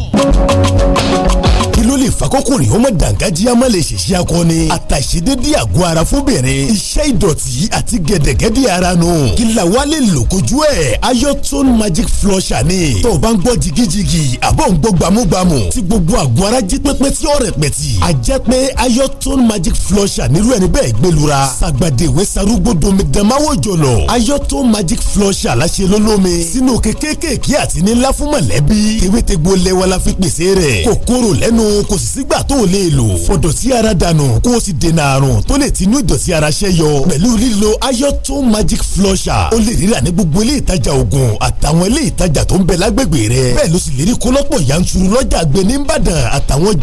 kí ló lè fa kọkùnrin ó mọ dàǹgájíá má lè ṣèṣe akọni àtàṣedédé àgọ́ ara fóbìnrin iṣẹ́ ìdọ̀tí àti gẹ̀dẹ̀gẹ̀dẹ̀ ara nù kí la wá lè lò kojú ẹ̀ ayọ́tún magic flusher ni tó o bá ń gbọ́ jigijigi àbọ̀ ń gbọ́ gbàmúgbàmù tí gbogbo àgọ́ ara jí pẹ́pẹ́ tí ó rẹ̀ pẹ̀tì a jẹ́ pé ayọ́tún magic flusher nírú ẹni bẹ́ẹ̀ gbẹlura sàgbàdéwé sarúgbó domidanmáwò jọlọ ayọ́tún magic flusher aláṣẹ lólómi sínú kékèké àti nílá fún mọ̀lẹ́bí tewétegbò lẹ́wọ́ la fi pèsè rẹ̀ kòkòrò lẹ́nu kò sì sígbà tó o lè lò fọ̀dọ̀tí ara dànù kó o sì dènà àrùn tó lè tinú ìdọ̀tí ara ṣẹ́ yọ pẹ̀lú lílo ayọ́tún magic flusher o lè rírà ní gbogbo ilé ìtajà oògùn àtàwọn ilé ìtajà tó ń bẹ lágbègbè rẹ bẹ́ẹ̀ ló sì lérí kólọ́pọ̀ yanturu lọ́jà gbé ní Ìbàdàn àtàwọn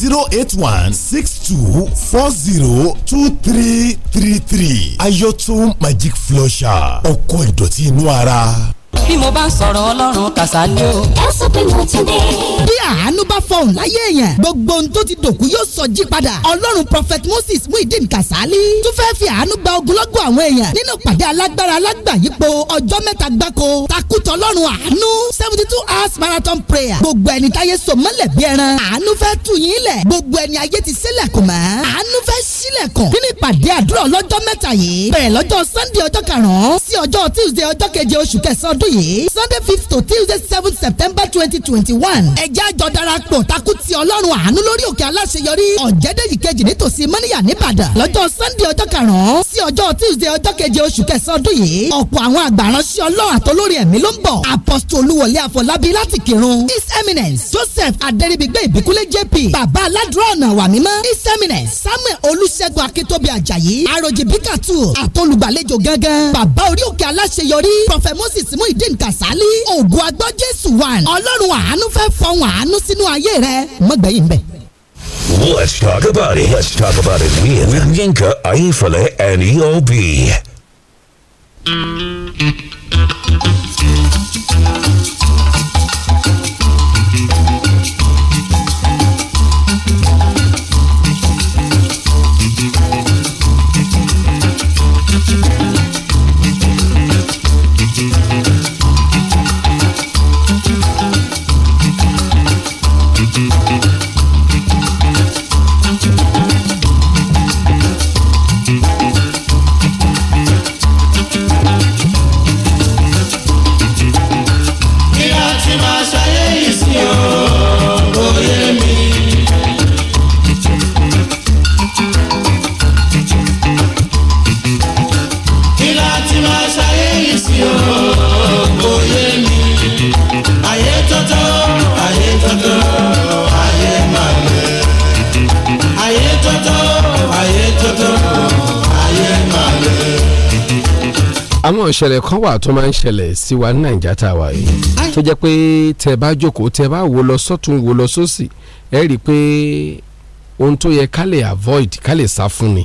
zero eight one six two four zero two three three three ayoto magic flusher ọkọ̀ ìdọ̀tí inú ara bí mo bá ń sọ̀rọ̀ ọlọ́run kàṣálí o. ẹ sọ pé mo ti dé. bí àánú bá fọhùn láyé èèyàn gbogbo ohun tó ti dòkú yóò sọ jí padà ọlọ́run prophet moses muhyiddin kàṣálí tún fẹ́ fi àánú gba ogunlọ́gọ̀ àwọn èèyàn nínú pàdé alágbára alágbàyípo ọjọ́ mẹ́ta gbáko takùtọ̀ ọlọ́run àánú seventy two hours marathon prayer gbogbo ẹni táyé so mọ́lẹ̀ bí ẹran àánú fẹ́ tù yín lẹ̀ gbogbo ẹni ayé ti sílẹ̀ kù mọ́ àánú fẹ́ sílẹ̀ kàn nínú ìpàdé àdúrà ọlọ́jọ́ mẹ́ta yìí bẹ̀rẹ̀ lọ́jọ́ sunday ọjọ́ karùn-ún sí ọjọ́ tuesday ọdún yìí sunday fifth to tuesday seventh september twenty twenty one ẹ̀jẹ̀ àjọ darapọ̀ takú ti ọlọ́run àánú lórí òkè aláṣeyọrí ọ̀jẹ̀dẹ̀yì kejì nítòsí mọ́níyà nìbàdàn lọ́jọ́ sunday ọjọ́ karùn-ún sí ọjọ́ tuesday ọjọ́ keje oṣù kẹsàn-án ọdún yìí ọ̀pọ̀ àwọn àgbàránṣẹ́ ọlọ́run àtọlórí ẹ̀mí ló ń bọ̀ apostle olúwọlé àfọlábí láti kírun his eminence joseph adẹ́rìbígbé ìbíkúlé jp bàbá aládùúrà ọ̀nà wà mímọ́ his eminence samuel olùṣègùn akíntóbi àjàyí àròjì bíkàtù àtolùgbàlejò gángan bàbá orí òkè aláṣeyọrí prophet moses mú Muyideen Kasali ògùn agbọ́ Jésù one ọlọ́run àánú fẹ́ fọhùn àánú sínú ayé rẹ mọ́gbẹ́yìn bẹ́ẹ̀. Let's talk about it. Let's talk about it with, with Yinka, Ayefele and EOB. àwọn ìṣẹ̀lẹ̀ kan wà tó máa ń ṣẹlẹ̀ sí wa ní nàìjíríà tá a wà yìí tó jẹ́ pé tẹ́ bá jókòó tẹ́ bá wò lọ sọ́tún wò lọ sósì ẹ rí i pé ohun tó yẹ ká lè avoid ká lè sá fún ni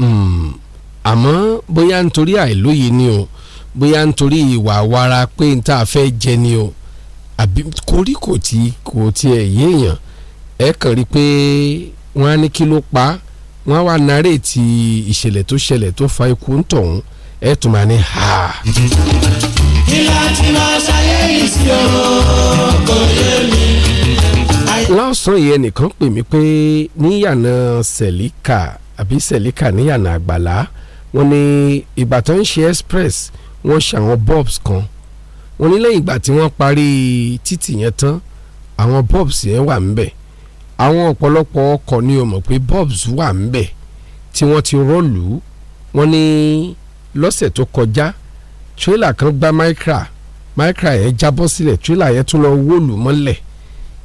hmm. àmọ́ bóyá nítorí àìlóye ni o bóyá nítorí ìwà wara pé n tá a fẹ́ jẹ ni o àbí koríko tí kò yéèyàn ẹ kàn rí i pé wọ́n á ní kí ló pa wọ́n á wá narètì ìṣẹ̀lẹ̀ tó ṣẹlẹ̀ tó fa ikú ń tọ̀hún ẹ tún máa ní ha. kí máa ṣayé sí o kò yé mi. lọ́sàn-án yìí ẹnìkan pè mí pé níyànà sẹ̀líkà àbí sẹ̀líkà níyànà àgbàlá wọ́n ní ìgbà ṣe express wọ́n ṣàwọn bobs kan wọ́n ní lẹ́yìn ìgbà tí wọ́n parí títì yẹn tán àwọn bobs yẹn wà ń bẹ̀ àwọn ọ̀pọ̀lọpọ̀ ọkọ̀ ni o mọ̀ pé bobs wà ń bẹ̀ tí wọ́n ti rọ́ọ̀lù wọ́n ní. Ni lọ́sẹ̀ tó kọjá tírélà kan gbá micra micra yẹn jábọ́ sílẹ̀ tírélà yẹn tún lọ wọ́ọ̀lù mọ́lẹ̀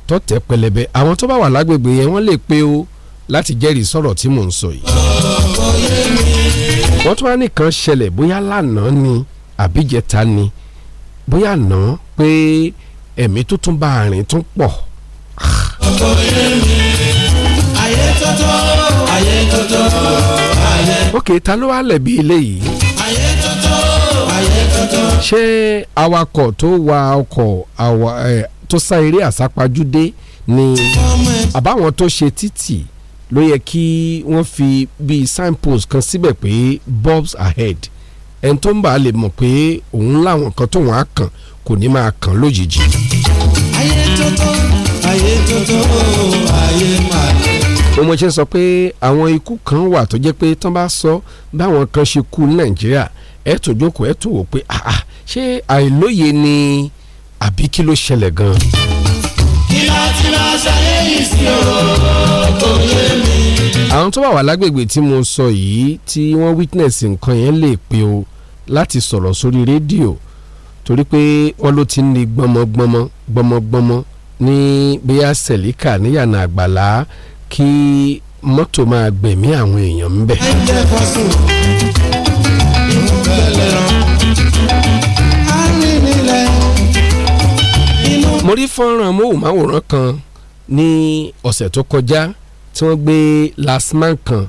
tọ́tẹ̀ pẹlẹbẹ àwọn tó bá wà lágbègbè yẹn wọ́n lè pe o láti jẹ́rìí sọ̀rọ̀ tí mò ń sọ yìí. wọ́n tún wá nìkan ṣẹlẹ̀ bóyá lánàá ni àbíjẹta ni bóyá nà án pé ẹ̀mí tó tún bá àrìn tún pọ̀. òkè ta ló wá lẹ̀bi eléyìí ṣé awakọ̀ tó wa ọkọ̀ tó sá eré àsápajúdé ni àbáwọn tó ṣe títì ló yẹ kí wọ́n fi bíi signpost kan síbẹ̀ pé bobs ahead ẹni tó ń bá a lè mọ̀ pé òun láwọn kan tó wọ́n á kàn kò ní máa kàn lójijì. ayé sọ pé àwọn ikú kan wà tó jẹ́ pé tán bá sọ báwọn kan ṣe kú ní nàìjíríà ẹ tó jókòó ẹ tó wò pé ah, ah, ṣé àìlóye ni àbí kí ló ṣẹlẹ̀ gan-an. kí láti máa ọ̀rọ̀ kò yé mi. àwọn tó wà wà lágbègbè tí mo sọ yìí tí wọ́n witness nǹkan yẹn lè pe o láti sọ̀rọ̀ sórí rédíò torí pé wọ́n ló ti ń ní gbọmọgbọmọ gbọmọgbọmọ ní bóyá sẹ̀líkà níyànà àgbàlá kí mọ́tò máa gbẹ̀mí àwọn èèyàn ń bẹ̀ mo rí fọ́nrán móhùnmáwòrán kan ní ọ̀sẹ̀ tó kọjá tí wọ́n gbé lasman kan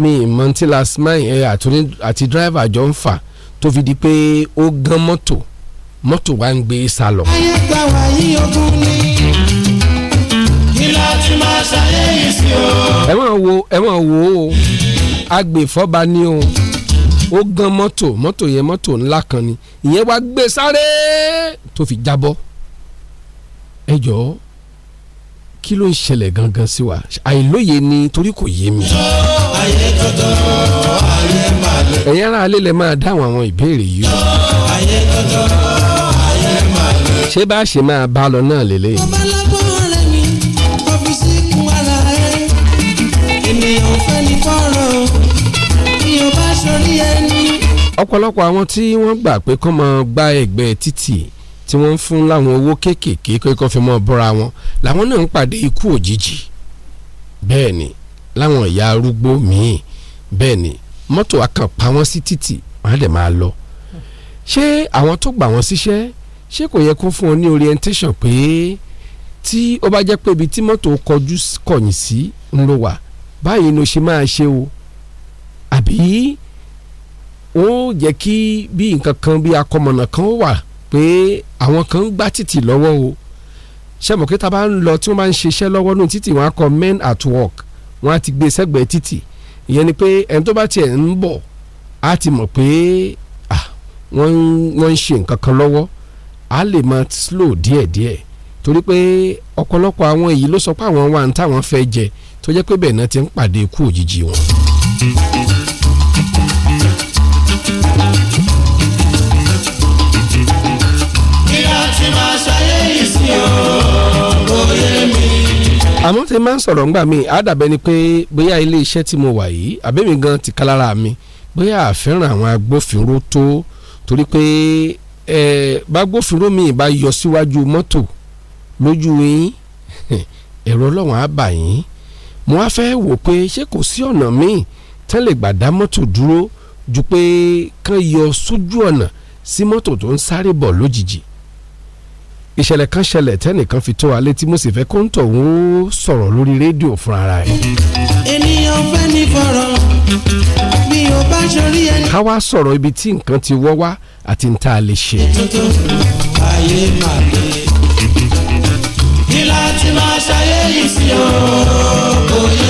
mi ìmọ̀ tí lasman yẹn àti dírẹ́fà jọ ń fà tó fi di pé ó gán mọ́tò mọ́tò wa ń gbé sá lọ. ayé gbà wá yí ni kí láti máa ṣàyẹ̀yì sí o. ẹ wo ẹ wo o agbèfọ́ba ni o ó gan mọ́tò mọ́tò yẹn mọ́tò ńlá kan ni ìyẹn wá gbé sáré tó fi jábọ́ ẹ jọ̀ọ́ kí ló ń ṣẹlẹ̀ gangan sí wa àìlóye ni torí kò yé mi. ẹ̀yin ara alẹ́ lẹ máa dáhùn àwọn ìbéèrè yìí. ṣé bá ṣe máa bá lọ náà lélẹ́yìn. sórí ẹni. ọ̀pọ̀lọpọ̀ àwọn tí wọ́n gbà pé kọ́ mọ gba ẹ̀gbẹ́ títì tí wọ́n ń fún láwọn owó kéékèèké kó kọ́ fi mọ́ bọ́ra wọn làwọn náà ń pàdé ikú òjijì bẹ́ẹ̀ ni láwọn ìyá arúgbó míì bẹ́ẹ̀ ni mọ́tò akàn pa wọ́n sí títì wọ́n á dẹ̀ máa lọ ṣé àwọn tó gbà wọ́n síṣẹ́ ṣé kò yẹ kó fún ọ ní orientation pé tí ó bá jẹ́ pé ibi tí mọ́tò kọjú kọ̀yìn sí ń lọ wà báyìí ni o ṣe máa ṣe o àbí ó jẹ́ kí bí nǹkan kan bí akọmọ̀nà kan wà pé àwọn kan ń gbá títì lọ́wọ́ o ṣẹ́mọ̀ pé tá a bá ń lọ tí wọ́n bá ń ṣiṣẹ́ lọ́wọ́ nù títì wọ́n á kọ men at work wọ́n á ti gbé sẹ́gbẹ̀ẹ́ títì ìyẹn ni pé ẹni tó bá tiẹ̀ ń bọ̀ á ti mọ̀ pé wọ́n ń ṣe nǹkan kan lọ́wọ́ á lè máa slow díẹ̀díẹ̀ torí pé ọ̀pọ̀lọpọ̀ àwọn èyí ló sọ pé àwọn wà ń táwọn fẹ́ jẹ tó jẹ́ pé bẹ́ẹ̀ náà ti ń pàdé ikú òjijì wọn. àmọ́ tí máa ń sọ̀rọ̀ ńgbà míì á dàbẹ́ ni pé bóyá ilé iṣẹ́ tí mo wà yìí àbẹ́mi gan ti ká lára mi bóyá àfẹ́ràn àwọn agbófinró tó torí pé ẹ bágbófinró míì bá yọ síwájú mọ́tò lójú yín ẹ̀rọ ọlọ́wọ̀n á bà yín mo á fẹ́ wò pé ṣé kò sí ọ̀nà míì tán lè gbà dá mọ́tò dúró ju pé kán yọ sójú ọ̀nà sí mọ́tò tó ń sáré bọ̀ lójijì ìṣẹ̀lẹ̀ kan ṣẹlẹ̀ tẹ́nìkan fi tó wa létí mo sì fẹ́ kó ń tọ̀ ń sọ̀rọ̀ lórí rédíò fún ara ẹ̀. ènìyàn fẹ́ ní fọ̀rọ̀ bí o bá ṣorí ẹni. ká wá sọ̀rọ̀ ibi tí nǹkan ti wọ́ wá àti ń tá a lè ṣe. ètùtù ayé máa le kí láti máa ṣayé yìí sí o òye.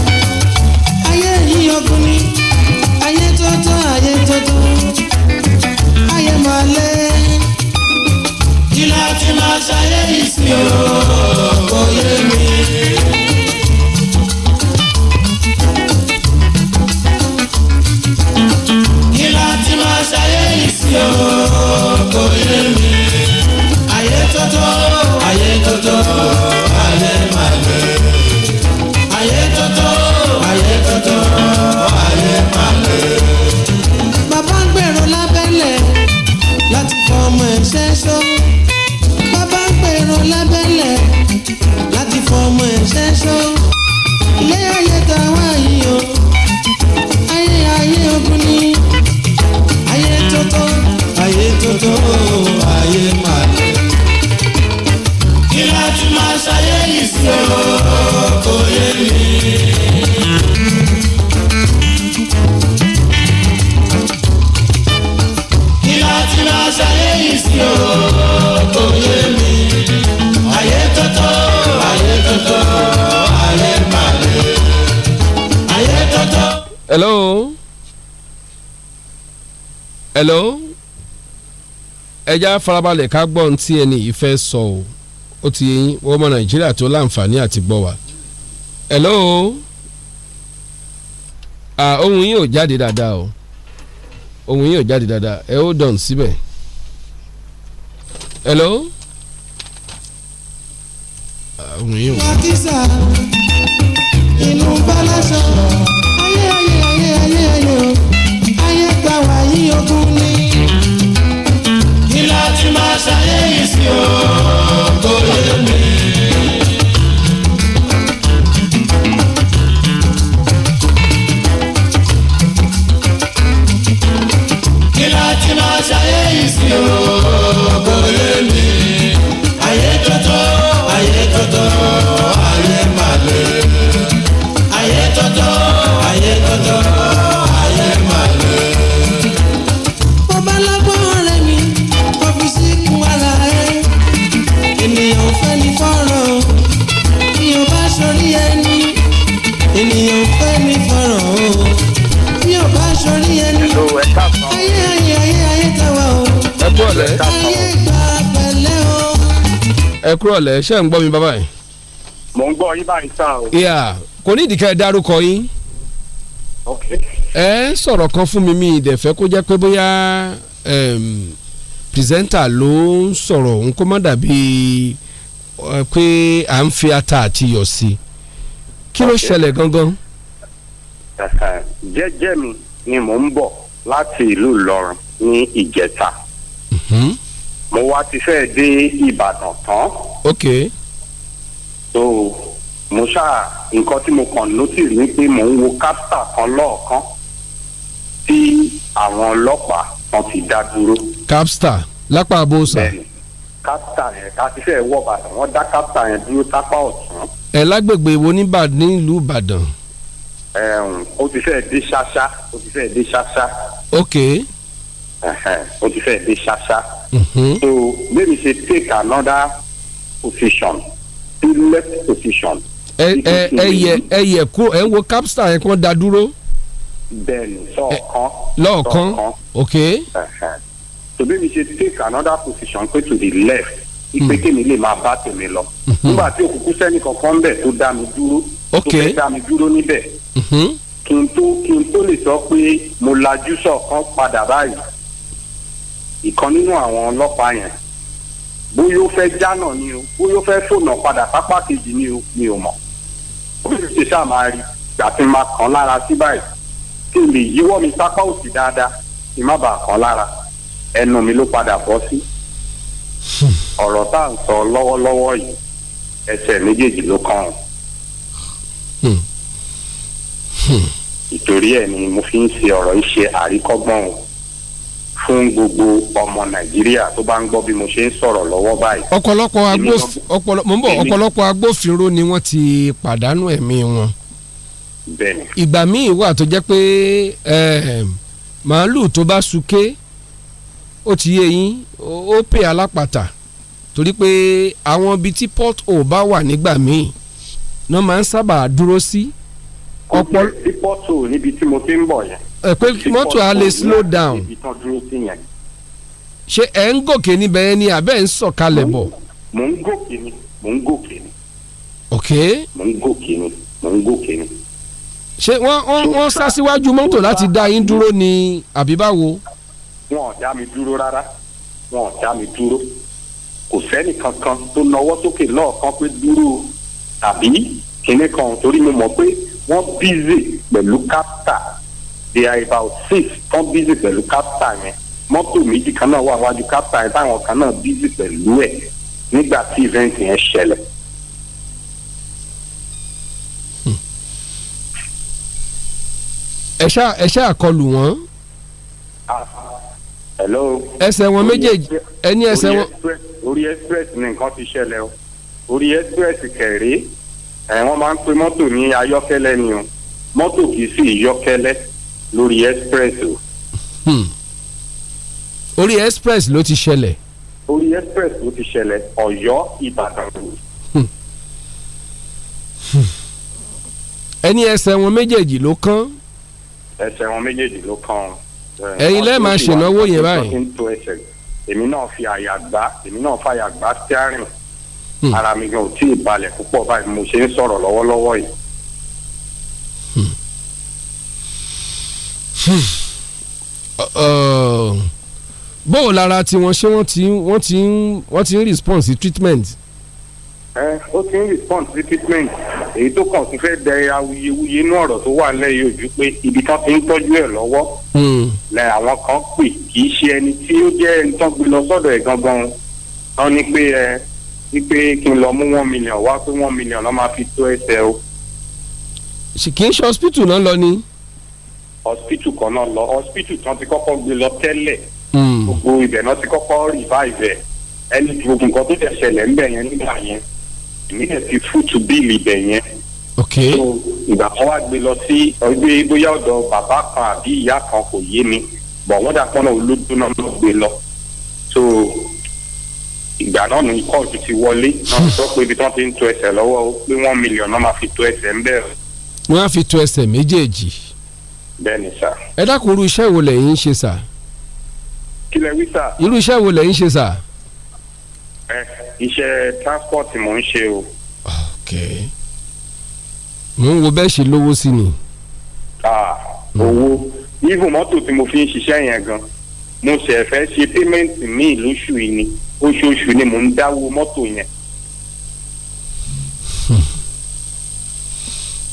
kí láti máa ṣayé ìsìn o kò yé mi. kí láti máa ṣayé ìsìn o kò mi. ayé tótó ayé tótó. hello hello ẹja farabalẹ̀ ká gbọ́ ohun tí ẹni yìí fẹ́ sọ o ó ti yẹn ọmọ nàìjíríà tó láǹfààní àti gbọ́ wa hello ah ohun yìí ò jáde dáadáa o ohun yìí ò jáde dáadáa ẹ ó dàn síbẹ̀ hello ohun yìí ò tá wà yí ogún ni. kí la ti máa ṣayé sí o kò yé mi. kí la ti máa ṣayé sí o kò yé mi. ayé tọ́tọ́ ayé tọ́tọ́. rọ̀lẹ́. ẹ kú rọ̀lẹ́ ṣé ń gbọ́ mi bàbá yìí. mò ń gbọ́ yín báyìí sá o. ìyá kò ní ìdíkẹ́ dárúkọ yín. ẹ sọ̀rọ̀ kan fún mi mi ìdẹ̀fẹ́ kó jẹ́ pé bóyá pìrìsẹ́ńtà ló ń sọ̀rọ̀ òun kó má dàbí pé à ń fi ata àti iyọ̀ sí i kí ló ṣẹlẹ̀ gangan. jẹ́jẹ́ mi ni mò ń bọ̀ láti ìlú Ìlọrin ní ìjẹta Hmm? mo wá ti fẹ́ dé Ìbàdàn tán. ok. so mo ṣáà nǹkan tí mo kàn notice ni pé mò ń wo kápítà kan lọ́ọ̀kan tí àwọn ọlọ́pàá kan ti dá dúró. kápítà lápá abóòsà. kápítà yẹn ká ti fẹ́ wọ̀ Ìbàdàn wọ́n dá kápítà yẹn dúró tápá ọ̀tún. ẹ lágbègbè wo nílùú Ìbàdàn. ó ti fẹ́ dé ṣáṣá ó ti fẹ́ dé ṣáṣá. ok o ti fẹ́ di ṣaṣa. Mhm. so maybe say take another position left position. ẹ ẹ ẹ yẹ ẹ yẹ kó ẹ ń wo capstan yẹn kàn dá dúró. bẹ́ẹ̀ni lọọkan lọọkan ok. so let me say take another position go to the left ipe hmm. kémi lè máa bá tèmi lọ. Mhm. nígbà tí òkùnkùn sẹ́ni kankan bẹ̀ tó dá mi dúró tó fẹ́ dá mi dúró níbẹ̀ mhm. kí n tó kí n tó lè sọ pé mo lajú sọ̀kan padà báyìí ìkan nínú àwọn ọlọ́pàá yẹn bóyá ó fẹ́ jánà ni o bóyá ó fẹ́ fònà padà pápá kejì ni o mi ò mọ̀ obìnrin ṣe ṣáà máa rí ìgbà tí máa kàn lára sí báyìí kí n lè yíwọ́ mi sápá òsì dáadáa kí n má bàa kàn lára ẹnu mi ló padà bọ́ sí ọ̀rọ̀ tá à ń sọ lọ́wọ́lọ́wọ́ yìí ẹsẹ̀ méjèèjì ló kàn án hmm. Hmm. ìtorí ẹ̀ ni mo fi ń ṣe ọ̀rọ̀ yìí àríkọ́gbọ́n o fún gbogbo ọmọ nàìjíríà tó bá ń gbọ́ bí mo ṣe ń sọ̀rọ̀ lọ́wọ́ báyìí. ọ̀pọ̀lọpọ̀ ọ̀pọ̀lọpọ̀ agbófinró ni wọ́n ti pàdánù ẹ̀mí wọn. bẹ́ẹ̀ni. ìgbà míì wà tó jẹ́ pé màálù tó bá súnké ó ti yé yín ó pè alápàtà torí pé àwọn ibi tí port o bá wà nígbà míì náà máa ń sábà dúró sí. ọ̀pọ̀ sí port o níbi tí mo ti ń bọ̀ yẹn ẹ eh, pé mọ́tò á lè slow down ṣé ẹ ń gòkè níbẹ̀ yẹn ni àbẹ́ ń sọ̀kalẹ̀ bọ̀. mò ń gòkè ni mò ń gòkè ni. ok. mò ń gòkè ni mò ń gòkè ni. ṣé wọ́n wọ́n sá síwájú mọ́tò láti dá yín dúró ni àbí báwo. wọn ò dá mi dúró rárá wọn ò dá mi dúró kò sẹ́ni kankan tó nawọ́ sókè lọ́ọ̀kan pé dúró tàbí kinní kan torí mo mọ̀ pé wọ́n bízè pẹ̀lú kápítà they are about six tán bízì pẹ̀lú kápítà yẹn mọ́tò méjì kan náà wà wájú kápítà yẹn táwọn kan náà bízì pẹ̀lú ẹ̀ nígbà tí event yẹn ṣẹlẹ̀. ẹ ṣá àkọlù wọn. Ah, ẹsẹ̀ wọn méjèèjì ẹni ẹsẹ̀ wọn. orí express ni nǹkan ti ṣẹlẹ̀ o orí express kẹrẹ ẹ wọn máa ń pe mọ́tò ní ayọ́kẹ́lẹ́ ni o mọ́tò kì í sì yọ́kẹ́lẹ́ lórí express o. Hmm. orí express ló ti ṣẹlẹ̀. orí express ló ti ṣẹlẹ̀ ọ̀yọ́ ìbàdàn. Hmm. Hmm. ẹni ẹsẹ̀ wọn méjèèjì ló kán. ẹsẹ̀ wọn méjèèjì ló kán. Eh, ẹ̀yin lẹ́ẹ̀ máa ṣènáwó yẹn báyìí. èmi náà fi àyà gbá èmi náà fàyà gbá steering ara mi gan ò tí ì balẹ̀ púpọ̀ báyìí mo ṣe ń sọ̀rọ̀ lọ́wọ́lọ́wọ́ yìí Hmm. Uh, uh, bóò lára tiwọn ṣé wọ́n ti wọ́n ti wọ́n ti ń response sí treatment. ẹ ó ti ń response sí treatment èyí tó kàn tún fẹ́ dẹ awuyewuye inú ọ̀rọ̀ tó wà lẹ́yìn ojú pé ibi tán ti ń tọ́jú ẹ̀ lọ́wọ́ hmm. lẹ àwọn kan pè kì í ṣe ẹni tí ó jẹ́ ẹni tán gbé lọ sọ́dọ̀ ẹ̀ gangan wọn ni pé ẹ ni pé kí n lọ mú one million wá pé one million lọ́ máa fi tó ẹsẹ̀ o. kì í ṣe hospital náà lọ ni hospital kan náà lọ hospital tán ti kọ́kọ́ gbé lọ tẹ́lẹ̀ hmm. gbogbo ibẹ̀ náà ti kọ́kọ́ revive ẹ̀ ẹni tí gbogbo nǹkan tó dẹ̀ ṣẹlẹ̀ ńbẹ̀ yẹn nígbà yẹn èmi dẹ̀ ti fútu bíìlì ibẹ̀ yẹn okay. so ìgbà kan wá gbé lọ sí ọgbẹ́ bóyá ọ̀dọ̀ bàbá kan àbí ìyá kan kò yé mi bọ̀ wọ́n dà pọ́nà olódó náà ló gbé lọ so ìgbà náà ní kóòtù ti wọlé náà sọ pé ibi tí wọ́n ti ń to ẹsẹ̀ lọ́wọ́ pé one million náà máa fi to ẹsẹ̀ ń bẹ̀rẹ̀. á fi to ẹsẹ̀ méjèèjì bẹ́ẹ̀ni sà. ẹ dákun irú iṣẹ́ wo lẹ̀yin ń ṣe sà. kílẹ̀ wí sà. irú iṣẹ́ wo lẹ̀yin ń ṣe sà. ẹ iṣẹ́ transport mò ń ṣe o. ok mò ń wo bẹ́ẹ̀ ṣe lówó sí ni. ah owó even mọ́tò tí mo fi ń ṣiṣẹ́ yẹn gan mo ṣẹ̀ fẹ́ ṣe payment míì lóṣù yìí ni oṣooṣù ni mò ń dáwó mọ́tò yẹn. Hmm.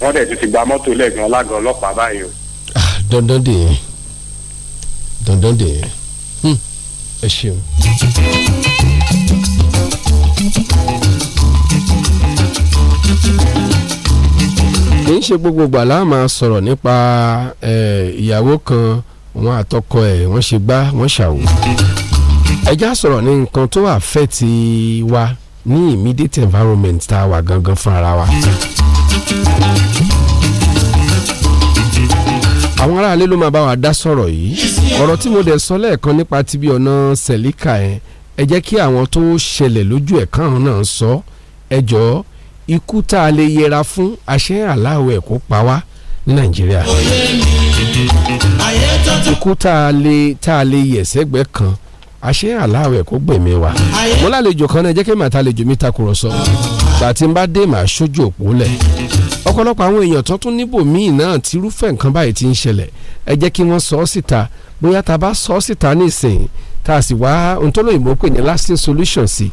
wọ́n dẹ̀ ti ti gba mọ́tò lẹ́gbẹ̀ẹ́ ọlágan ọlọ́pàá báyìí o dandan dè yẹn dandan dè yẹn hmm. ẹ ṣeun. kì í ṣe gbogbo ìgbà la máa sọ̀rọ̀ nípa ìyàwó kan wọn àtọkọ ẹ̀ wọ́n ṣe gbá wọ́n ṣàwò ẹjá sọ̀rọ̀ ní nǹkan tó wà fẹ́ ti wa ní immediate environment tá a wà gangan fúnra wa àwọn aráalé ló máa bá wa dá sọ̀rọ̀ yìí ọ̀rọ̀ tí mo dẹ̀ sọ lẹ́ẹ̀kan nípa ti bí ọ̀nà sẹ̀líkà ẹ̀ ẹ jẹ́ kí àwọn tó ṣẹlẹ̀ lójú ẹ̀ káwọn náà sọ ẹ jọ̀ọ́ ikú tá a lè yẹra fún àṣẹ aláwọ̀ ẹ̀ kó pa wá ní nàìjíríà ikú tá a lè tá a lè yẹ̀ sẹ́gbẹ́ kan àṣẹ aláwẹ̀ kó gbẹ̀mí wa mo lálejò kan náà ẹ jẹ́ kí màtá àlejò mi takùrọ̀sọ gbà ọ̀pọ̀lọpọ̀ àwọn èèyàn tó tún níbò míì náà tí irúfẹ́ nǹkan báyìí ti ń ṣẹlẹ̀ ẹ jẹ́ kí wọ́n sọ ọ́ síta bóyá tá bá sọ ọ́ síta nísìnyí tá a sì wá ohun pè ní lasting solution sí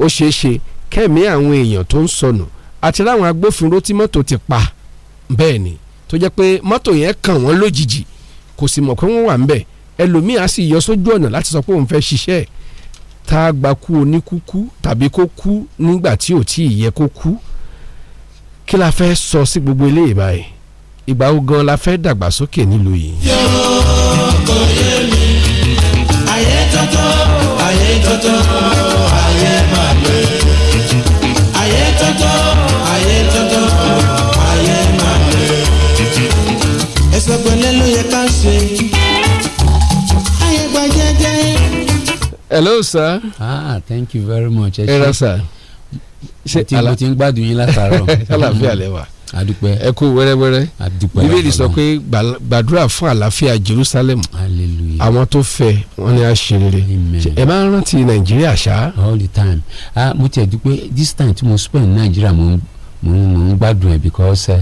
ó ṣeé ṣe kẹ́ẹ̀mí àwọn èèyàn tó ń sọnù àti láwọn agbófinró tí mọ́tò ti pa bẹ́ẹ̀ ni tó jẹ́ pé mọ́tò yẹn kàn wọ́n lójijì kò sì mọ̀ pé wọ́n wà ń bẹ̀ ẹlòmíì á sì yọ sójú ọ̀nà láti sọ pé òun fẹ́ ṣiṣẹ́ tá a gba kú oníkúkú tàbí kó kú nígbà tí ò tí yẹ kó kú kí la fẹ́ sọ sí gbogbo eléyìí báyìí ìgbà wo gan la fẹ́ dàgbàsókè nílùú yìí. yóò kò yé mi ayé tọ́tọ́ ayé tọ́tọ́ ayé máa lè ayé tọ́tọ́ ayé tọ́tọ́ ayé máa lè. ẹsẹ̀ pẹ̀lẹ́ ló yẹ ká ṣe ayé gba hello sir. ah thank you very much. ẹ rà sir. ṣe mo ti ń gbádùn yín látàárọ̀ àlàáfíà lẹ́wà àdúpẹ́ ẹ kú wẹ́rẹ́wẹ́rẹ́ àdúpẹ́ bíbélì sọ pé gbàdúrà fún àlàáfíà Jerusalem àwọn tó fẹ́ wọn ni a ṣe rere ẹ máa ń rántí Nàìjíríà ṣá. all the time ah mo dúpẹ́ this time tí mo spend Nàìjíríà mo mo ń mo ń gbádùn ẹ because uh,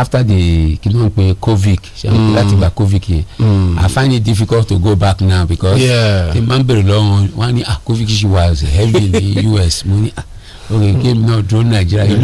after the ń pe covid ṣe láti mm. gba covid yẹn mm. i find it difficult to go back now because yeah. the man bèrè wọn ni ah covid heavy us mo ní ah okay kí èmi náà dúró nàìjíríà